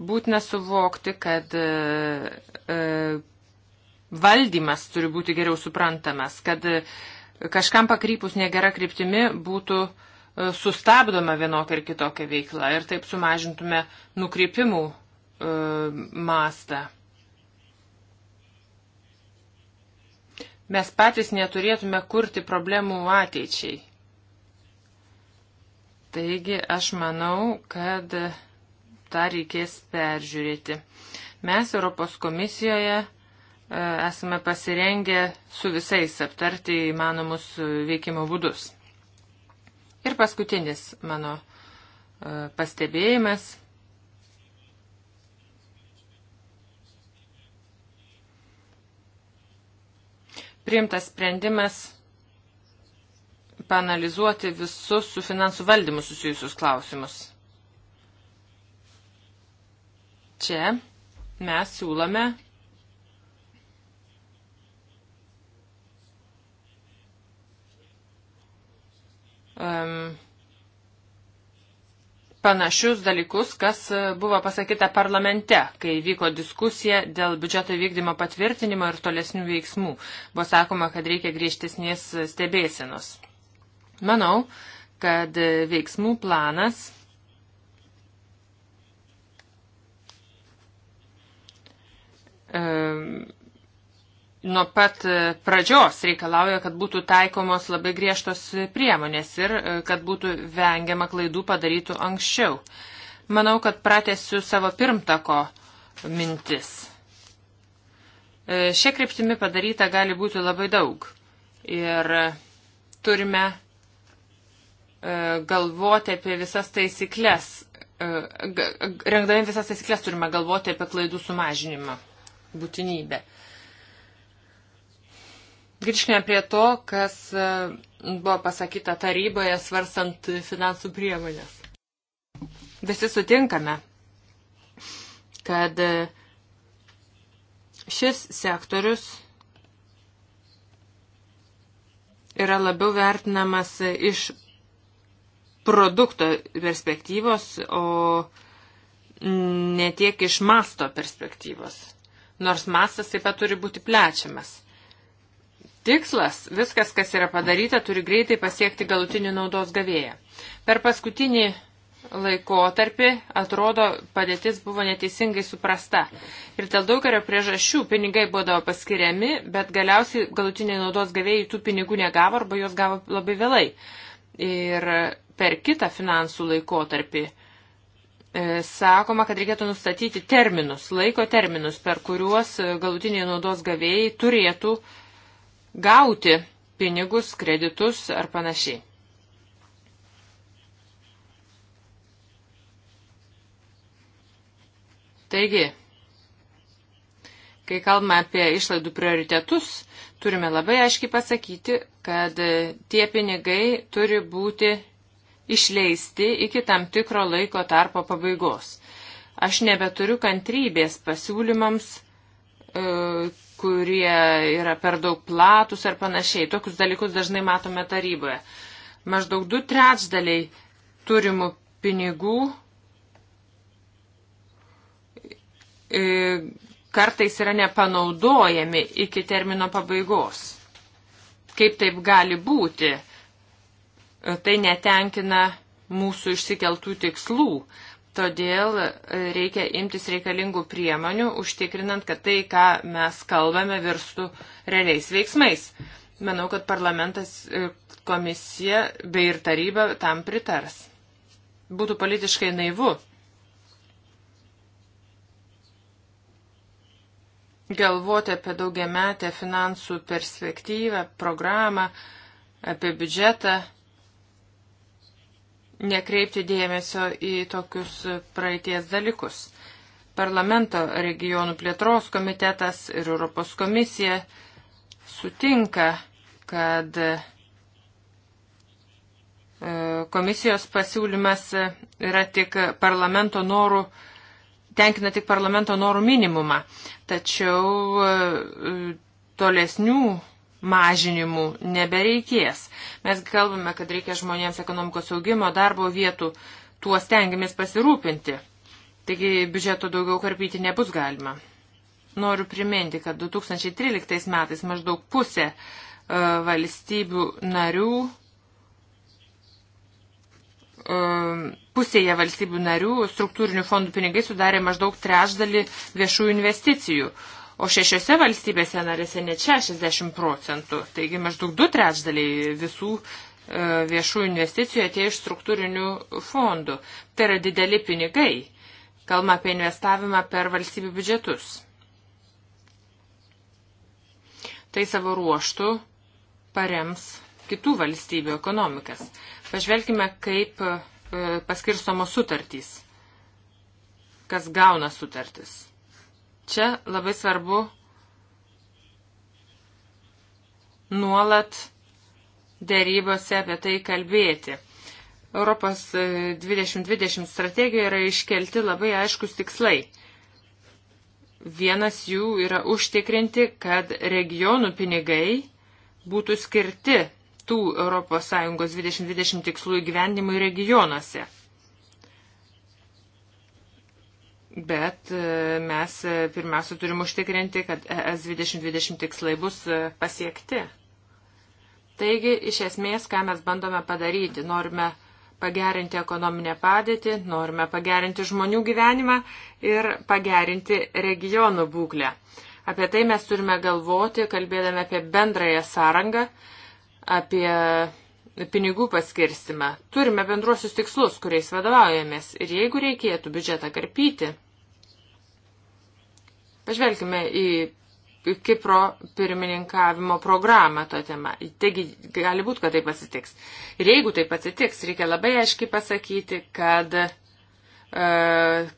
Būtina suvokti, kad e, e valdymas turi būti geriau suprantamas, kad kažkam pakrypus negera kryptimi būtų e, sustabdoma vienokia ir kitokia veikla ir taip sumažintume nukrypimų e, mastą. Mes patys neturėtume kurti problemų ateičiai. Taigi aš manau, kad tą reikės peržiūrėti. Mes Europos komisijoje esame pasirengę su visais aptarti įmanomus veikimo būdus. Ir paskutinis mano e, pastebėjimas. Priimtas sprendimas panalizuoti visus su finansų valdymu susijusius klausimus. Čia mes siūlome um, panašius dalykus, kas uh, buvo pasakyta parlamente, kai vyko diskusija dėl biudžeto vykdymo patvirtinimo ir tolesnių veiksmų. Buvo sakoma, kad reikia griežtesnės stebėsenos. Manau, kad uh, veiksmų planas um, nuo pat e, pradžios reikalauja, kad būtų taikomos labai griežtos priemonės ir e, kad būtų vengiama klaidų padarytų anksčiau. Manau, kad pratesiu savo pirmtako mintis. E, šia kryptimi padaryta gali būti labai daug. Ir turime galvoti apie visas taisyklės. Rengdami visas taisyklės turime galvoti apie klaidų sumažinimą. Būtinybė. Uh, Grįžkime prie to, kas e, buvo pasakyta taryboje svarstant finansų priemonės. Visi sutinkame, kad e, šis sektorius yra labiau vertinamas iš produkto perspektyvos, o ne tiek iš masto perspektyvos. Nors mastas taip pat turi būti plečiamas. Tikslas - viskas, kas yra padaryta, turi greitai pasiekti galutinį naudos gavėją. Per paskutinį laikotarpį, atrodo, padėtis buvo neteisingai suprasta. Ir dėl daugelio priežasčių pinigai būdavo paskiriami, bet galiausiai galutiniai naudos gavėjai tų pinigų negavo arba juos gavo labai vėlai. Ir per kitą finansų laikotarpį e, sakoma, kad reikėtų nustatyti terminus, laiko terminus, per kuriuos galutiniai naudos gavėjai turėtų e, gauti pinigus, kreditus ar panašiai. Taigi, kai kalbame apie išlaidų prioritetus, turime labai aiškiai pasakyti, kad tie pinigai turi būti išleisti iki tam tikro laiko tarpo pabaigos. Aš nebeturiu kantrybės pasiūlymams, e, kurie yra per daug platus ar panašiai. Tokius dalykus dažnai matome taryboje. Maždaug du trečdaliai turimų pinigų e, kartais yra nepanaudojami iki termino pabaigos. Kaip taip gali būti? E, tai netenkina mūsų išsikeltų tikslų. Todėl e, reikia imtis reikalingų priemonių, užtikrinant, kad tai, ką mes kalbame, virstų realiais veiksmais. Manau, kad parlamentas, e, komisija bei ir taryba tam pritars. Būtų politiškai naivu galvoti apie daugiametę finansų perspektyvą, programą, apie biudžetą nekreipti dėmesio į tokius praeities dalykus. Parlamento regionų plėtros komitetas ir Europos komisija sutinka, kad e, komisijos pasiūlymas yra tik parlamento norų, tenkina tik parlamento norų minimumą. Tačiau e, tolesnių mažinimų nebereikės. Mes kalbame, kad reikia žmonėms ekonomikos augimo, darbo vietų, tuo stengiamės pasirūpinti. Taigi biudžeto daugiau karpyti nebus galima. Noriu priminti, kad 2013 metais maždaug pusė e, valstybių narių, e, pusėje valstybių narių struktūrinių fondų pinigai sudarė maždaug trešdalį viešų investicijų o šešiose valstybėse narėse net 60 procentų. Taigi maždaug du trečdaliai visų e, viešų investicijų atėjo iš struktūrinių fondų. Tai yra dideli pinigai. Kalbame apie investavimą per valstybių biudžetus. Tai savo ruoštų parems kitų valstybių ekonomikas. Pažvelkime, kaip e, paskirstomos sutartys, kas gauna sutartis. Čia labai svarbu nuolat dėrybose apie tai kalbėti. Europos 2020 strategijoje yra iškelti labai aiškus tikslai. Vienas jų yra užtikrinti, kad regionų pinigai būtų skirti tų ES 2020 tikslų įgyvendimui regionuose. Bet e, mes e, pirmiausia turim užtikrinti, kad ES 2020 tikslai bus e, pasiekti. Taigi, iš esmės, ką mes bandome padaryti, norime pagerinti ekonominę padėtį, norime pagerinti žmonių gyvenimą ir pagerinti regionų būklę. Apie tai mes turime galvoti, kalbėdami apie bendrąją sąrangą, apie pinigų paskirstimą. Turime bendruosius tikslus, kuriais vadovaujamės ir jeigu reikėtų biudžetą karpyti, pažvelkime į Kipro pirmininkavimo programą to tema. Taigi, gali būti, kad taip atsitiks. Ir jeigu taip atsitiks, reikia labai aiškiai pasakyti, kad e,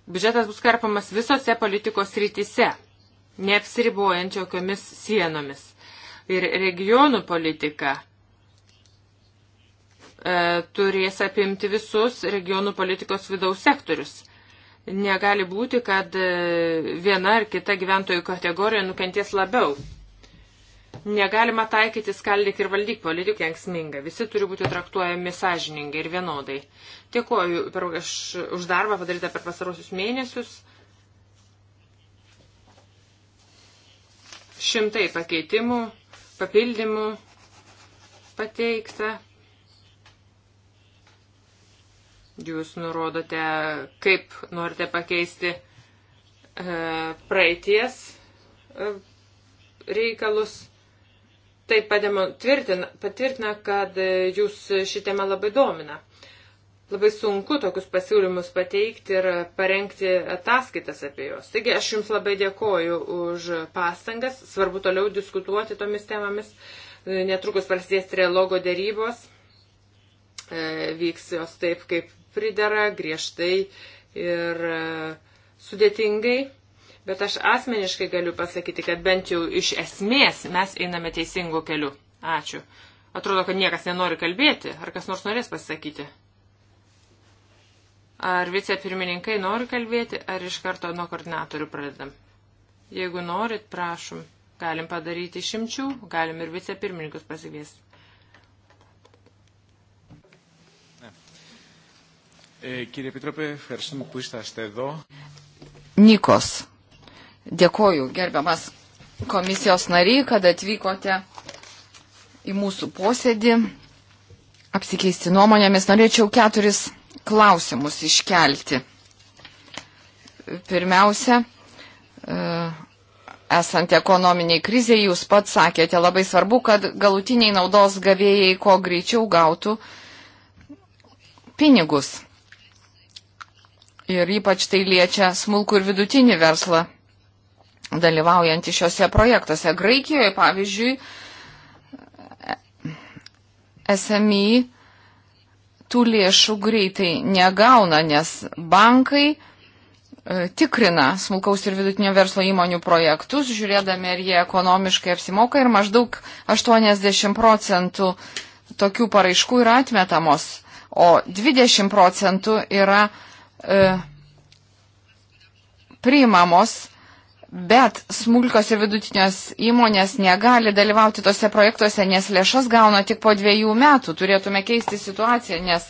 biudžetas bus karpamas visose politikos rytise, neapsiribuojant jokiomis sienomis. Ir regionų politika E, turės apimti visus regionų politikos vidaus sektorius. Negali būti, kad e, viena ar kita gyventojų kategorija nukenties labiau. Negalima taikyti skaldyk ir valdyk politik kenksminga. Visi turi būti traktuojami sąžiningai ir vienodai. Dėkuoju per, aš, už darbą padarytą per pasarosius mėnesius. Šimtai pakeitimų, papildymų pateikta, Jūs nurodote, kaip norite pakeisti e, praeities e, reikalus. Tai tvirtina, patvirtina, kad e, jūs ši tema labai domina. Labai sunku tokius pasiūlymus pateikti ir parengti ataskaitas apie juos. Taigi aš jums labai dėkoju už pastangas. Svarbu toliau diskutuoti tomis temomis. Netrukus prasidės trialogo dėrybos. Vyks jos taip, kaip pridara griežtai ir e, sudėtingai. Bet aš asmeniškai galiu pasakyti, kad bent jau iš esmės mes einame teisingu keliu. Ačiū. Atrodo, kad niekas nenori kalbėti. Ar kas nors norės pasakyti? Ar vicepirmininkai nori kalbėti, ar iš karto nuo koordinatorių pradedam? Jeigu norit, prašom. Galim padaryti išimčių, galim ir vicepirmininkus pasikviesti. Ε, eh, κύριε Επίτροπε, ευχαριστούμε που είσαστε εδώ. Νίκος, dėkoju gerbiamas komisijos nariai, kad atvykote į mūsų posėdį apsikeisti nuomonėmis. Norėčiau keturis klausimus iškelti. Pirmiausia, eh, esant ekonominiai kriziai, jūs pats sakėte, labai svarbu, kad galutiniai naudos gavėjai kuo greičiau gautų pinigus. Ir ypač tai liečia smulkų ir vidutinį verslą, dalyvaujantį šiuose projektuose. Graikijoje, pavyzdžiui, SMI tų lėšų greitai negauna, nes bankai e, tikrina smulkaus ir vidutinio verslo įmonių projektus, žiūrėdami, ar jie ekonomiškai apsimoka ir maždaug 80 procentų tokių paraiškų yra atmetamos, o 20 procentų yra atmetamos E, priimamos, bet smulkios ir vidutinės įmonės negali dalyvauti tose projektuose, nes lėšas gauna tik po dviejų metų. Turėtume keisti situaciją, nes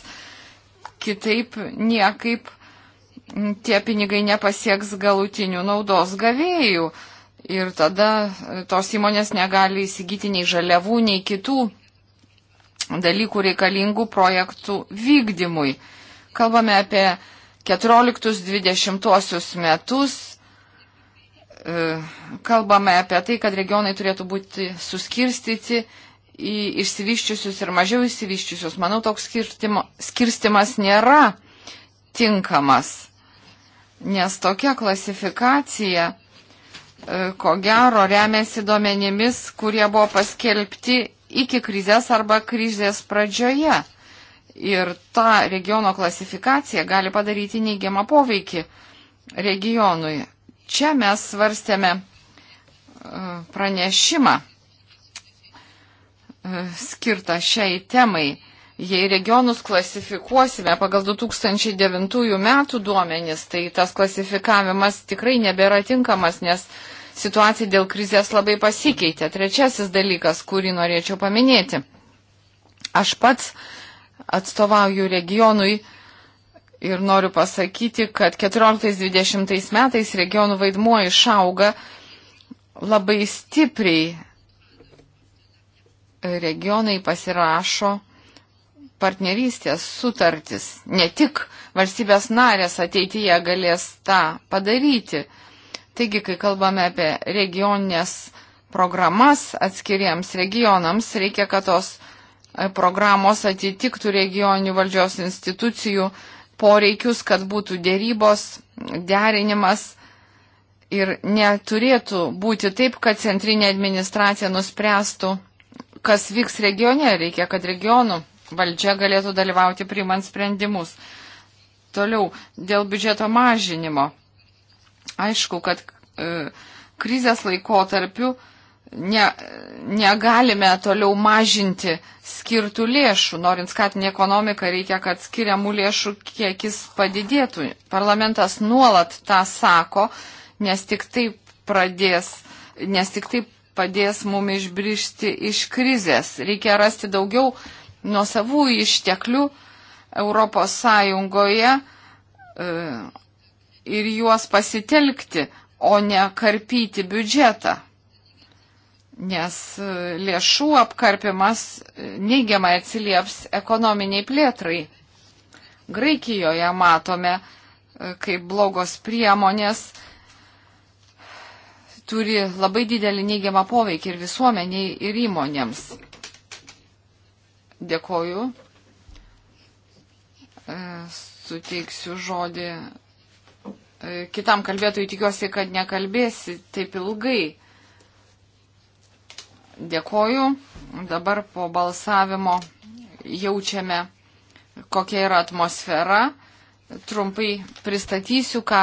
kitaip niekaip tie pinigai nepasieks galutinių naudos gavėjų. Ir tada tos įmonės negali įsigyti nei žaliavų, nei kitų dalykų reikalingų projektų vykdymui. Kalbame apie 14-20 metus e, kalbame apie tai, kad regionai turėtų būti suskirstyti į išsivyščiusius ir mažiau išsivyščiusius. Manau, toks skirtimo, skirstimas nėra tinkamas, nes tokia klasifikacija, e, ko gero, remiasi duomenimis, kurie buvo paskelbti iki krizės arba krizės pradžioje. Ir ta regiono klasifikacija gali padaryti neigiamą poveikį regionui. Čia mes svarstėme e, pranešimą e, skirtą šiai temai. Jei regionus klasifikuosime pagal 2009 metų duomenis, tai tas klasifikavimas tikrai nebėra tinkamas, nes situacija dėl krizės labai pasikeitė. Trečiasis dalykas, kurį norėčiau paminėti. Aš pats uh, atstovauju regionui ir noriu pasakyti, kad 14-20 metais regionų vaidmuo išauga labai stipriai. Regionai pasirašo partnerystės sutartis. Ne tik valstybės narės ateityje galės tą padaryti. Taigi, kai kalbame apie regioninės programas atskiriems regionams, reikia, kad tos E, programos atitiktų regioninių valdžios institucijų poreikius, kad būtų dėrybos, derinimas ir neturėtų būti taip, kad centrinė administracija nuspręstų, kas vyks regione, reikia, kad regionų valdžia galėtų dalyvauti priimant sprendimus. Toliau, dėl biudžeto mažinimo. Aišku, kad e, krizės laikotarpiu e, ne, negalime toliau mažinti skirtų lėšų. Norint skatinti ekonomiką, reikia, kad skiriamų lėšų kiekis padidėtų. Parlamentas nuolat tą sako, nes tik taip pradės, nes tik taip padės mum išbrišti iš krizės. Reikia rasti daugiau nuo savų išteklių Europos Sąjungoje e, ir juos pasitelkti, o ne karpyti biudžetą nes e, lėšų apkarpimas e, neigiamai atsilieps ekonominiai plėtrai. Graikijoje matome, e, kaip blogos priemonės turi labai didelį neigiamą poveikį ir visuomeniai, ir įmonėms. Dėkoju. Suteiksiu žodį kitam kalbėtojui, tikiuosi, kad nekalbėsi taip ilgai. Dėkoju. Dabar po balsavimo jaučiame, kokia yra atmosfera. Trumpai pristatysiu, ką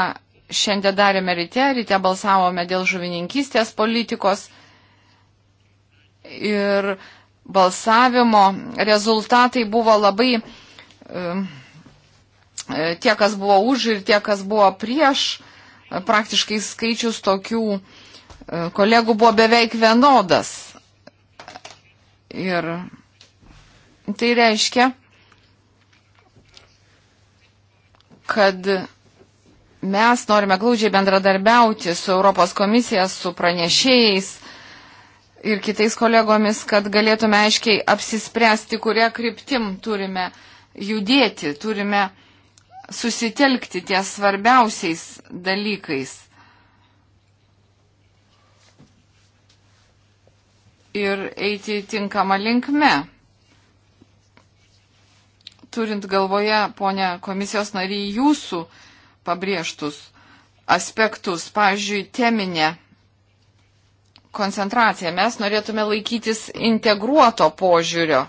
šiandien darėme ryte. Ryte balsavome dėl žuvininkystės politikos. Ir balsavimo rezultatai buvo labai e, tie, kas buvo už ir tie, kas buvo prieš, praktiškai skaičius tokių e, kolegų buvo beveik vienodas. Ir tai reiškia, kad mes norime glaudžiai bendradarbiauti su Europos komisija, su pranešėjais ir kitais kolegomis, kad galėtume aiškiai apsispręsti, kuria kryptim turime judėti, turime susitelkti ties svarbiausiais dalykais. ir eiti tinkamą linkme. Turint galvoje, ponia komisijos nariai, jūsų pabrėžtus aspektus, pavyzdžiui, teminė koncentracija. Mes norėtume laikytis integruoto požiūrio.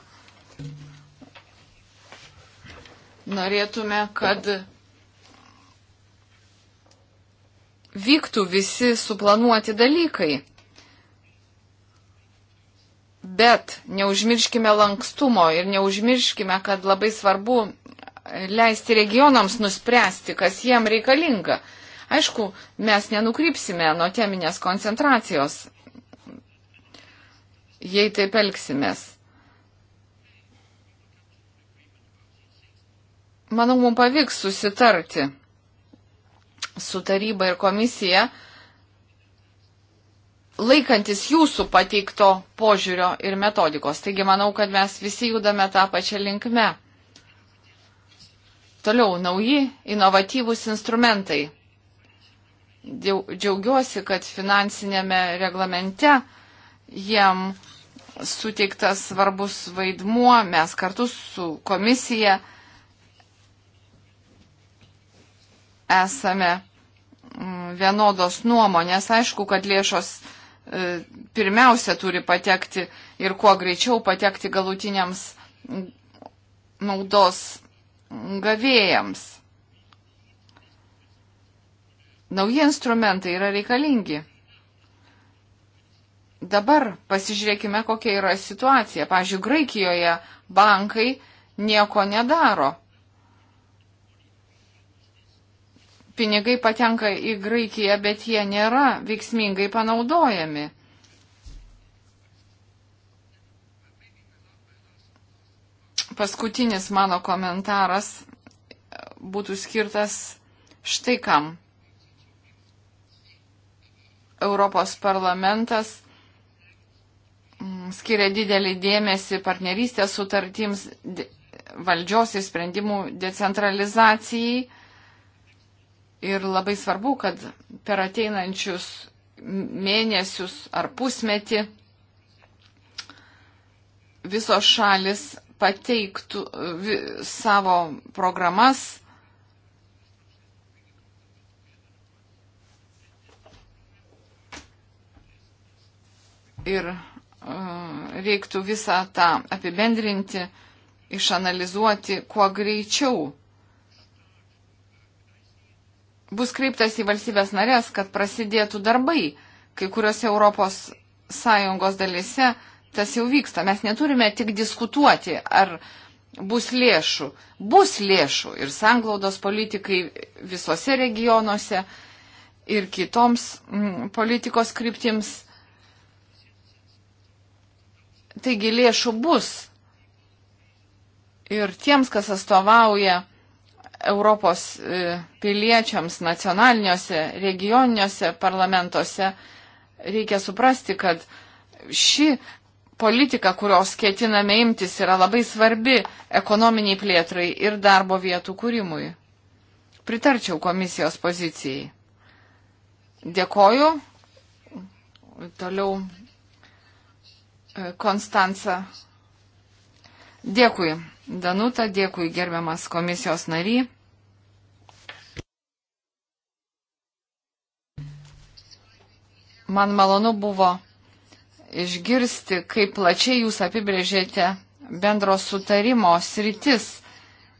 Norėtume, kad vyktų visi suplanuoti dalykai. Bet neužmirškime lankstumo ir neužmirškime, kad labai svarbu leisti regionams nuspręsti, kas jiem reikalinga. Aišku, mes nenukrypsime nuo teminės koncentracijos, jei taip elgsimės. Manau, mums pavyks susitarti su taryba ir komisija laikantis jūsų pateikto požiūrio ir metodikos. Taigi manau, kad mes visi judame tą pačią linkmę. Toliau nauji inovatyvūs instrumentai. Džiaugiuosi, kad finansinėme reglamente jiem suteiktas svarbus vaidmuo. Mes kartu su komisija esame mm, vienodos nuomonės. Aišku, kad lėšos E, pirmiausia turi patekti ir kuo greičiau patekti galutiniams naudos gavėjams. Nauji instrumentai yra reikalingi. Dabar pasižiūrėkime, kokia yra situacija. Pavyzdžiui, Graikijoje bankai nieko nedaro. pinigai patenka į Graikiją, bet jie nėra veiksmingai panaudojami. Paskutinis mano komentaras būtų skirtas štai kam. Europos parlamentas mm, skiria didelį dėmesį partnerystės sutartims valdžios įsprendimų decentralizacijai Ir labai svarbu, kad per ateinančius mėnesius ar pusmetį visos šalis pateiktų savo programas ir e, reiktų visą tą apibendrinti, išanalizuoti kuo greičiau bus kreiptas į valstybės narės, kad prasidėtų darbai. Kai kuriuose Europos Sąjungos dalise tas jau vyksta. Mes neturime tik diskutuoti, ar bus lėšų. Bus lėšų ir sanglaudos politikai visose regionuose ir kitoms m, mm, politikos kryptims. Taigi lėšų bus. Ir tiems, kas atstovauja Europos e, piliečiams nacionaliniuose, regioniniuose parlamentuose reikia suprasti, kad ši politika, kurios ketiname imtis, yra labai svarbi ekonominiai plėtrai ir darbo vietų kūrimui. Pritarčiau komisijos pozicijai. Dėkoju. Toliau e, Konstanca Dėkui, Danuta, dėkui, gerbiamas komisijos nary. Man malonu buvo išgirsti, kaip plačiai jūs apibrėžėte bendro sutarimo sritis,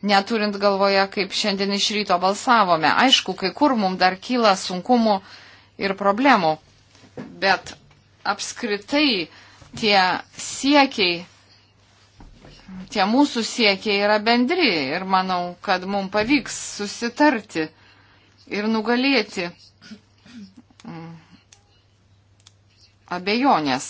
neturint galvoje, kaip šiandien iš ryto balsavome. Aišku, kai kur mums dar kyla sunkumų ir problemų, bet apskritai tie siekiai tie mūsų siekiai yra bendri ir manau, kad mums pavyks susitarti ir nugalėti mm, abejonės.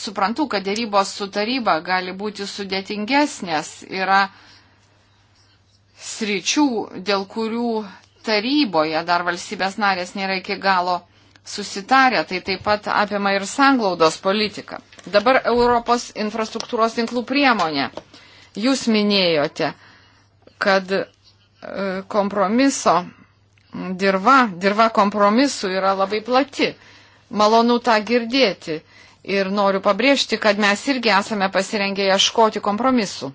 Suprantu, kad dėrybos su taryba gali būti sudėtingesnės. Yra sričių, dėl kurių taryboje dar valstybės narės nėra iki galo susitarę, tai taip pat apima ir sanglaudos politiką. Dabar Europos infrastruktūros tinklų priemonė. Jūs minėjote, kad e, kompromiso dirba, dirba kompromisų yra labai plati. Malonu tą girdėti. Ir noriu pabrėžti, kad mes irgi esame pasirengę ieškoti kompromisų.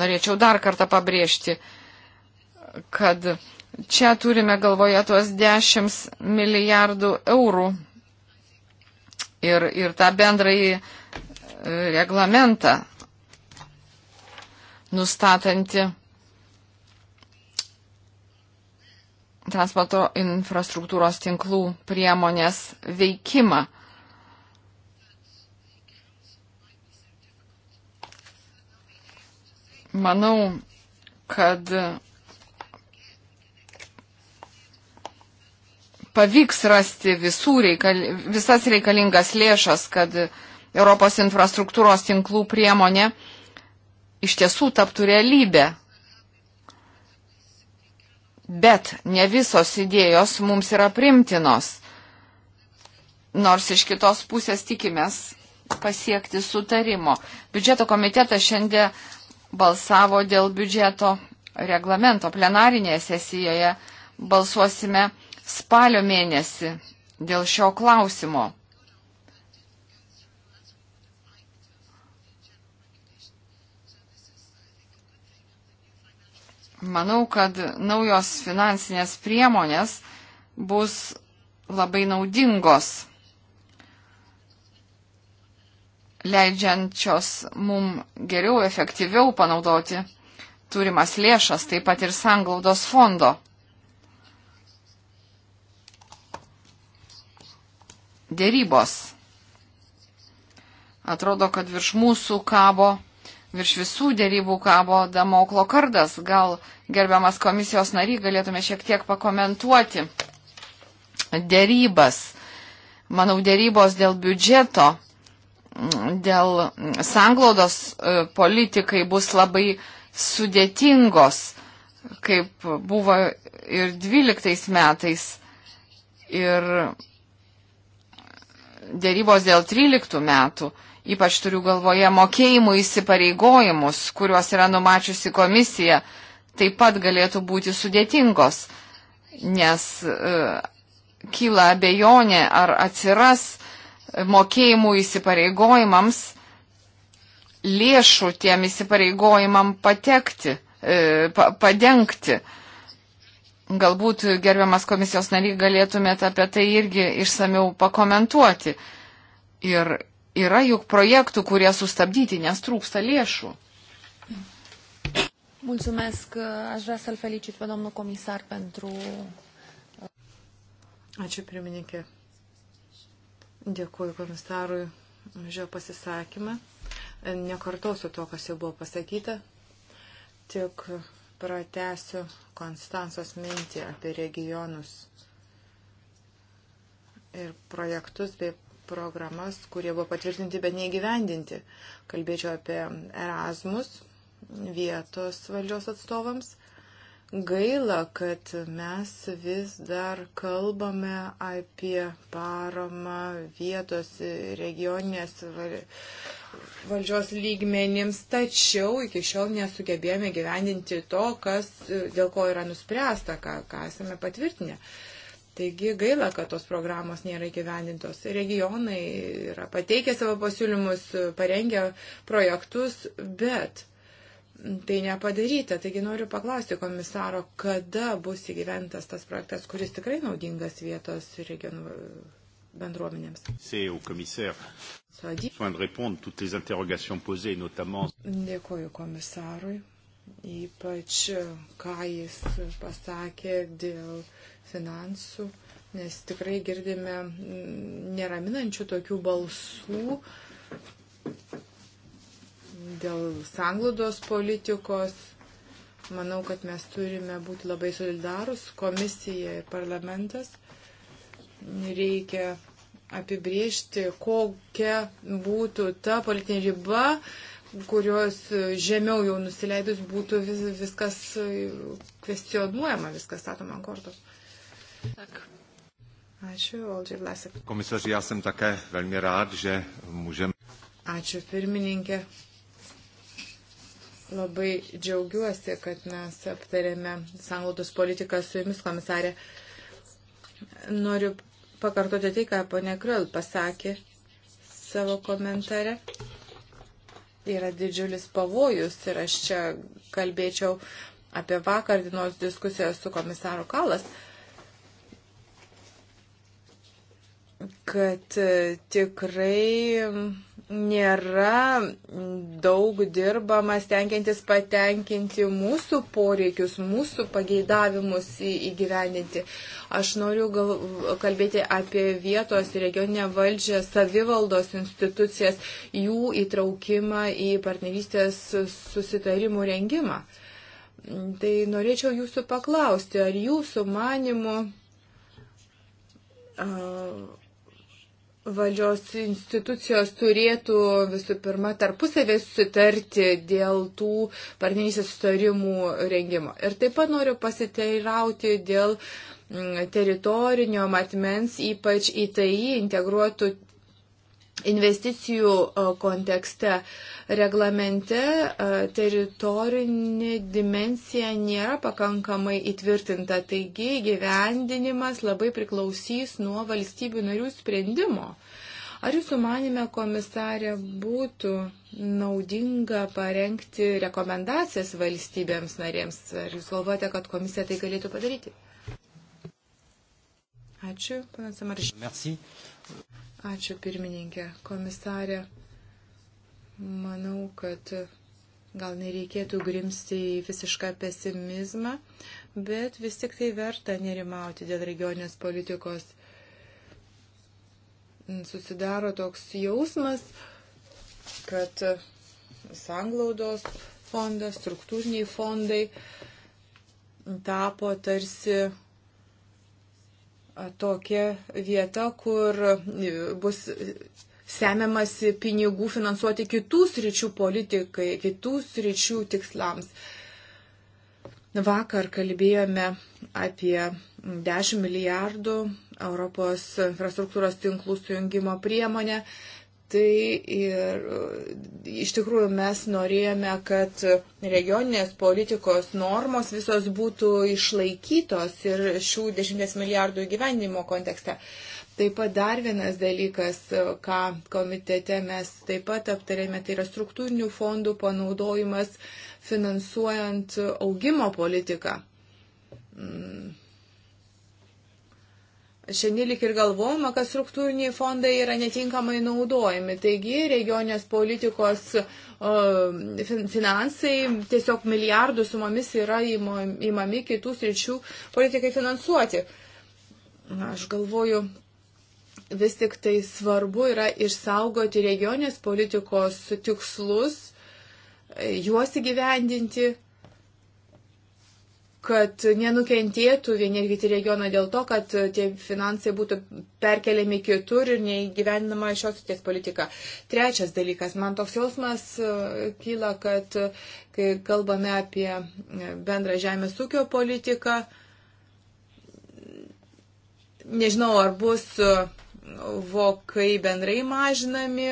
Norėčiau dar kartą pabrėžti, kad Čia turime galvoje tuos 10 milijardų eurų ir, ir tą bendrąjį e, reglamentą nustatantį transporto infrastruktūros tinklų priemonės veikimą. Manau, kad pavyks rasti reikal, visas reikalingas lėšas, kad Europos infrastruktūros tinklų priemonė iš tiesų taptų realybę. Bet ne visos idėjos mums yra primtinos. Nors iš kitos pusės tikimės pasiekti sutarimo. Biudžeto komitetas šiandien balsavo dėl biudžeto reglamento plenarinėje sesijoje balsuosime spalio mėnesį dėl šio klausimo. Manau, kad naujos finansinės priemonės bus labai naudingos, leidžiančios mum geriau, efektyviau panaudoti turimas lėšas, taip pat ir sanglaudos fondo. dėrybos. Atrodo, kad virš mūsų kabo, virš visų dėrybų kabo Damoklo kardas. Gal gerbiamas komisijos nary galėtume šiek tiek pakomentuoti dėrybas. Manau, dėrybos dėl biudžeto, dėl sanglaudos e, politikai bus labai sudėtingos, kaip buvo ir 12 metais. Ir dėrybos dėl 13 metų, ypač turiu galvoje mokėjimų įsipareigojimus, kuriuos yra numačiusi komisija, taip pat galėtų būti sudėtingos, nes e, kyla abejonė, ar atsiras mokėjimų įsipareigojimams lėšų tiem įsipareigojimam patekti, e, pa, padengti. E, Galbūt gerbiamas komisijos nariai galėtumėte apie tai irgi išsamiau pakomentuoti. Ir yra juk projektų, kurie sustabdyti, nes trūksta lėšų. Mulțumesc, aș vrea să-l felicit pe domnul comisar pentru. Ačiū pirmininkė. Dėkuoju komisarui už jo pasisakymą. Nekartosiu to, kas jau buvo pasakyta, tik pratesiu Konstantos mintį apie regionus ir projektus bei programas, kurie buvo patvirtinti, bet neįgyvendinti. Kalbėčiau apie Erasmus vietos valdžios atstovams. Gaila, kad mes vis dar kalbame apie paramą vietos regioninės valdžios lygmenims, tačiau iki šiol nesugebėjome gyvendinti to, kas, e, dėl ko yra nuspręsta, ką, ką esame patvirtinę. Taigi gaila, kad tos programos nėra įgyvendintos. Regionai yra pateikę savo pasiūlymus, e, parengę projektus, bet tai nepadaryta. Taigi noriu paklausti komisaro, kada bus įgyventas tas projektas, kuris tikrai naudingas vietos regionų bendruomenėms. Dėkuoju komisarui, ypač e, ką jis pasakė dėl finansų, nes tikrai girdime mm, neraminančių tokių balsų dėl sanglodos politikos. Manau, kad mes turime būti labai solidarus, komisija ir parlamentas reikia apibriežti, kokia būtų ta politinė riba, kurios žemiau jau nusileidus būtų vis, viskas kvestionuojama, viskas statoma ant kortos. Tak. Ačiū, Oldžiai Vlasek. Komisař, já jsem také velmi rád, že můžeme. Ačiū, pirmininkė. Labai džiaugiuosi, kad mes aptarėme sanglaudos politiką su jumis, komisarė. Noriu pakartoti tai, ką ponė Kril pasakė savo komentare. Yra didžiulis pavojus ir aš čia kalbėčiau apie vakar dienos diskusiją su komisaru Kalas, kad e, tikrai nėra daug dirbamas tenkiantis patenkinti mūsų poreikius, mūsų pageidavimus įgyvendinti. Aš noriu gal, kalbėti apie vietos ir regioninę valdžią, savivaldos institucijas, jų įtraukimą į partnerystės susitarimų rengimą. Tai norėčiau jūsų paklausti, ar jūsų manimu. Uh, valdžios institucijos turėtų visų pirma tarpusavė susitarti dėl tų partnerystės sutarimų rengimo. Ir taip pat noriu pasiteirauti dėl mm, teritorinio matmens, ypač į tai integruotų investicijų kontekste reglamente teritorinė dimensija nėra pakankamai įtvirtinta, taigi gyvendinimas labai priklausys nuo valstybių narių sprendimo. Ar jūsų manime, komisarė, būtų naudinga parengti rekomendacijas valstybėms narėms? Ar jūs galvojate, kad komisija tai galėtų padaryti? Ačiū, panas Samarišė. Ačiū pirmininkė, komisarė. Manau, kad gal nereikėtų grimsti į visišką pesimizmą, bet vis tik tai verta nerimauti dėl regioninės politikos. Susidaro toks jausmas, kad sanglaudos fondas, struktūriniai fondai tapo tarsi tokia vieta, kur bus semiamasi pinigų finansuoti kitų sričių politikai, kitų sričių tikslams. Vakar kalbėjome apie 10 milijardų Europos infrastruktūros tinklų sujungimo priemonę. Tai ir e, iš tikrųjų mes norėjome, kad regioninės politikos normos visos būtų išlaikytos ir šių 10 milijardų gyvenimo kontekste. Taip pat dar vienas dalykas, e, ką komitete mes taip pat aptarėme, tai yra struktūrinių fondų panaudojimas finansuojant augimo politiką. Mm Šiandien lik ir galvojama, kad struktūriniai fondai yra netinkamai naudojami. Taigi regionės politikos finansai tiesiog milijardų sumomis yra įmami kitų sričių politikai finansuoti. Aš galvoju, vis tik tai svarbu yra išsaugoti regionės politikos tikslus, juos įgyvendinti kad nenukentėtų vieni ir kiti regionai dėl to, kad tie finansai būtų perkeliami kitur ir neįgyvendinama šios sties politika. Trečias dalykas, man toks jausmas e, kyla, kad e, kai kalbame apie e, bendrą žemės ūkio politiką, nežinau, ar bus vokai bendrai mažinami,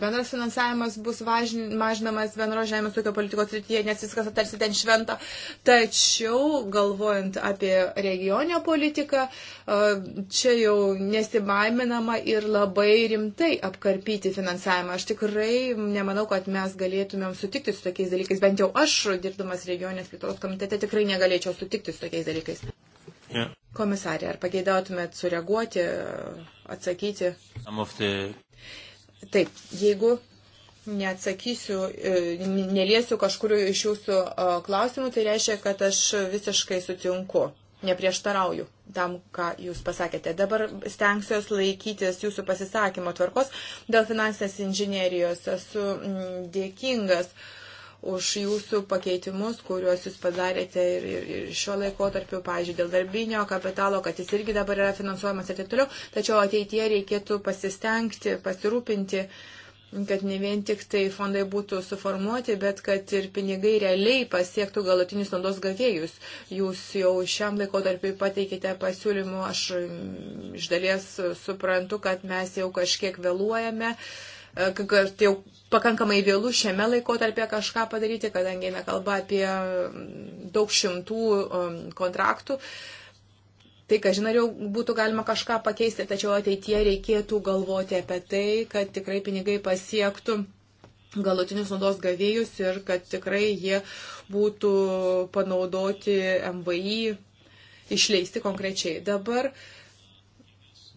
bendras finansavimas bus mažinamas bendros žemės ūkio politikos rytyje, nes viskas tarsi ten šventa. Tačiau, galvojant apie regionio politiką, čia jau nesibaiminama ir labai rimtai apkarpyti finansavimą. Aš tikrai nemanau, kad mes galėtumėm sutikti su tokiais dalykais, bent jau aš, dirbdamas regionės plėtros komitete, tikrai negalėčiau sutikti su tokiais dalykais. Yeah. Komisarė, ar pageidautumėt sureaguoti atsakyti. Taip, jeigu neatsakysiu, e, neliesiu kažkurio iš jūsų e, klausimų, tai reiškia, kad aš visiškai sutinku, neprieštarauju tam, ką jūs pasakėte. Dabar stengsiuos laikytis jūsų pasisakymo tvarkos dėl finansinės inžinierijos. Esu dėkingas. Uh, už jūsų pakeitimus, kuriuos jūs padarėte ir, ir, ir šio laiko tarp, pavyzdžiui, dėl darbinio kapitalo, kad jis irgi dabar yra finansuojamas ir taip toliau, tačiau ateitie reikėtų pasistengti, pasirūpinti, kad ne vien tik tai fondai būtų suformuoti, bet kad ir pinigai realiai pasiektų galutinius naudos gavėjus. Jūs jau šiam laikotarpiu pateikite pasiūlymų, aš mm, iš dalies suprantu, kad mes jau kažkiek vėluojame kad jau pakankamai vėlų šiame laikotarpė kažką padaryti, kadangi eina kalba apie mm, daug šimtų mm, kontraktų. Tai, ką žinau, būtų galima kažką pakeisti, tačiau ateitie reikėtų galvoti apie tai, kad tikrai pinigai pasiektų galutinius naudos gavėjus ir kad tikrai jie būtų panaudoti MVI, išleisti konkrečiai. Dabar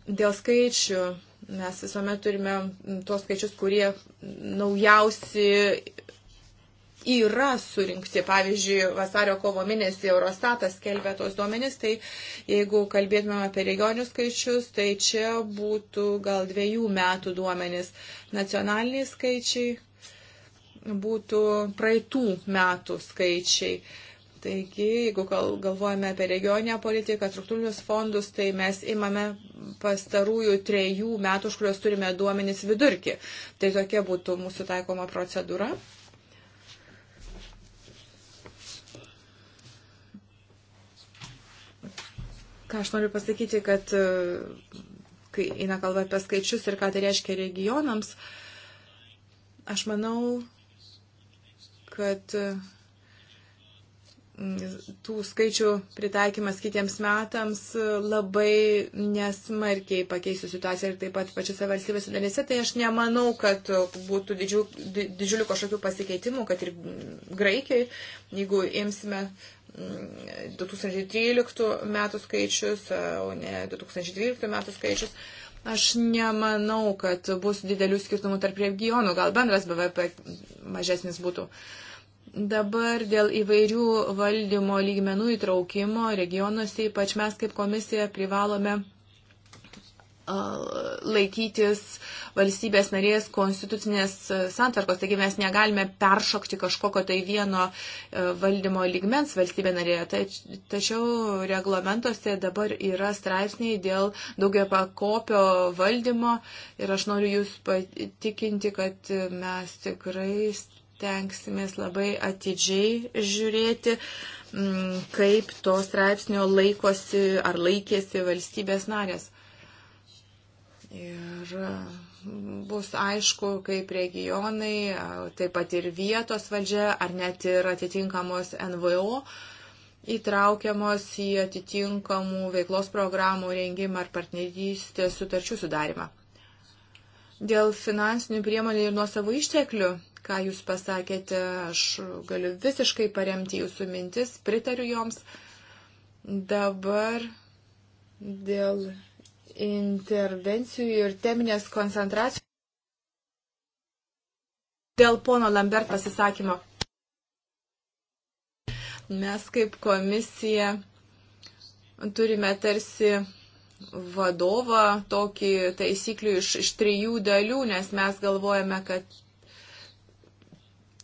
dėl skaičių Mes visuomet turime tuos skaičius, kurie naujausi yra surinkti. Pavyzdžiui, vasario kovo mėnesį Eurostatas skelbė tos duomenys, tai jeigu kalbėtumėm apie regionius skaičius, tai čia būtų gal dviejų metų duomenys. Nacionaliniai skaičiai būtų praeitų metų skaičiai. Taigi, jeigu galvojame apie regioninę politiką, struktūrinius fondus, tai mes imame pastarųjų trejų metų, už kuriuos turime duomenys vidurkį. Tai tokia būtų mūsų taikoma procedūra. Ką aš noriu pasakyti, kad e, kai eina kalba apie skaičius ir ką tai reiškia regionams, aš manau, kad e, tų skaičių pritaikymas kitiems metams labai nesmarkiai pakeisų situaciją ir taip pat pačiose valstybėse dalyse, tai aš nemanau, kad būtų didžių, didžiulių kažkokių pasikeitimų, kad ir Graikiai, jeigu imsime 2013 mm, metų skaičius, o ne 2012 metų skaičius. Aš nemanau, kad bus didelių skirtumų tarp regionų, gal bendras BVP mažesnis būtų. Uh, Dabar dėl įvairių valdymo lygmenų įtraukimo regionuose, ypač mes kaip komisija privalome laikytis valstybės narės konstitucinės santvarkos. Taigi mes negalime peršokti kažkokio tai vieno e, valdymo ligmens valstybė narėje. Tač, tačiau reglamentuose dabar yra straipsniai dėl daugio pakopio valdymo ir aš noriu Jūs patikinti, kad mes tikrai tenksimės labai atidžiai žiūrėti, mm, kaip to straipsnio laikosi ar laikėsi valstybės narės. Ir mm, bus aišku, kaip regionai, taip pat ir vietos valdžia, ar net ir atitinkamos NVO įtraukiamos į atitinkamų veiklos programų rengimą ar partnerystės sutarčių sudarimą. Dėl finansinių priemonių ir nuosavų išteklių ką jūs pasakėte. Aš galiu visiškai paremti jūsų mintis, pritariu joms. Dabar dėl intervencijų ir teminės koncentracijos. Dėl pono Lambert pasisakymo. Mes kaip komisija turime tarsi vadovą tokį taisyklių iš, iš trijų dalių, nes mes galvojame, kad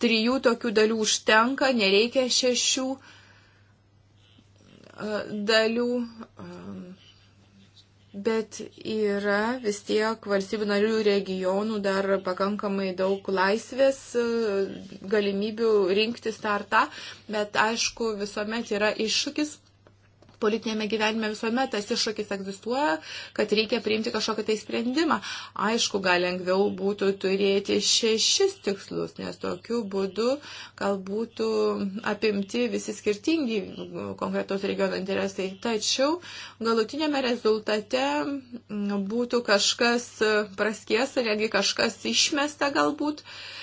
trijų tokių dalių užtenka, nereikia šešių e, dalių, e, bet yra vis tiek valstybių narių regionų dar pakankamai daug laisvės e, galimybių rinktis tą ar tą, bet aišku visuomet yra iššūkis politinėme gyvenime visuomet tas iššūkis egzistuoja, kad reikia priimti kažkokį tai sprendimą. Aišku, gal lengviau būtų turėti šešis tikslus, nes tokiu būdu gal būtų apimti visi skirtingi konkretos regiono interesai. Tačiau galutinėme rezultate būtų kažkas praskies ar netgi kažkas išmesta galbūt. Uh,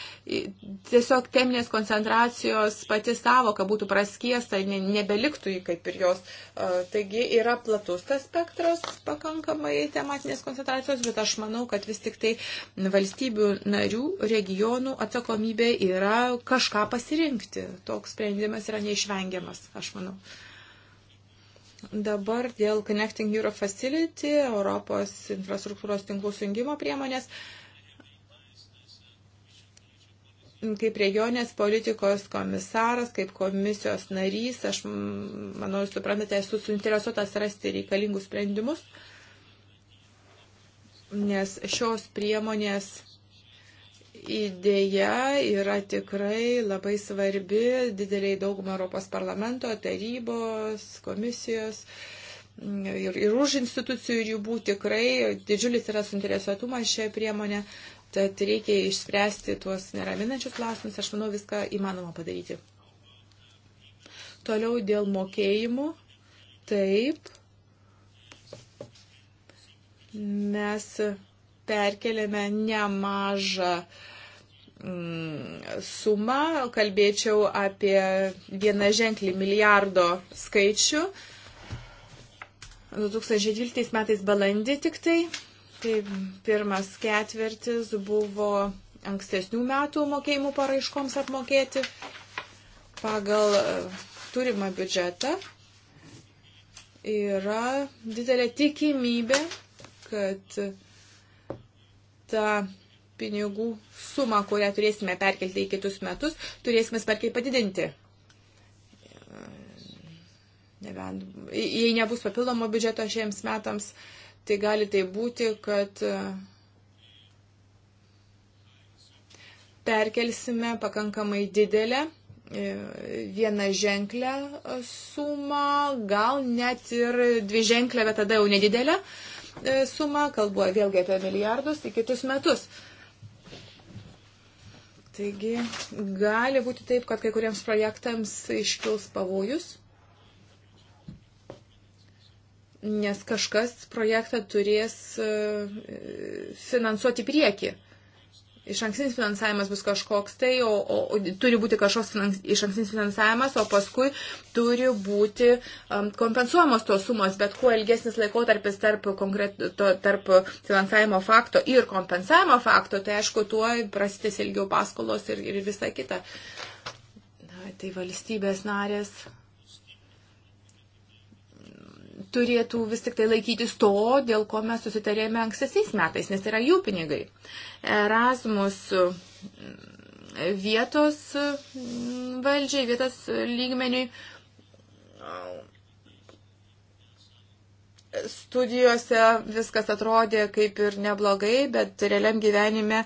tiesiog teminės koncentracijos pati savoka būtų praskiesta, nebeliktų jį kaip ir jos. E, taigi yra platus tas spektras pakankamai tematinės koncentracijos, bet aš manau, kad vis tik tai valstybių narių, regionų atsakomybė yra kažką pasirinkti. Toks sprendimas yra neišvengiamas, aš manau. Dabar dėl Connecting Euro Facility, Europos infrastruktūros tinklų sujungimo priemonės. Uh, kaip regionės politikos komisaras, kaip komisijos narys, aš manau, jūs suprantate, esu suinteresuotas rasti reikalingus sprendimus, nes šios priemonės idėja yra tikrai labai svarbi dideliai daugumą Europos parlamento, tarybos, komisijos. Ir, ir už institucijų ribų tikrai didžiulis yra suinteresuotumas šią priemonę. Uh, Tad reikia išspręsti tuos neraminančius klausimus, aš manau, viską įmanoma padaryti. Toliau dėl mokėjimų. Taip. Mes perkeliame nemažą mm, sumą, kalbėčiau apie vieną ženklį milijardo skaičių. 2012 metais balandį tik tai Tai pirmas ketvirtis buvo ankstesnių metų mokėjimų paraiškoms apmokėti pagal e, turimą biudžetą. Yra didelė tikimybė, kad ta pinigų sumą, kurią turėsime perkelti į kitus metus, turėsime sparkiai padidinti. Nebent, jei nebus papildomo biudžeto šiems metams, uh, tai gali tai būti, kad e, perkelsime pakankamai didelę e, vieną ženklę e, sumą, gal net ir dvi ženklę, bet tada jau nedidelę sumą, kalbu vėlgi apie milijardus, į kitus metus. Taigi gali būti taip, kad kai kuriems projektams iškils pavojus nes kažkas projektą turės e, finansuoti prieki. Iš ankstinis finansavimas bus kažkoks tai, o, o, o turi būti kažkoks finans, iš ankstinis finansavimas, o paskui turi būti um, kompensuojamos tos sumos, bet kuo ilgesnis laikotarpis tarp, konkret, to, tarp finansavimo fakto ir kompensavimo fakto, tai aišku, tuo prasitės ilgiau paskolos ir, ir visa kita. Na, tai valstybės narės turėtų vis tik tai laikytis to, dėl ko mes susitarėme ankstesiais metais, nes tai yra jų pinigai. Erasmus vietos valdžiai, vietos lygmeniui studijose viskas atrodė kaip ir neblogai, bet realiam gyvenime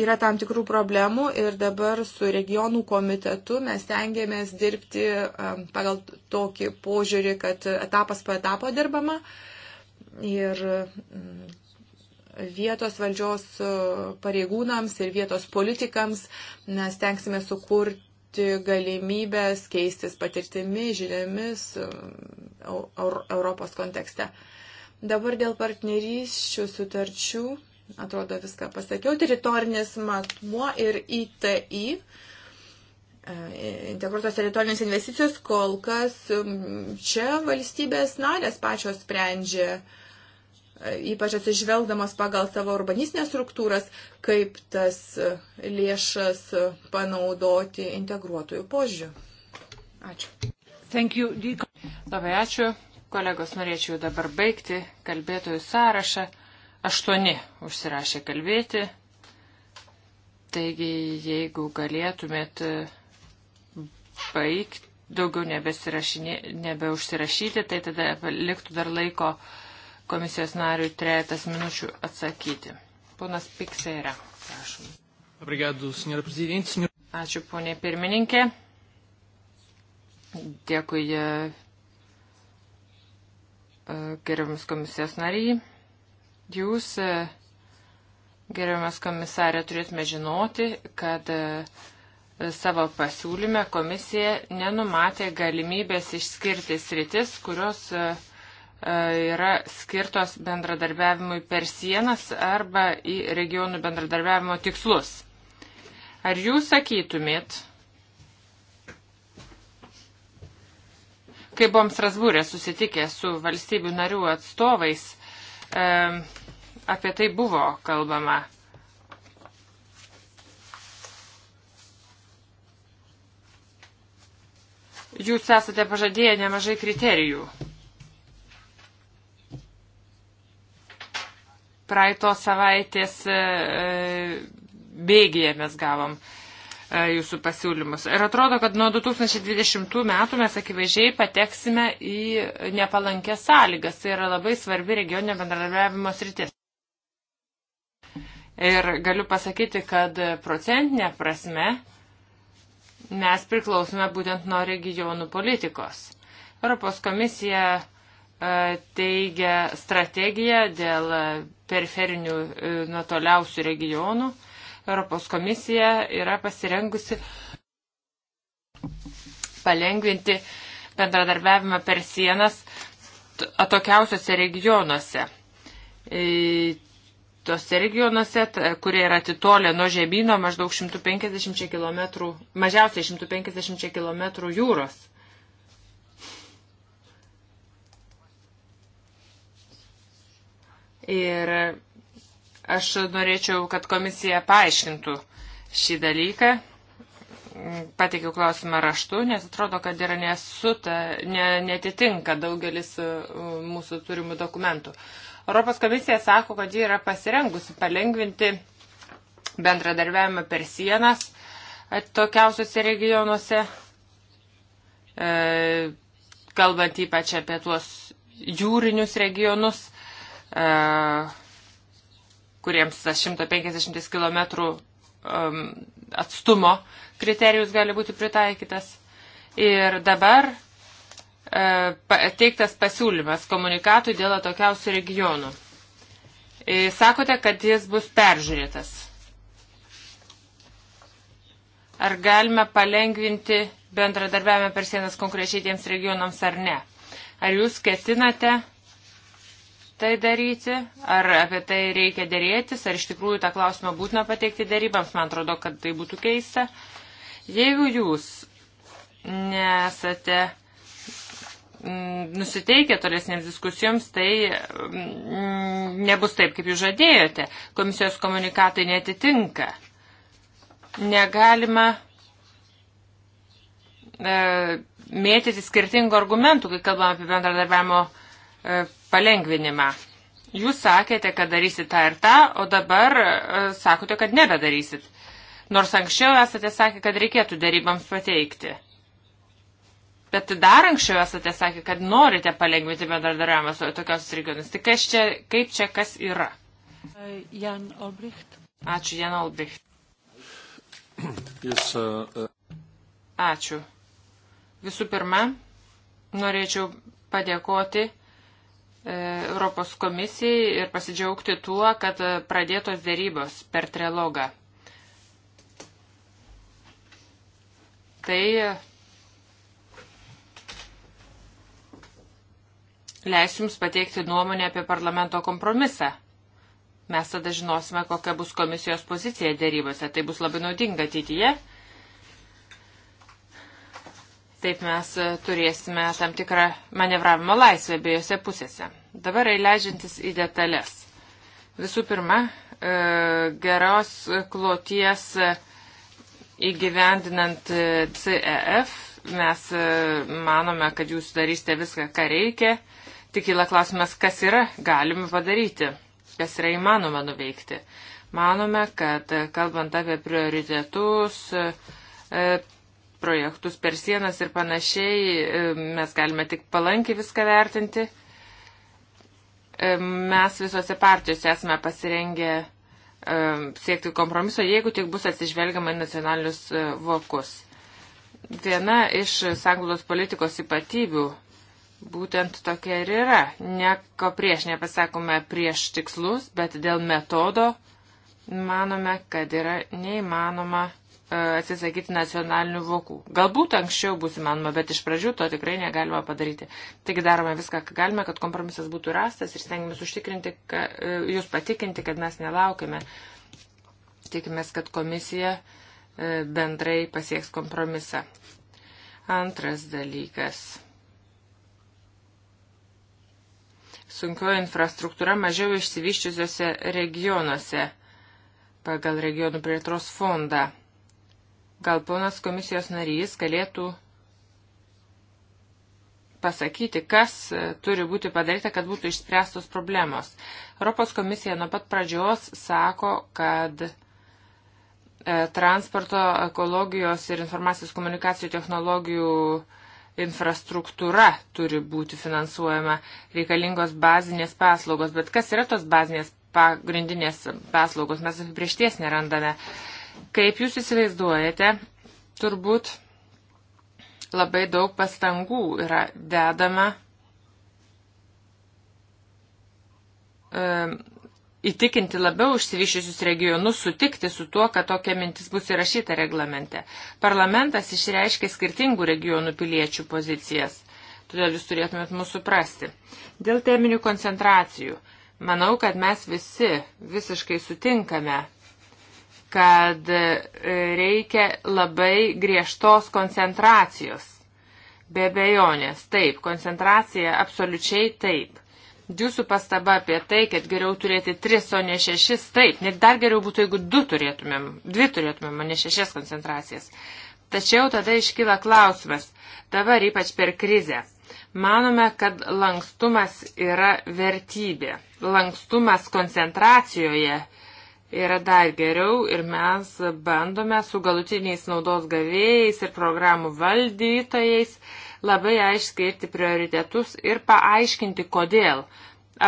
yra tam tikrų problemų ir dabar su regionų komitetu mes tengiamės dirbti um, pagal tokį požiūrį, kad etapas po etapo dirbama ir mm, vietos valdžios uh, pareigūnams ir vietos politikams mes tenksime sukurti turėti galimybės keistis patirtimi, žiniomis um, Europos kontekste. Dabar dėl partnerysčių sutarčių, atrodo viską pasakiau, teritorinis matmuo ir ITI, e, integruotos teritorinės investicijos, kol kas um, čia valstybės narės pačios sprendžia ypač atsižvelgdamas pagal savo urbanistinės struktūras, kaip tas lėšas panaudoti integruotojų požiūrių. Ačiū. Labai ačiū. Kolegos, norėčiau dabar baigti kalbėtojų sąrašą. Aštuoni užsirašė kalbėti. Taigi, jeigu galėtumėt e, baigti, daugiau nebeužsirašyti, tai tada liktų dar laiko uh, komisijos nariui trejetas minučių atsakyti. Ponas Pikseira, prašom. Obrigado, senhora presidente. Senhor... Ačiū, ponė pirmininkė. Dėkui e, e, gerbiamas komisijos nariai. Jūs, e, gerbiamas komisarė, turėtume žinoti, kad savo pasiūlyme komisija nenumatė galimybės išskirti sritis, kurios uh, E, yra skirtos bendradarbiavimui per sienas arba į regionų bendradarbiavimo tikslus. Ar jūs sakytumėt, kai buvom Strasbūrė susitikę su valstybių narių atstovais, e, apie tai buvo kalbama. Jūs esate pažadėję nemažai kriterijų. praeito savaitės e, e, bėgėje mes gavom e, jūsų pasiūlymus. Ir atrodo, kad nuo 2020 metų mes akivaizdžiai pateksime į nepalankę sąlygas. Tai yra labai svarbi regioninio bendradarbiavimo sritis. Ir galiu pasakyti, kad procentinė prasme mes priklausome būtent nuo regionų politikos. Europos komisija teigia strategiją dėl periferinių e, nuo toliausių regionų. Europos komisija yra pasirengusi palengvinti bendradarbiavimą per sienas atokiausiose regionuose. E, tuose regionuose, kurie yra atitolę nuo žemyno maždaug 150 km, mažiausiai 150 km jūros. Ir aš norėčiau, kad komisija paaiškintų šį dalyką. Pateikiau klausimą raštu, nes atrodo, kad yra nesuta, ne, netitinka daugelis e, mūsų turimų dokumentų. Europos komisija sako, kad ji yra pasirengusi palengvinti bendradarbiavimą per sienas e, tokiausiuose regionuose, e, kalbant ypač apie tuos jūrinius regionus E, kuriems tas 150 km atstumo kriterijus gali būti pritaikytas. Ir dabar e, teiktas pasiūlymas komunikatui dėl atokiausių regionų. E, sakote, kad jis bus peržiūrėtas. Ar galime palengvinti bendradarbiavimą per sienas konkrečiai tiems regionams ar ne? Ar jūs ketinate uh, tai daryti, ar apie tai reikia dėrėtis, ar iš tikrųjų tą klausimą būtina pateikti dėrybams, man atrodo, kad tai būtų keista. Jeigu jūs nesate mm, nusiteikę tolesnėms diskusijoms, tai mm, nebus taip, kaip jūs žadėjote. Komisijos komunikatai netitinka. Negalima e, mėtyti skirtingų argumentų, kai kalbame apie bendradarbiavimo e, palengvinimą. Jūs sakėte, kad darysit tą ir tą, o dabar e, sakote, kad nebedarysit. Nors anksčiau esate sakę, kad reikėtų darybams pateikti. Bet dar anksčiau esate sakę, kad norite palengvinti bendradarbiavimą su tokios regionus. Tai kas čia, kaip čia kas yra? E, Jan Olbricht. Ačiū, Jan Olbricht. Jis. Uh, uh... Ačiū. Visų pirma, norėčiau padėkoti E, Europos komisijai ir pasidžiaugti tuo, kad pradėtos dėrybos per trilogą. Tai leis jums pateikti nuomonę apie parlamento kompromisą. Mes tada žinosime, kokia bus komisijos pozicija dėrybose. Tai bus labai naudinga ateityje. Taip mes e, turėsime tam tikrą manevravimo laisvę abiejose pusėse. Dabar įleidžiantis į detalės. Visų pirma, e, geros kloties e, įgyvendinant CEF mes manome, kad jūs darysite viską, ką reikia. Tik įla klausimas, kas yra galima padaryti, kas yra įmanoma nuveikti. Manome, kad kalbant apie prioritetus, projektus per sienas ir panašiai, e, mes galime tik palankiai viską vertinti. E, mes visose partijose esame pasirengę e, siekti kompromiso, jeigu tik bus atsižvelgiama į nacionalinius vokus. Viena iš sanglaudos politikos ypatybių būtent tokia ir yra. Nieko prieš nepasakome prieš tikslus, bet dėl metodo manome, kad yra neįmanoma atsisakyti nacionalinių vokų. Galbūt anksčiau bus įmanoma, bet iš pradžių to tikrai negalima padaryti. Taigi darome viską, ką galime, kad kompromisas būtų rastas ir stengiamės užtikrinti, ka, e, jūs patikinti, kad mes nelaukime. Tikimės, kad komisija e, bendrai pasieks kompromisą. Antras dalykas. Sunkioji infrastruktūra mažiau išsivyščiusiuose regionuose pagal regionų plėtros fondą Gal ponas komisijos narys galėtų pasakyti, kas e, turi būti padaryta, kad būtų išspręstos problemos. Europos komisija nuo pat pradžios sako, kad e, transporto ekologijos ir informacijos komunikacijų technologijų infrastruktūra turi būti finansuojama, reikalingos bazinės paslaugos. Bet kas yra tos bazinės pagrindinės paslaugos? Mes apibriešties nerandame. Uh, Kaip jūs įsivaizduojate, turbūt labai daug pastangų yra dedama e, įtikinti labiau užsivyšiusius regionus sutikti su tuo, kad tokia mintis bus įrašyta reglamente. Parlamentas išreiškia skirtingų regionų piliečių pozicijas, todėl jūs turėtumėt mūsų suprasti. Dėl teminių koncentracijų. Manau, kad mes visi visiškai sutinkame kad e, reikia labai griežtos koncentracijos. Be bejonės, taip, koncentracija absoliučiai taip. Jūsų pastaba apie tai, kad geriau turėti tris, o ne šešis, taip, net dar geriau būtų, jeigu du turėtumėm, dvi turėtumėm, o ne šešias koncentracijas. Tačiau tada iškyla klausimas, dabar ypač per krizę. Manome, kad lankstumas yra vertybė. Lankstumas koncentracijoje yra dar geriau ir mes bandome su galutiniais naudos gavėjais ir programų valdytojais labai aiškirti prioritetus ir paaiškinti, kodėl.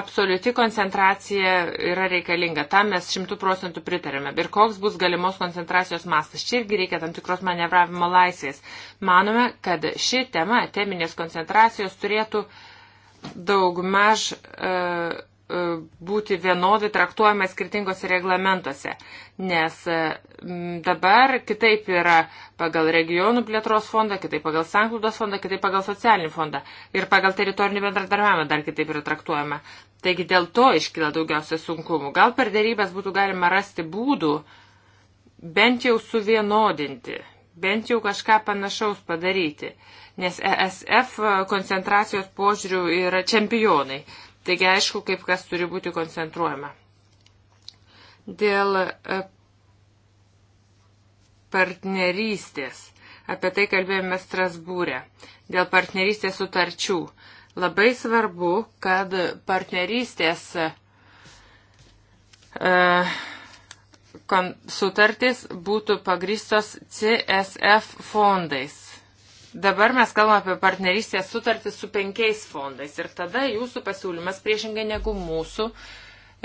Absoliuti koncentracija yra reikalinga, tam mes šimtų procentų pritarėme. Ir koks bus galimos koncentracijos mastas, čia irgi reikia tam tikros manevravimo laisvės. Manome, kad ši tema, teminės koncentracijos, turėtų daugmaž. Uh, e, būti vienodai traktuojama skirtingose reglamentuose, nes e, dabar kitaip yra pagal regionų plėtros fondą, kitaip pagal sanklūdos fondą, kitaip pagal socialinį fondą ir pagal teritorinį bendradarbiavimą dar kitaip yra traktuojama. Taigi dėl to iškyla daugiausia sunkumų. Gal per dėrybęs būtų galima rasti būdų bent jau suvienodinti, bent jau kažką panašaus padaryti, nes ESF koncentracijos požiūrių yra čempionai. Taigi aišku, kaip kas turi būti koncentruojama. Dėl e, partnerystės. Apie tai kalbėjome Strasbūrė. Dėl partnerystės sutarčių. Labai svarbu, kad partnerystės uh, sutartys būtų pagristos CSF fondais Dabar mes kalbame apie partnerystės sutartį su penkiais fondais ir tada jūsų pasiūlymas priešingai negu mūsų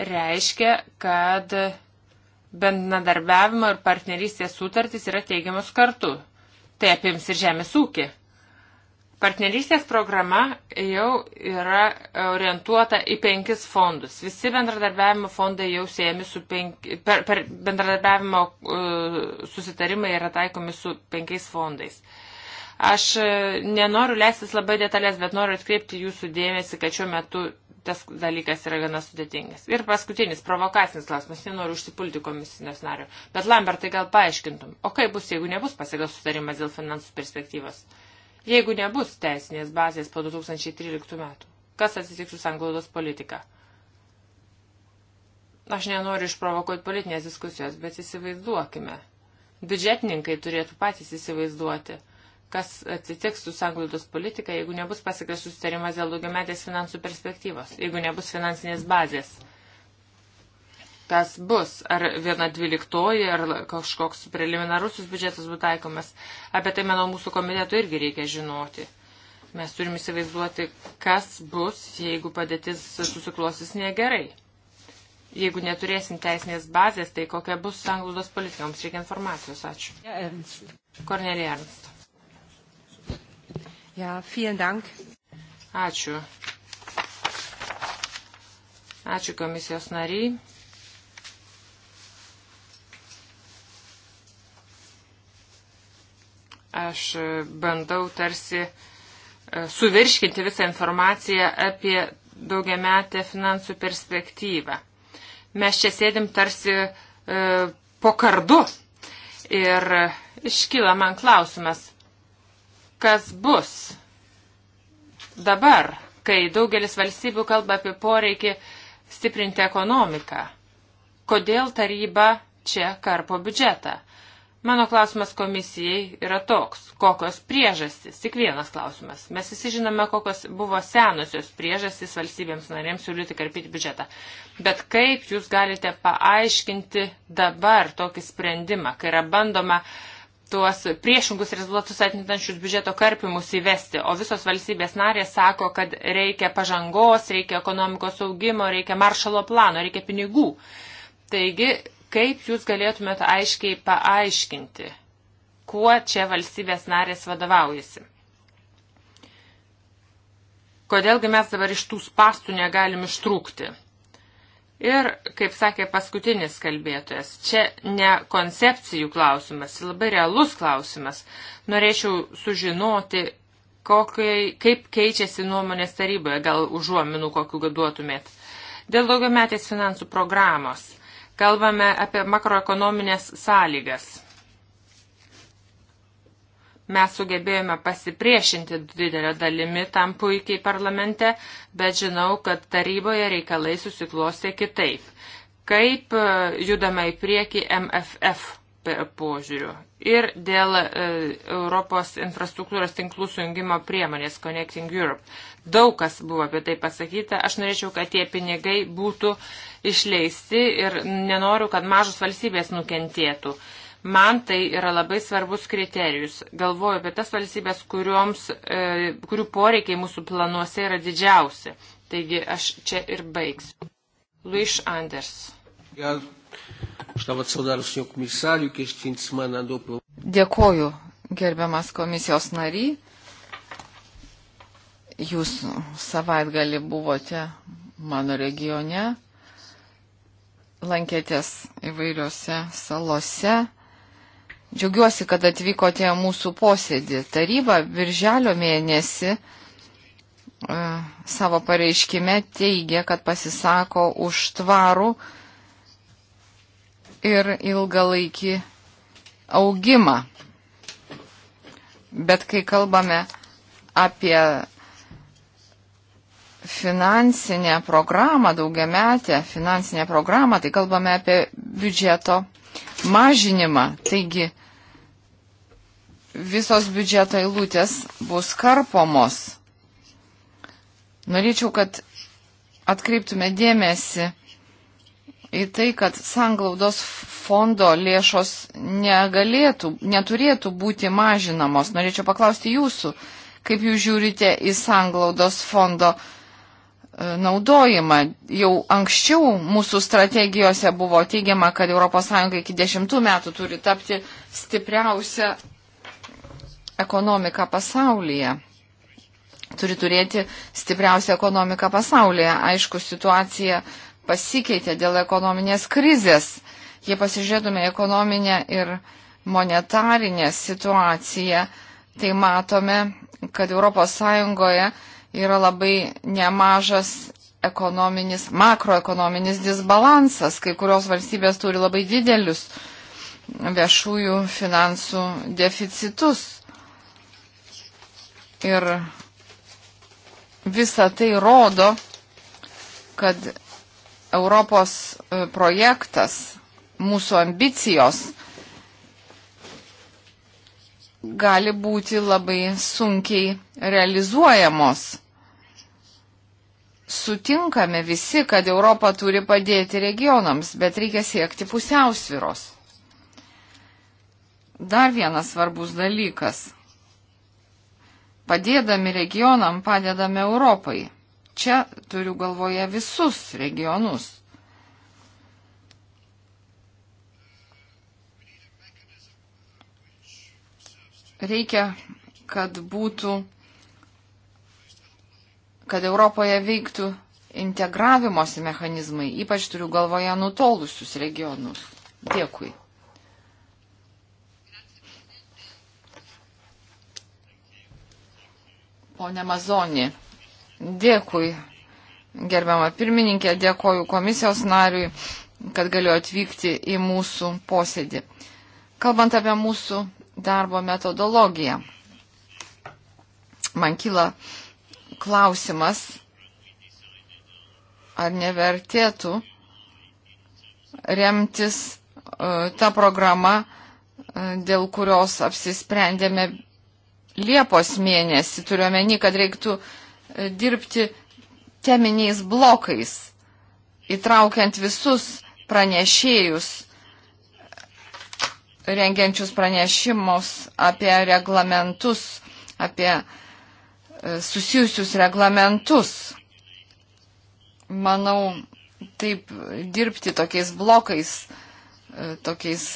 reiškia, kad bendradarbiavimo ir partnerystės sutartys yra teigiamas kartu. Tai apims ir žemės ūkį. Partnerystės programa jau yra orientuota į penkis fondus. Visi bendradarbiavimo fondai jau siejami su penki, per, per bendradarbiavimo uh, susitarimai yra taikomi su penkiais fondais. Uh, Aš e, nenoriu leistis labai detalės, bet noriu atkreipti jūsų dėmesį, kad šiuo metu tas dalykas yra gana sudėtingas. Ir paskutinis, provokacinis klausimas, nenoriu užsipulti komisijos nario. Bet Lambertai gal paaiškintum, o kaip bus, jeigu nebus pasiektas sutarimas dėl finansų perspektyvos? Jeigu nebus teisinės bazės po 2013 metų, kas atsitiks su sanglaudos politika? Aš nenoriu išprovokuoti politinės diskusijos, bet įsivaizduokime. Biudžetininkai turėtų patys įsivaizduoti kas atsitiks su sanglaudos politika, jeigu nebus pasiektas susitarimas dėl daugiametės finansų perspektyvos, jeigu nebus finansinės bazės. Kas bus? Ar viena dvyliktoji, ar kažkoks preliminarusis biudžetas bus taikomas? Apie tai, manau, mūsų komitetų irgi reikia žinoti. Mes turime įsivaizduoti, kas bus, jeigu padėtis susiklosis negerai. Jeigu neturėsim teisinės bazės, tai kokia bus sanglaudos politika? Mums reikia informacijos. Ačiū. Kornelija Ernst. Ja, vielen dank. Ačiū. Ačiū komisijos nariai. Aš bandau tarsi e, suvirškinti visą informaciją apie daugiametę finansų perspektyvą. Mes čia sėdim tarsi e, po kardu ir iškyla man klausimas, kas bus dabar, kai daugelis valstybių kalba apie poreikį stiprinti ekonomiką. Kodėl taryba čia karpo biudžetą? Mano klausimas komisijai yra toks. Kokios priežastys? Tik vienas klausimas. Mes visi žinome, kokios buvo senosios priežastys valstybėms narėms siūlyti karpyti biudžetą. Bet kaip jūs galite paaiškinti dabar tokį sprendimą, kai yra bandoma uh, tuos priešingus rezultatus atnitančius biudžeto karpimus įvesti, o visos valstybės narės sako, kad reikia pažangos, reikia ekonomikos augimo, reikia maršalo plano, reikia pinigų. Taigi, kaip jūs galėtumėte aiškiai paaiškinti, kuo čia valstybės narės vadovaujasi? Kodėlgi mes dabar iš tų spastų negalim ištrūkti? Ir, kaip sakė paskutinis kalbėtojas, čia ne koncepcijų klausimas, labai realus klausimas. Norėčiau sužinoti, kokiai, kaip keičiasi nuomonės taryboje, gal užuominų kokiu duotumėt. Dėl daugiametės finansų programos. Kalbame apie makroekonominės sąlygas. Mes sugebėjome pasipriešinti didelio dalimi tam puikiai parlamente, bet žinau, kad taryboje reikalai susiklostė kitaip. Kaip e, judama į priekį MFF požiūriu. Ir dėl e, Europos infrastruktūros tinklų sujungimo priemonės Connecting Europe. Daug kas buvo apie tai pasakyta. Aš norėčiau, kad tie pinigai būtų išleisti ir nenoriu, kad mažos valstybės nukentėtų. E, Man tai yra labai svarbus kriterijus. Galvoju apie tas valstybės, kurioms, e, kurių poreikiai mūsų planuose yra didžiausi. Taigi aš čia ir baigsiu. Luis Anders. Dėkoju, gerbiamas komisijos nary. Jūs savaitgali buvote mano regione, lankėtės įvairiose salose. Džiaugiuosi, kad atvykote mūsų posėdį. Taryba birželio mėnesį uh, savo pareiškime teigia, kad pasisako už tvarų ir ilgalaikį augimą. Bet kai kalbame apie finansinę programą, daugiametę finansinę programą, tai kalbame apie biudžeto mažinimą. Taigi, visos biudžeto eilutės bus karpomos. Norėčiau, kad atkreiptume dėmesį į tai, kad sanglaudos fondo lėšos negalėtų, neturėtų būti mažinamos. Norėčiau paklausti jūsų, kaip jūs žiūrite į sanglaudos fondo e, naudojimą. Jau anksčiau mūsų strategijose buvo teigiama, kad ES iki dešimtų metų turi tapti stipriausia ekonomika pasaulyje. Turi turėti stipriausią ekonomiką pasaulyje. Aišku, situacija pasikeitė dėl ekonominės krizės. Jei pasižiūrėtume ekonominę ir monetarinę situaciją, tai matome, kad ES yra labai nemažas ekonominis, makroekonominis disbalansas. Kai kurios valstybės turi labai didelius viešųjų finansų deficitus. Ir visa tai rodo, kad Europos e, projektas, mūsų ambicijos gali būti labai sunkiai realizuojamos. Sutinkame visi, kad Europa turi padėti regionams, bet reikia siekti pusiausviros. Dar vienas svarbus dalykas Padėdami regionam, padedame Europai. Čia turiu galvoje visus regionus. Reikia, kad būtų, kad Europoje veiktų integravimosi mechanizmai, ypač turiu galvoje nutolusius regionus. Dėkui. Pone Mazonė, dėkui, gerbiama pirmininkė, dėkoju komisijos nariui, kad galiu atvykti į mūsų posėdį. Kalbant apie mūsų darbo metodologiją, man kyla klausimas, ar nevertėtų remtis e, tą programą, e, dėl kurios apsisprendėme Liepos mėnesį turiuomenį, kad reiktų e, dirbti teminiais blokais, įtraukiant visus pranešėjus, rengiančius pranešimus apie reglamentus, apie e, susijusius reglamentus. Manau, taip dirbti tokiais blokais, e, tokiais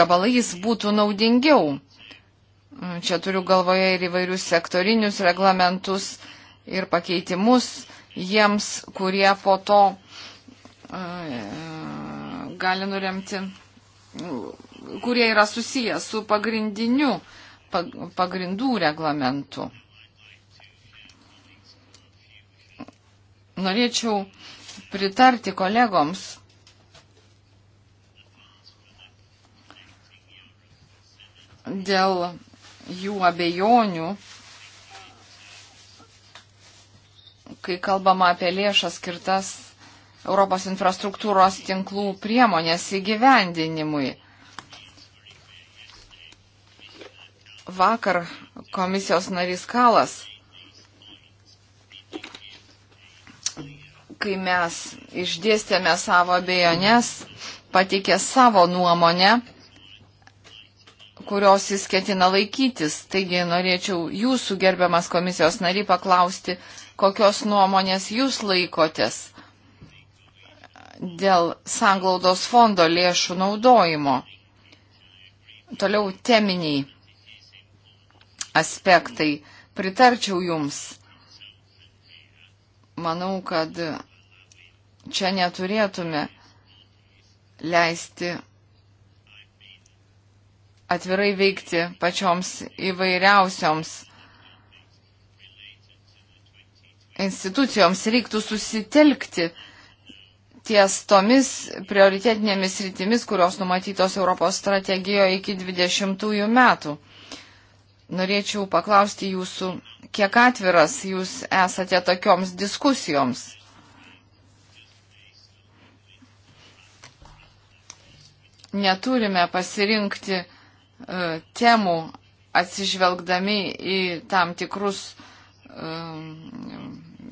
gabalais būtų naudingiau. Mm, čia turiu galvoje ir įvairius sektorinius reglamentus ir pakeitimus jiems, kurie po to mm, gali nuremti, mm, kurie yra susiję su pagrindiniu pagrindų reglamentu. Norėčiau pritarti kolegoms, dėl jų abejonių, kai kalbama apie lėšas skirtas Europos infrastruktūros tinklų priemonės įgyvendinimui. Vakar komisijos narys Kalas, kai mes išdėstėme savo abejonės, pateikė savo nuomonę kurios jis ketina laikytis. Taigi norėčiau jūsų gerbiamas komisijos nary paklausti, kokios nuomonės jūs laikotės dėl sanglaudos fondo lėšų naudojimo. Toliau teminiai aspektai. Pritarčiau jums. Manau, kad čia neturėtume leisti atvirai veikti pačioms įvairiausioms institucijoms reiktų susitelkti ties tomis prioritetinėmis rytimis, kurios numatytos Europos strategijoje iki 20 metų. Norėčiau paklausti jūsų, kiek atviras jūs esate tokioms diskusijoms. Neturime pasirinkti E, temų atsižvelgdami į tam tikrus e,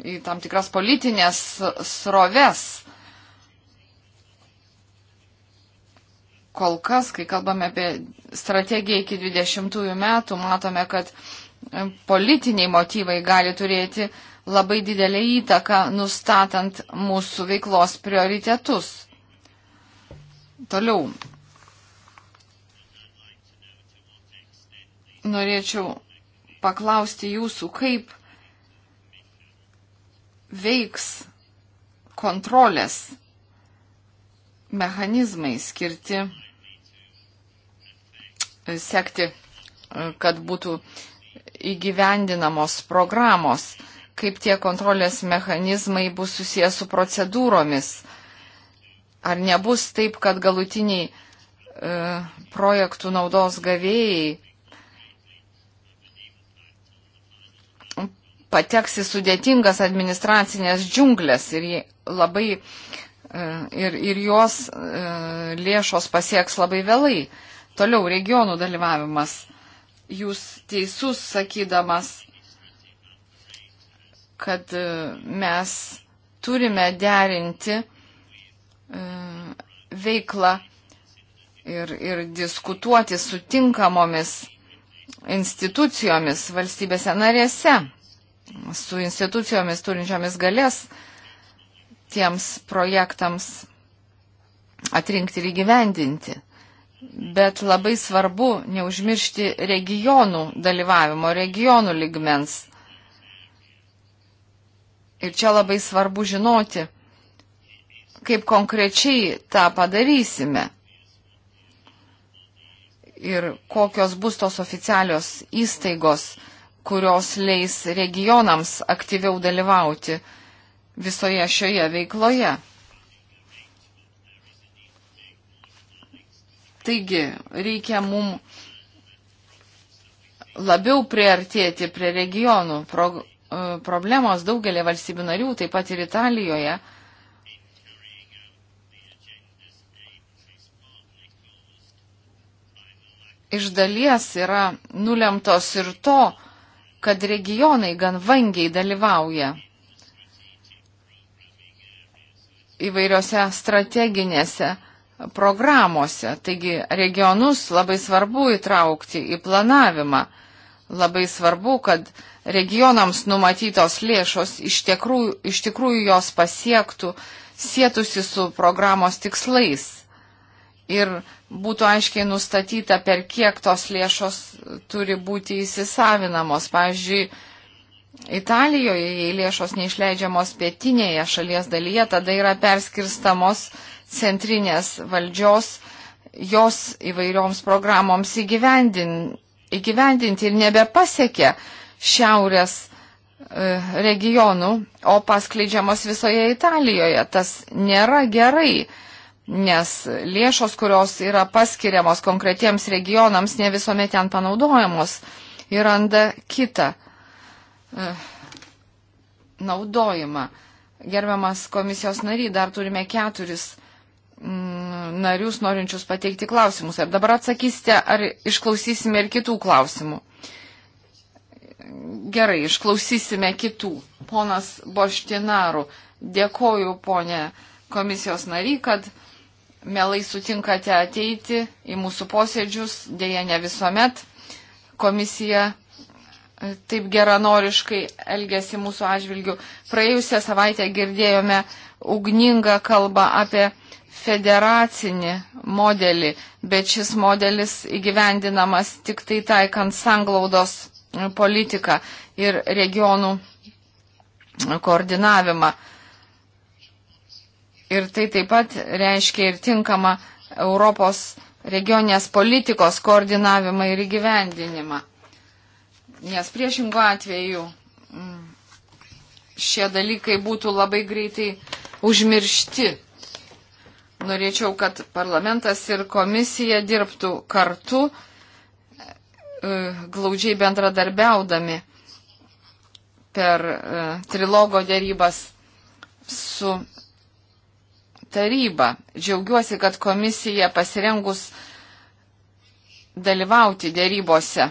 į tam tikras politinės sroves. Kol kas, kai kalbame apie strategiją iki 20 metų, matome, kad politiniai motyvai gali turėti labai didelį įtaką, nustatant mūsų veiklos prioritetus. Toliau, norėčiau paklausti jūsų, kaip veiks kontrolės mechanizmai skirti e, sekti, e, kad būtų įgyvendinamos programos, kaip tie kontrolės mechanizmai bus susijęs su procedūromis. Ar nebus taip, kad galutiniai e, projektų naudos gavėjai pateks į sudėtingas administracinės džiunglės ir labai e, ir, ir jos e, lėšos pasieks labai vėlai. Toliau regionų dalyvavimas. Jūs teisus sakydamas, kad e, mes turime derinti veiklą ir, ir diskutuoti su tinkamomis institucijomis valstybėse narėse su institucijomis turinčiomis galės tiems projektams atrinkti ir įgyvendinti. Bet labai svarbu neužmiršti regionų dalyvavimo, regionų ligmens. Ir čia labai svarbu žinoti, kaip konkrečiai tą padarysime. Ir kokios bus tos oficialios įstaigos, kurios leis regionams aktyviau dalyvauti visoje šioje veikloje. Taigi, reikia mum labiau priartėti prie regionų. Pro, e, problemos daugelį valstybių narių, taip pat ir Italijoje, iš dalies yra nulemtos ir to, kad regionai gan vangiai dalyvauja įvairiose strateginėse programuose. Taigi regionus labai svarbu įtraukti į planavimą. Labai svarbu, kad regionams numatytos lėšos iš tikrųjų, iš tikrųjų jos pasiektų, sėtusi su programos tikslais ir būtų aiškiai nustatyta, per kiek tos lėšos turi būti įsisavinamos. Pavyzdžiui, Italijoje, jei lėšos neišleidžiamos pietinėje šalies dalyje, tada yra perskirstamos centrinės valdžios jos įvairioms programoms įgyvendinti, įgyvendinti ir nebepasiekia šiaurės e, regionų, o paskleidžiamos visoje Italijoje. Tas nėra gerai nes lėšos, kurios yra paskiriamos konkretiems regionams, ne visuomet ten panaudojamos ir randa kitą e, naudojimą. Gerbiamas komisijos nary, dar turime keturis mm, narius norinčius pateikti klausimus. Ar dabar atsakysite, ar išklausysime ir kitų klausimų? Gerai, išklausysime kitų. Ponas Boštinaru, dėkoju, ponė komisijos nary, kad mielai sutinkate ateiti į mūsų posėdžius, dėja ne visuomet. Komisija e, taip geranoriškai elgesi mūsų atžvilgių. Praėjusią savaitę girdėjome ugningą kalbą apie federacinį modelį, bet šis modelis įgyvendinamas tik tai taikant sanglaudos politiką ir regionų koordinavimą. Ir tai taip pat reiškia ir tinkamą Europos regionės politikos koordinavimą ir įgyvendinimą. Nes priešingų atveju mm, šie dalykai būtų labai greitai užmiršti. Norėčiau, kad parlamentas ir komisija dirbtų kartu, e, glaudžiai bendradarbiaudami per e, trilogo dėrybas su taryba. Džiaugiuosi, kad komisija pasirengus dalyvauti dėrybose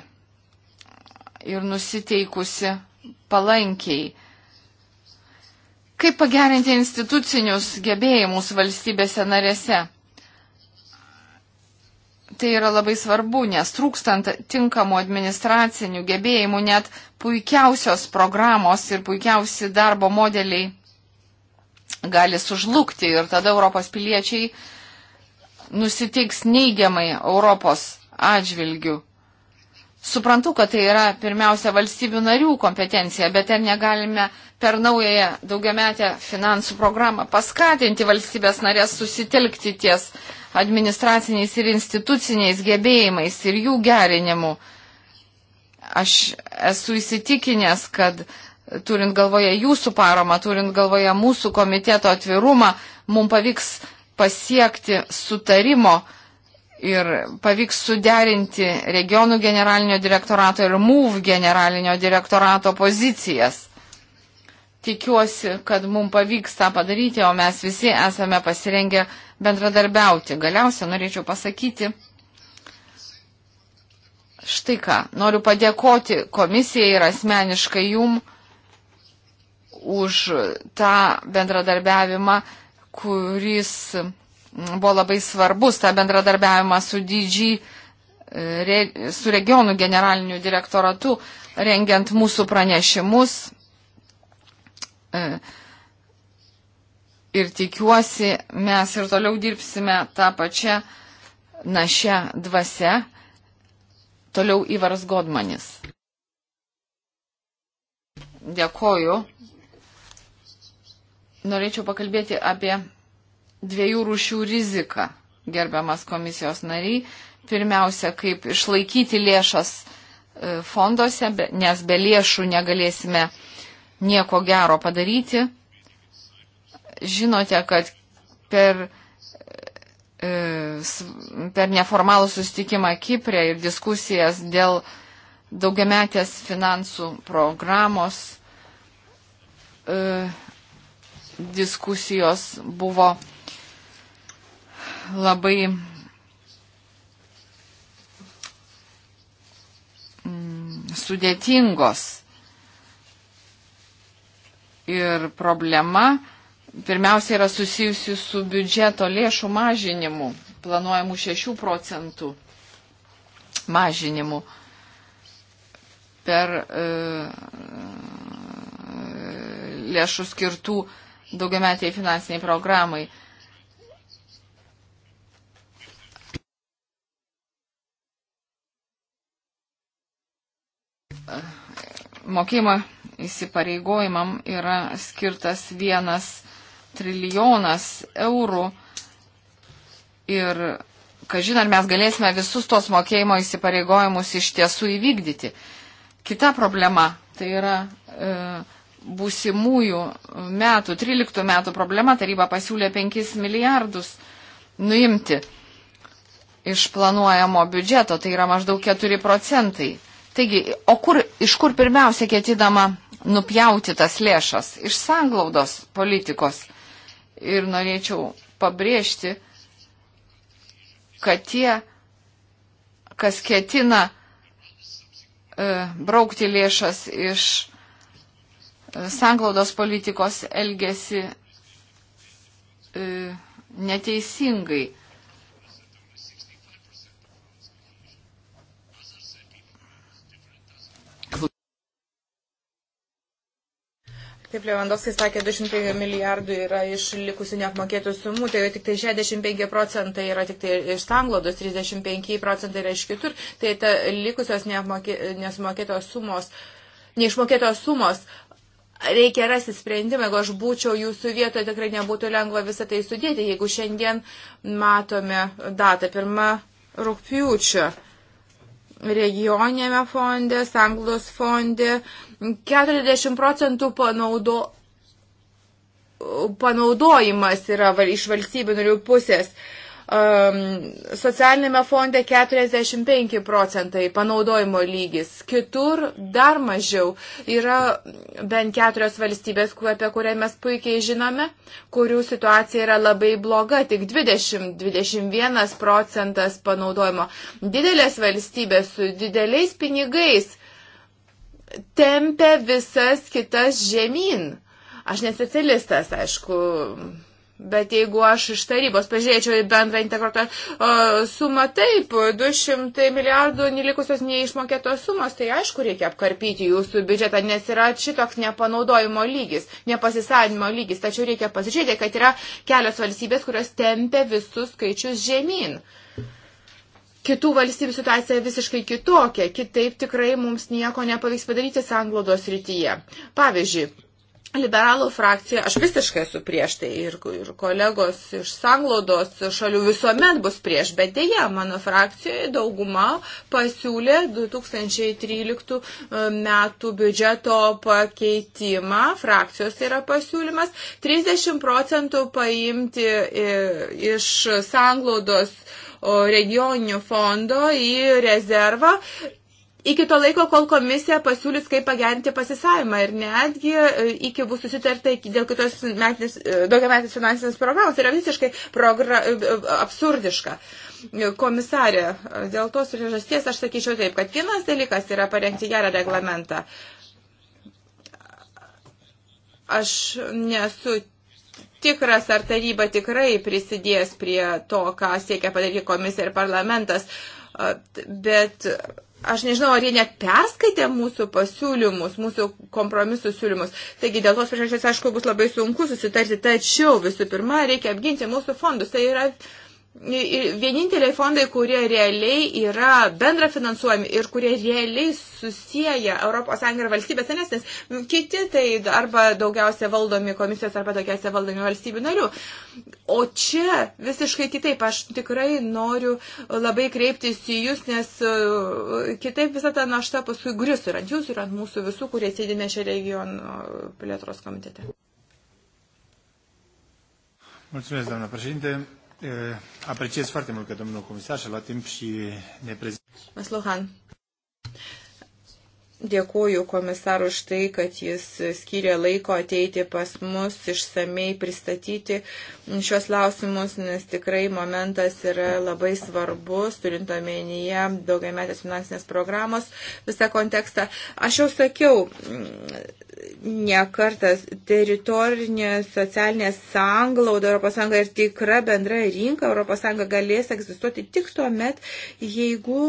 ir nusiteikusi palankiai. Kaip pagerinti institucinius gebėjimus valstybėse narėse? Tai yra labai svarbu, nes trūkstant tinkamų administracinių gebėjimų net puikiausios programos ir puikiausi darbo modeliai gali sužlugti ir tada Europos piliečiai nusitiks neigiamai Europos atžvilgių. Suprantu, kad tai yra pirmiausia valstybių narių kompetencija, bet ar negalime per naująją daugiametę finansų programą paskatinti valstybės narės susitelkti ties administraciniais ir instituciniais gebėjimais ir jų gerinimu. Aš esu įsitikinęs, kad uh, turint galvoje jūsų paramą, turint galvoje mūsų komiteto atvirumą, mums pavyks pasiekti sutarimo ir pavyks suderinti regionų generalinio direktorato ir MUV generalinio direktorato pozicijas. Tikiuosi, kad mums pavyks tą padaryti, o mes visi esame pasirengę bendradarbiauti. Galiausia, norėčiau pasakyti štai ką. Noriu padėkoti komisijai ir asmeniškai jums už tą bendradarbiavimą, kuris buvo labai svarbus, tą bendradarbiavimą su didžiai, su regionų generaliniu direktoratu, rengiant mūsų pranešimus. E, ir tikiuosi, mes ir toliau dirbsime tą pačią našę dvasę. Toliau Ivaras Godmanis. Dėkoju, norėčiau pakalbėti apie dviejų rūšių riziką, gerbiamas komisijos nariai. Pirmiausia, kaip išlaikyti lėšas e, fonduose, nes be lėšų negalėsime nieko gero padaryti. Žinote, kad per, e, per neformalų sustikimą Kiprė ir diskusijas dėl daugiametės finansų programos e, diskusijos buvo labai mm, sudėtingos. Ir problema pirmiausia yra susijusi su biudžeto lėšų mažinimu, planuojamu 6 procentų mažinimu per e, e lėšų skirtų daugiametiai finansiniai programai. Mokėjimo įsipareigojimam yra skirtas vienas trilijonas eurų ir kažin ar mes galėsime visus tos mokėjimo įsipareigojimus iš tiesų įvykdyti. Kita problema tai yra e, būsimųjų metų, 13 metų problema, taryba pasiūlė 5 milijardus nuimti iš planuojamo biudžeto, tai yra maždaug 4 procentai. Taigi, o kur, iš kur pirmiausia ketinama nupjauti tas lėšas? Iš sanglaudos politikos. Ir norėčiau pabrėžti, kad tie, kas ketina e, braukti lėšas iš sanglaudos politikos elgesi e, neteisingai. Kaip Levandovskis sakė, 200 milijardų yra iš likusių neapmokėtų sumų, tai tik tai 65 procentai yra tik tai iš sanglodos, 35 procentai yra iš kitur, tai ta likusios nesumokėtos sumos, neišmokėtos sumos reikia rasti sprendimą. Jeigu aš būčiau jūsų vietoje, tikrai nebūtų lengva visą tai sudėti. Jeigu šiandien matome datą, pirmą rūpjūčio regionėme fonde, Sanglos fonde, 40 procentų panaudo, panaudojimas yra iš valstybių narių pusės. Uh, Um, ehm, socialinėme fonde 45 procentai panaudojimo lygis, kitur dar mažiau. Yra bent keturios valstybės, apie kurią mes puikiai žinome, kurių situacija yra labai bloga, tik 20-21 procentas panaudojimo. Didelės valstybės su dideliais pinigais tempia visas kitas žemyn. Aš ne specialistas, aišku, Bet jeigu aš iš tarybos pažiūrėčiau į bendrą integruotą sumą, taip, 200 milijardų nelikusios neišmokėtos sumos, tai aišku, reikia apkarpyti jūsų biudžetą, nes yra šitoks nepanaudojimo lygis, nepasisavinimo lygis. Tačiau reikia pasižiūrėti, kad yra kelios valstybės, kurios tempia visus skaičius žemyn. Kitų valstybių situacija visiškai kitokia, kitaip tikrai mums nieko nepavyks padaryti sanglodos rytyje. Pavyzdžiui, Liberalų frakcija, aš visiškai esu prieš tai ir, ir kolegos iš sanglaudos šalių visuomet bus prieš, bet dėja, mano frakcijoje dauguma pasiūlė 2013 e, metų biudžeto pakeitimą, frakcijos yra pasiūlymas, 30 procentų paimti e, iš sanglaudos regioninių fondo į rezervą iki to laiko, kol komisija pasiūlys, kaip pagerinti pasisavimą ir netgi e, iki bus susitarta iki dėl kitos e, daugiametės finansinės programos, tai yra visiškai progra, e, absurdiška. Komisarė, dėl tos priežasties aš sakyčiau taip, kad vienas dalykas yra parengti gerą reglamentą. Aš nesu tikras, ar taryba tikrai prisidės prie to, ką siekia padaryti komisija ir parlamentas, bet Aš nežinau, ar jie net perskaitė mūsų pasiūlymus, mūsų kompromisų siūlymus. Taigi dėl tos priežasties, aišku, bus labai sunku susitarti, tačiau visų pirma reikia apginti mūsų fondus. Tai yra vieninteliai fondai, kurie realiai yra bendra finansuojami ir kurie realiai susiję ES ir valstybės narės, nes kiti tai arba daugiausia valdomi komisijos arba daugiausia valdomi valstybių narių. O čia visiškai kitaip, aš tikrai noriu labai kreiptis į jūs, nes e, kitaip visą tą naštą paskui grius ir ant jūsų, ir ant mūsų visų, kurie sėdime šią regionų plėtros komitete. Mulțumesc, doamna președinte. E, apreciez foarte mult că domnul comisar și-a luat timp și ne prezintă. Mă slohan. Dėkuoju komisaru už tai, kad jis skyrė laiko ateiti pas mus, išsamei pristatyti šios lausimus, nes tikrai momentas yra labai svarbus, turint omenyje daugiametės finansinės programos visą kontekstą. Aš jau sakiau, nekartas teritorinė socialinė sanglauda ES ir tikra bendra rinka ES galės egzistuoti tik tuo met, jeigu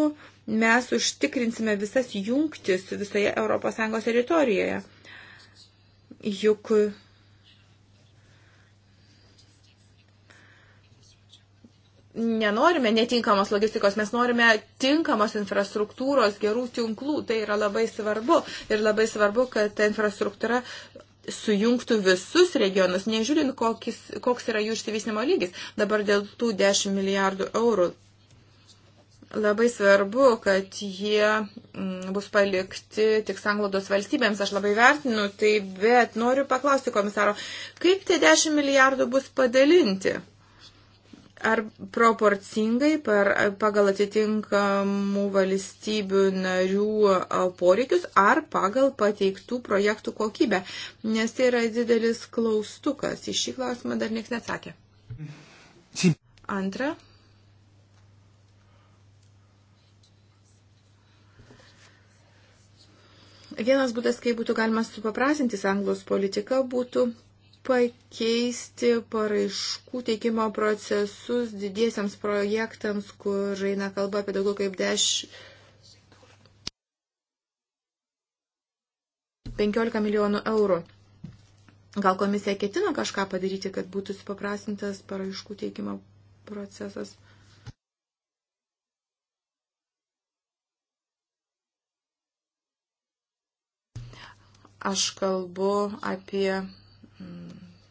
mes užtikrinsime visas jungtis visoje ES teritorijoje. Juk nenorime netinkamos logistikos, mes norime tinkamos infrastruktūros, gerų tinklų. Tai yra labai svarbu. Ir labai svarbu, kad ta infrastruktūra sujungtų visus regionus, nežiūrint, kokis, koks yra jų išsivystymo lygis. Dabar dėl tų 10 milijardų eurų labai svarbu, kad jie mm, bus palikti tik sanglodos valstybėms. Aš labai vertinu tai, bet noriu paklausti komisaro, kaip tie 10 milijardų bus padalinti? Ar proporcingai per, pagal atitinkamų valstybių narių poreikius, ar pagal pateiktų projektų kokybę? Nes tai yra didelis klaustukas. Iš šį klausimą dar niekas neatsakė. Antra Vienas būdas, kaip būtų galima supaprasinti sanglos politiką, būtų pakeisti paraiškų teikimo procesus didiesiams projektams, kur eina kalba apie daugiau kaip 10. 15 milijonų eurų. Gal komisija ketino kažką padaryti, kad būtų supaprastintas paraiškų teikimo procesas? Aš kalbu apie mm,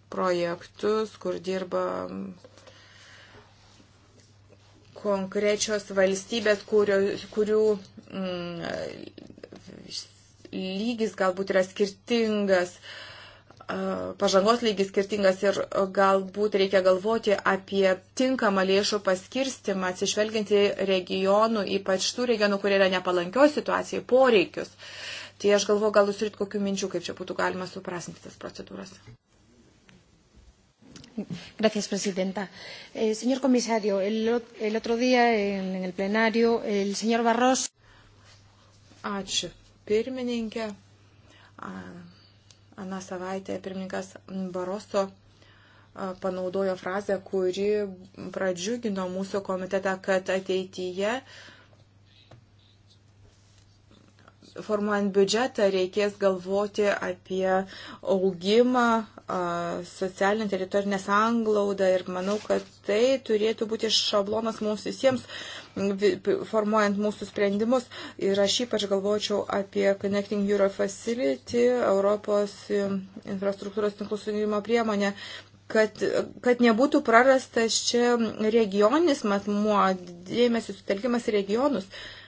projektus, kur dirba mm, konkrečios valstybės, kurio, kurių mm, lygis galbūt yra skirtingas, pažangos lygis skirtingas ir galbūt reikia galvoti apie tinkamą lėšų paskirstimą, atsižvelginti regionų, ypač tų regionų, kurie yra nepalankios situacijai, poreikius. Uh, Tai aš galvoju, gal jūs turit kokių minčių, kaip čia būtų galima suprasinti tas procedūras. Gracias, presidenta. Eh, señor comisario, el, el otro día en, en el plenario, el señor Barros. Ačiū, pirmininkė. Aną savaitę pirmininkas Baroso panaudojo frazę, kuri pradžiugino mūsų komitetą, kad ateityje uh, formuojant biudžetą reikės galvoti apie augimą, socialinę teritorinę sąnglaudą ir manau, kad tai turėtų būti šablonas mums visiems formuojant mūsų sprendimus. Ir aš ypač galvočiau apie Connecting Euro Facility, Europos e, infrastruktūros tinklų sujungimo priemonę, kad, kad nebūtų prarastas čia regioninis matmuo, dėmesio sutelkimas į regionus. Uh,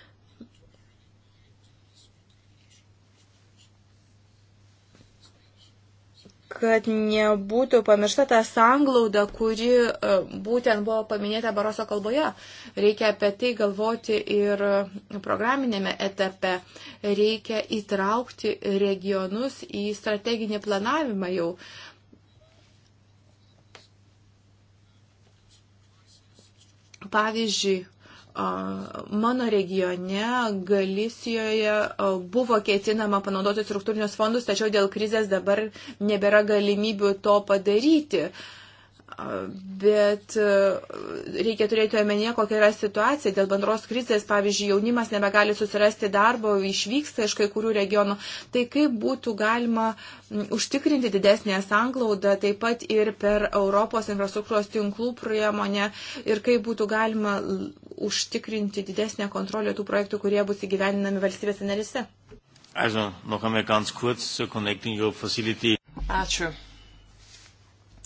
kad nebūtų pamiršta ta sanglauda, kuri e, būtent buvo paminėta Baroso kalboje. Reikia apie tai galvoti ir programinėme etape. Reikia įtraukti regionus į strateginį planavimą jau. Pavyzdžiui, Mano regione, Galisijoje, buvo ketinama panaudoti struktūrinius fondus, tačiau dėl krizės dabar nebėra galimybių to padaryti. Uh, Bet e, reikia turėti omenyje, kokia yra situacija. Dėl bendros krizės, pavyzdžiui, jaunimas nebegali susirasti darbo, išvyksta iš kai kurių regionų. Tai kaip būtų galima užtikrinti didesnę sanglaudą, taip pat ir per Europos infrastruktūros tinklų priemonę ir kaip būtų galima užtikrinti didesnę kontrolę tų projektų, kurie bus įgyveninami valstybėse narise. Also, noch einmal ganz kurz zur Connecting Europe Facility. Ačiū.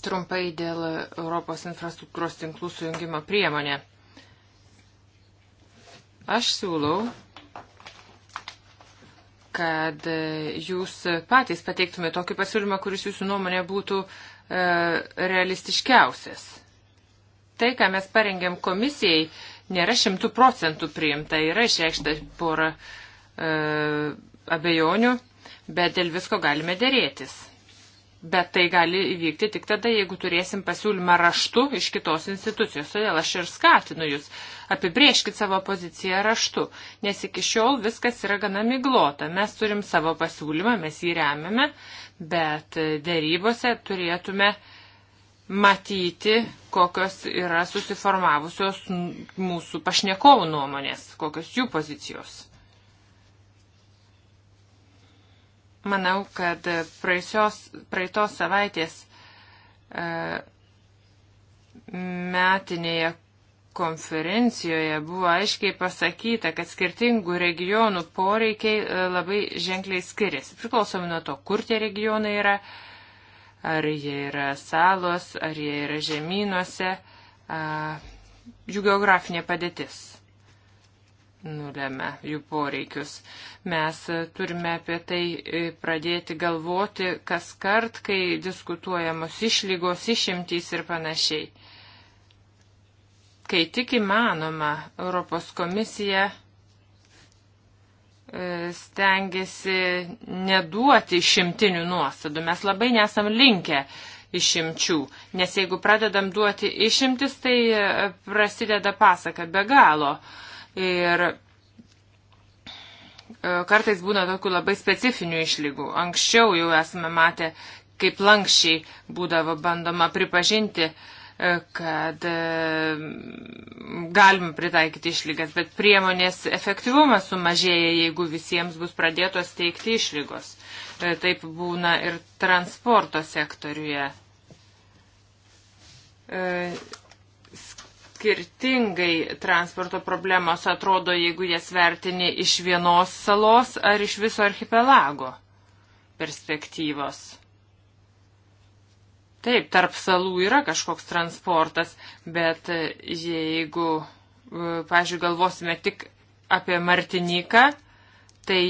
Trumpai dėl Europos infrastruktūros tinklų sujungimo priemonė. Aš siūlau, kad jūs patys pateiktume tokį pasiūlymą, kuris jūsų nuomonė būtų e, realistiškiausias. Tai, ką mes parengėm komisijai, nėra šimtų procentų priimta, yra išreikšta pora e, abejonių, bet dėl visko galime dėrėtis. Bet tai gali įvykti tik tada, jeigu turėsim pasiūlymą raštu iš kitos institucijos. Todėl aš ir skatinu jūs, apibrieškit savo poziciją raštu, nes iki šiol viskas yra gana miglota. Mes turim savo pasiūlymą, mes jį remiame, bet dėrybose turėtume matyti, kokios yra susiformavusios mūsų pašnekovų nuomonės, kokios jų pozicijos. Manau, kad praeisios, praeitos savaitės e, metinėje konferencijoje buvo aiškiai pasakyta, kad skirtingų regionų poreikiai e, labai ženkliai skiriasi. Priklausomi nuo to, kur tie regionai yra, ar jie yra salos, ar jie yra žemynuose, jų geografinė padėtis nulėmė jų poreikius. Mes turime apie tai e, pradėti galvoti kas kart, kai diskutuojamos išlygos, išimtys ir panašiai. Kai tik įmanoma, Europos komisija e, stengiasi neduoti išimtinių nuostadų. Mes labai nesam linkę išimčių, nes jeigu pradedam duoti išimtis, tai e, prasideda pasaka be galo. Uh, Ir e, kartais būna tokių labai specifinių išlygų. Anksčiau jau esame matę, kaip lankščiai būdavo bandoma pripažinti, e, kad e, galima pritaikyti išlygas, bet priemonės efektyvumas sumažėja, jeigu visiems bus pradėtos teikti išlygos. Taip būna ir transporto sektoriuje skirtingai transporto problemos atrodo, jeigu jas vertini iš vienos salos ar iš viso archipelago perspektyvos. Taip, tarp salų yra kažkoks transportas, bet jeigu, e, pažiūrėjau, galvosime tik apie Martiniką, tai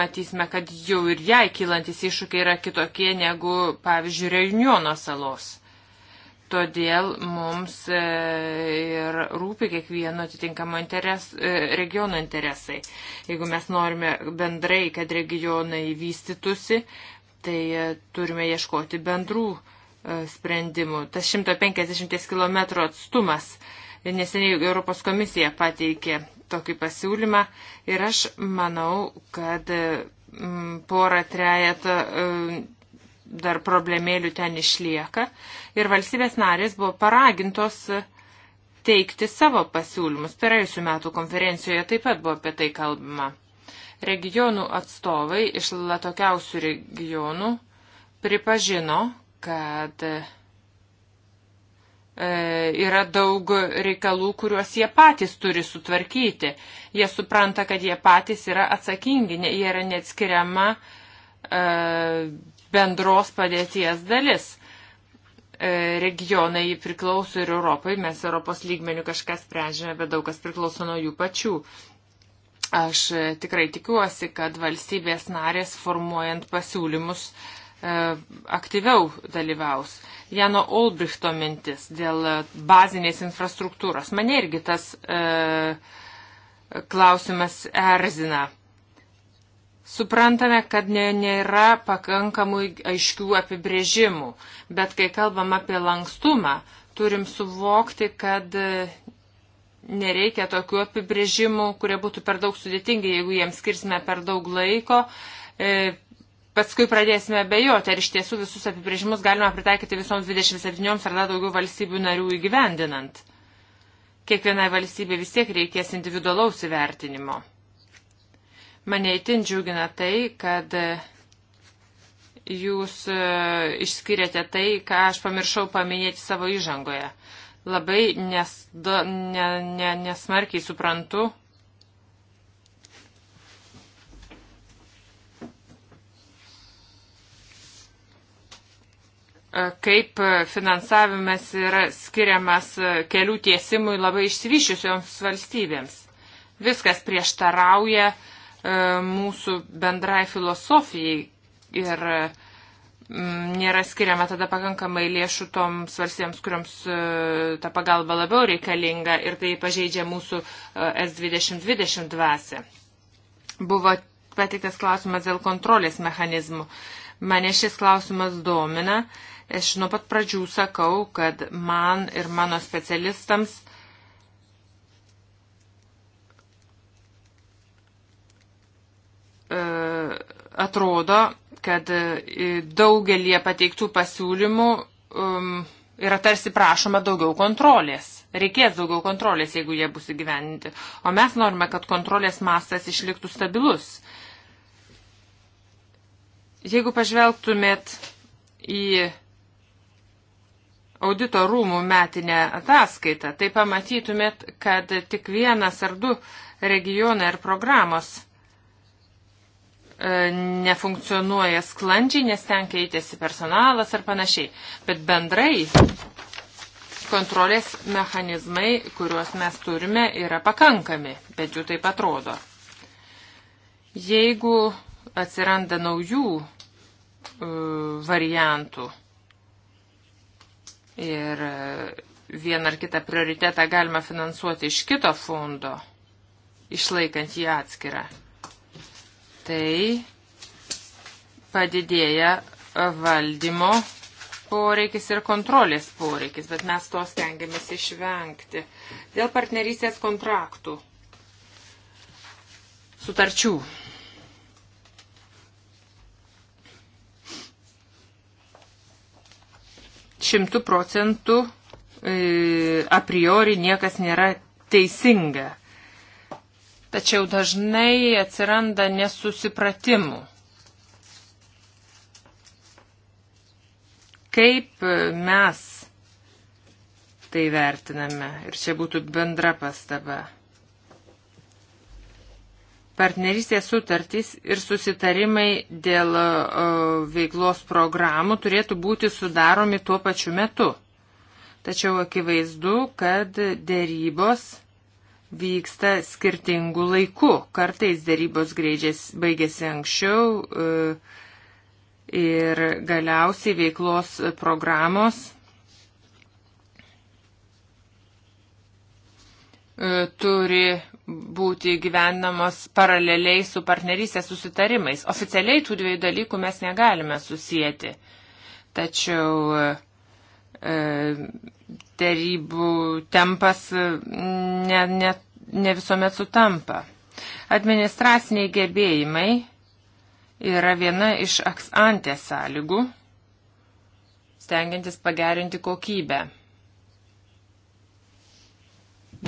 matysime, kad jau ir jai kylantis iššūkiai yra kitokie negu, pavyzdžiui, Reunjono salos. Todėl mums e, ir rūpi kiekvieno atitinkamo interes, e, regiono interesai. Jeigu mes norime bendrai, kad regionai vystytųsi, tai e, turime ieškoti bendrų sprendimų. Tas 150 km atstumas neseniai Europos komisija pateikė tokį pasiūlymą ir aš manau, kad porą trejetą dar problemėlių ten išlieka ir valstybės narės buvo paragintos teikti savo pasiūlymus. Praėjusiu metu konferencijoje taip pat buvo apie tai kalbama. Regionų atstovai iš latokiausių regionų pripažino, kad e, yra daug reikalų, kuriuos jie patys turi sutvarkyti. Jie supranta, kad jie patys yra atsakingi, jie yra neatskiriama e, E, bendros padėties dalis. E, regionai priklauso ir Europai, mes Europos lygmenių kažką sprendžiame, bet daug kas priklauso nuo jų pačių. Aš e, tikrai tikiuosi, kad valstybės narės formuojant pasiūlymus aktyviau dalyvaus. Jano Olbrichto mintis dėl bazinės infrastruktūros. Mane irgi tas e, klausimas erzina. E, Suprantame, kad nėra pakankamai aiškių apibrėžimų, bet kai kalbam apie lankstumą, turim suvokti, kad e, nereikia tokių apibrėžimų, kurie būtų per daug sudėtingi, jeigu jiems skirsime per daug laiko. E, paskui pradėsime bejoti, ar iš tiesų visus apibrėžimus galima pritaikyti visoms 27 ar dar daugiau valstybių narių įgyvendinant. Kiekvienai valstybei vis tiek reikės individualaus įvertinimo. Mane įtin džiugina tai, kad jūs e, išskiriate tai, ką aš pamiršau paminėti savo įžangoje. Labai nes, da, ne, ne, nesmarkiai suprantu. E, kaip finansavimas yra skiriamas e, kelių tiesimui labai išsivyšiusioms valstybėms. Viskas prieštarauja uh, E, mūsų bendrai filosofijai ir mm, nėra skiriama tada pakankamai lėšų toms valstybėms, kuriams e, ta pagalba labiau reikalinga ir tai pažeidžia mūsų e, S2020 dvasę. Buvo pateiktas klausimas dėl kontrolės mechanizmų. Mane šis klausimas domina. Aš nuo pat pradžių sakau, kad man ir mano specialistams uh, E, atrodo, kad daugelie pateiktų pasiūlymų um, yra tarsi prašoma daugiau kontrolės. Reikės daugiau kontrolės, jeigu jie bus įgyveninti. O mes norime, kad kontrolės mastas išliktų stabilus. Jeigu pažvelgtumėt į audito rūmų metinę ataskaitą, tai pamatytumėt, kad tik vienas ar du regionai ar programos E, nefunkcionuoja sklandžiai, nes ten keitėsi personalas ar panašiai. Bet bendrai kontrolės mechanizmai, kuriuos mes turime, yra pakankami, bet jų taip atrodo. Jeigu atsiranda naujų e, variantų ir e, vieną ar kitą prioritetą galima finansuoti iš kito fondo, išlaikant jį atskirą tai padidėja valdymo poreikis ir kontrolės poreikis, bet mes to stengiamės išvengti. Dėl partnerystės kontraktų, sutarčių. Šimtų procentų e, a priori niekas nėra teisinga tačiau dažnai atsiranda nesusipratimų. Kaip mes tai vertiname? Ir čia būtų bendra pastaba. Partnerystės sutartys ir susitarimai dėl veiklos programų turėtų būti sudaromi tuo pačiu metu. Tačiau akivaizdu, kad dėrybos vyksta skirtingų laikų. Kartais dėrybos greidžias, baigėsi anksčiau e, ir galiausiai veiklos programos e, turi būti gyvenamos paraleliai su partnerystės susitarimais. Oficialiai tų dviejų dalykų mes negalime susijęti. Tačiau e, E, Darybų tempas e, ne, ne, ne visuomet sutampa. Administraciniai gebėjimai yra viena iš aksantės sąlygų, stengiantis pagerinti kokybę.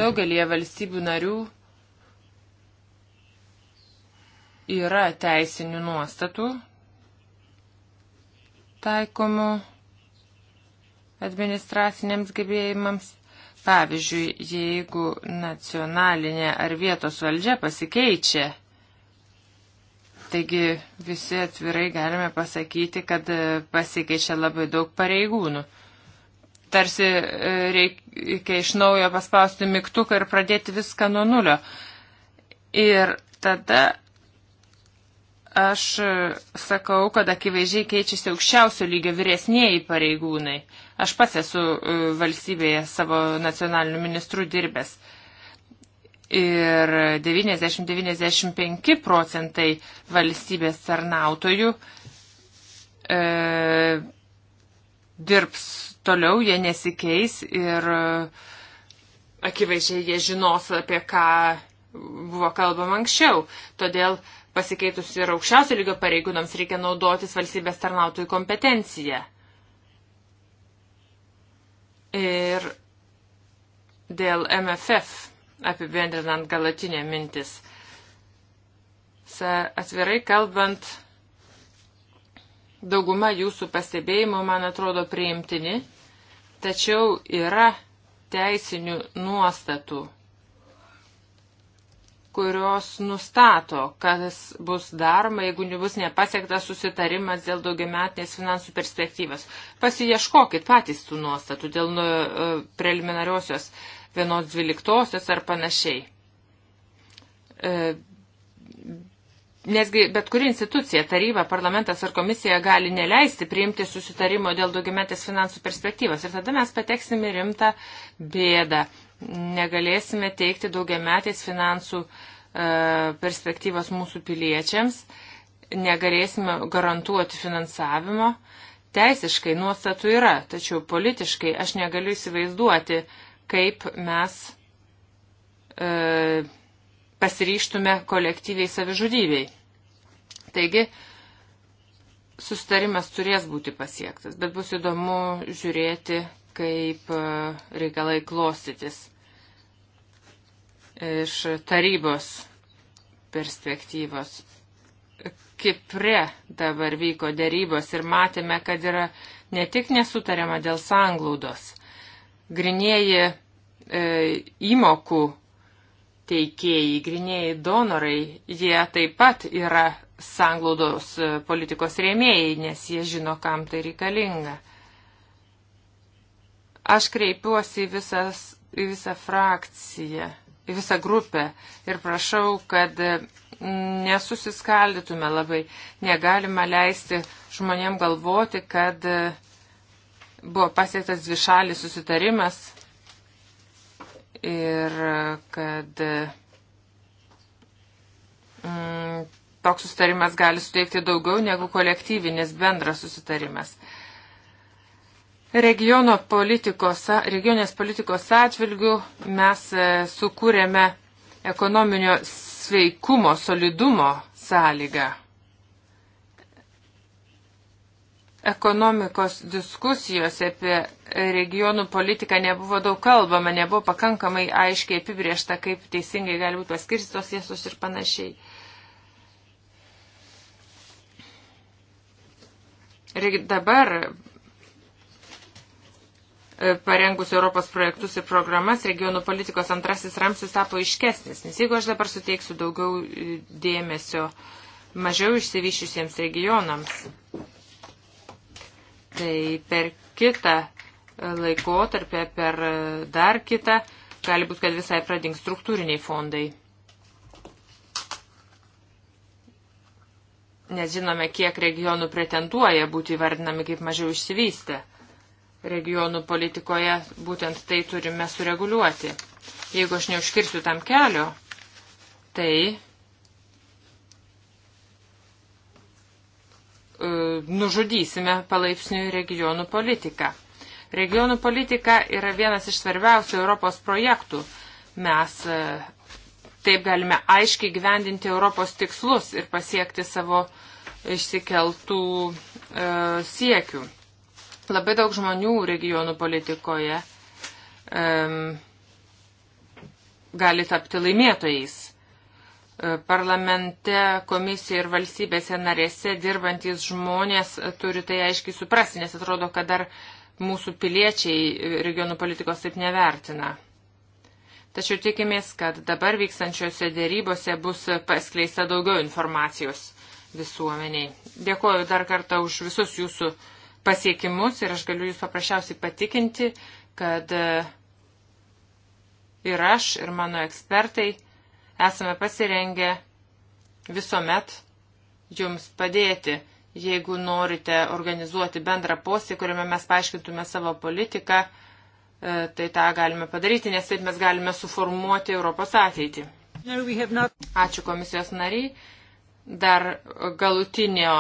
Daugelie valstybių narių yra teisinių nuostatų taikomų administraciniams gebėjimams. Pavyzdžiui, jeigu nacionalinė ar vietos valdžia pasikeičia, taigi visi atvirai galime pasakyti, kad e, pasikeičia labai daug pareigūnų. Tarsi e, reikia iš naujo paspausti mygtuką ir pradėti viską nuo nulio. Ir tada aš e, sakau, kad akivaizdžiai keičiasi aukščiausio lygio vyresnėjai pareigūnai. Aš pats esu e, valstybėje savo nacionaliniu ministru dirbęs. Ir 90-95 procentai valstybės tarnautojų e, dirbs toliau, jie nesikeis ir e, akivaizdžiai jie žinos, apie ką buvo kalbama anksčiau. Todėl pasikeitus ir aukščiausio lygio pareigūnams reikia naudotis valstybės tarnautojų kompetencija. Ir dėl MFF apibendrinant galatinę mintis. Sa, atvirai kalbant, dauguma jūsų pastebėjimų man atrodo priimtini, tačiau yra teisinių nuostatų kurios nustato, kas bus daroma, jeigu nebus nepasiektas susitarimas dėl daugiametinės finansų perspektyvos. Pasieškokit patys tų nuostatų dėl nu, e, preliminariosios vienos dvyliktosios ar panašiai. E, Nesgi bet kuri institucija, taryba, parlamentas ar komisija gali neleisti priimti susitarimo dėl daugiametės finansų perspektyvos. Ir tada mes pateksime rimtą bėdą negalėsime teikti daugiametės finansų e, perspektyvas mūsų piliečiams, negalėsime garantuoti finansavimo. Teisiškai nuostatų yra, tačiau politiškai aš negaliu įsivaizduoti, kaip mes e, pasiryštume kolektyviai savižudybei. Taigi, sustarimas turės būti pasiektas, bet bus įdomu žiūrėti, kaip e, reikalai klostytis iš tarybos perspektyvos. Kipre dabar vyko dėrybos ir matėme, kad yra ne tik nesutariama dėl sanglaudos. Grinieji e, įmokų teikėjai, grinieji donorai, jie taip pat yra sanglaudos e, politikos rėmėjai, nes jie žino, kam tai reikalinga. Aš kreipiuosi į, visas, į visą frakciją, į visą grupę ir prašau, kad e, nesusiskaldytume labai. Negalima leisti žmonėm galvoti, kad e, buvo pasiektas dvišalis susitarimas ir e, kad mm, toks susitarimas gali suteikti daugiau negu kolektyvinis bendras susitarimas. Regiono politikos, regionės politikos atvilgių mes e, sukūrėme ekonominio sveikumo, solidumo sąlygą. Ekonomikos diskusijose apie regionų politiką nebuvo daug kalbama, nebuvo pakankamai aiškiai apibriešta, kaip teisingai gali būti paskirstos lėšos ir panašiai. Ir dabar E, parengus Europos projektus ir programas, regionų politikos antrasis ramsis tapo iškesnis. Nes jeigu aš dabar suteiksiu daugiau e, dėmesio mažiau išsivyščiusiems regionams, tai per kitą e, laikotarpį, per dar kitą, gali būti, kad visai pradings struktūriniai fondai. Nes žinome, kiek regionų pretenduoja būti įvardinami kaip mažiau išsivystę regionų politikoje, būtent tai turime sureguliuoti. Jeigu aš neužkirsiu tam kelio, tai e, nužudysime palaipsniui regionų politiką. Regionų politika yra vienas iš svarbiausių Europos projektų. Mes e, taip galime aiškiai gyvendinti Europos tikslus ir pasiekti savo išsikeltų e, siekių. Labai daug žmonių regionų politikoje um, gali tapti laimėtojais. E, parlamente, komisija ir valstybėse narėse dirbantis žmonės turi tai aiškiai suprasti, nes atrodo, kad dar mūsų piliečiai regionų politikos taip nevertina. Tačiau tikimės, kad dabar vykstančiose dėrybose bus paskleista daugiau informacijos visuomeniai. Dėkoju dar kartą už visus jūsų pasiekimus ir aš galiu jūs paprasčiausiai patikinti, kad e, ir aš, ir mano ekspertai esame pasirengę visuomet jums padėti, jeigu norite organizuoti bendrą posėdį, kuriame mes paaiškintume savo politiką, e, tai tą galime padaryti, nes taip mes galime suformuoti Europos ateitį. Ačiū komisijos nariai. Dar galutinio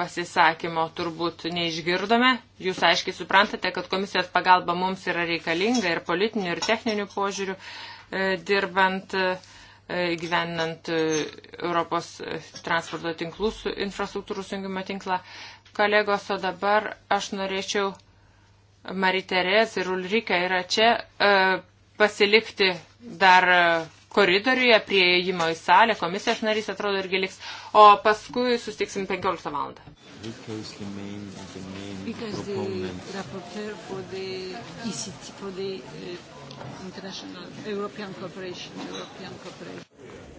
pasisakymo turbūt neišgirdome. Jūs aiškiai suprantate, kad komisijos pagalba mums yra reikalinga ir politinių, ir techninių požiūrių e, dirbant, e, gyvenant e, Europos transporto tinklų infrastruktūrų sujungimo tinklą. Kolegos, o dabar aš norėčiau, Mariterės ir Ulrika yra čia, pasilikti dar koridoriuje prie įėjimo į salę, komisijos narys atrodo irgi liks, o paskui sustiksim 15 val. Because the main, the main Because proponent. the rapporteur for the ECT, for the uh, international European cooperation, European cooperation.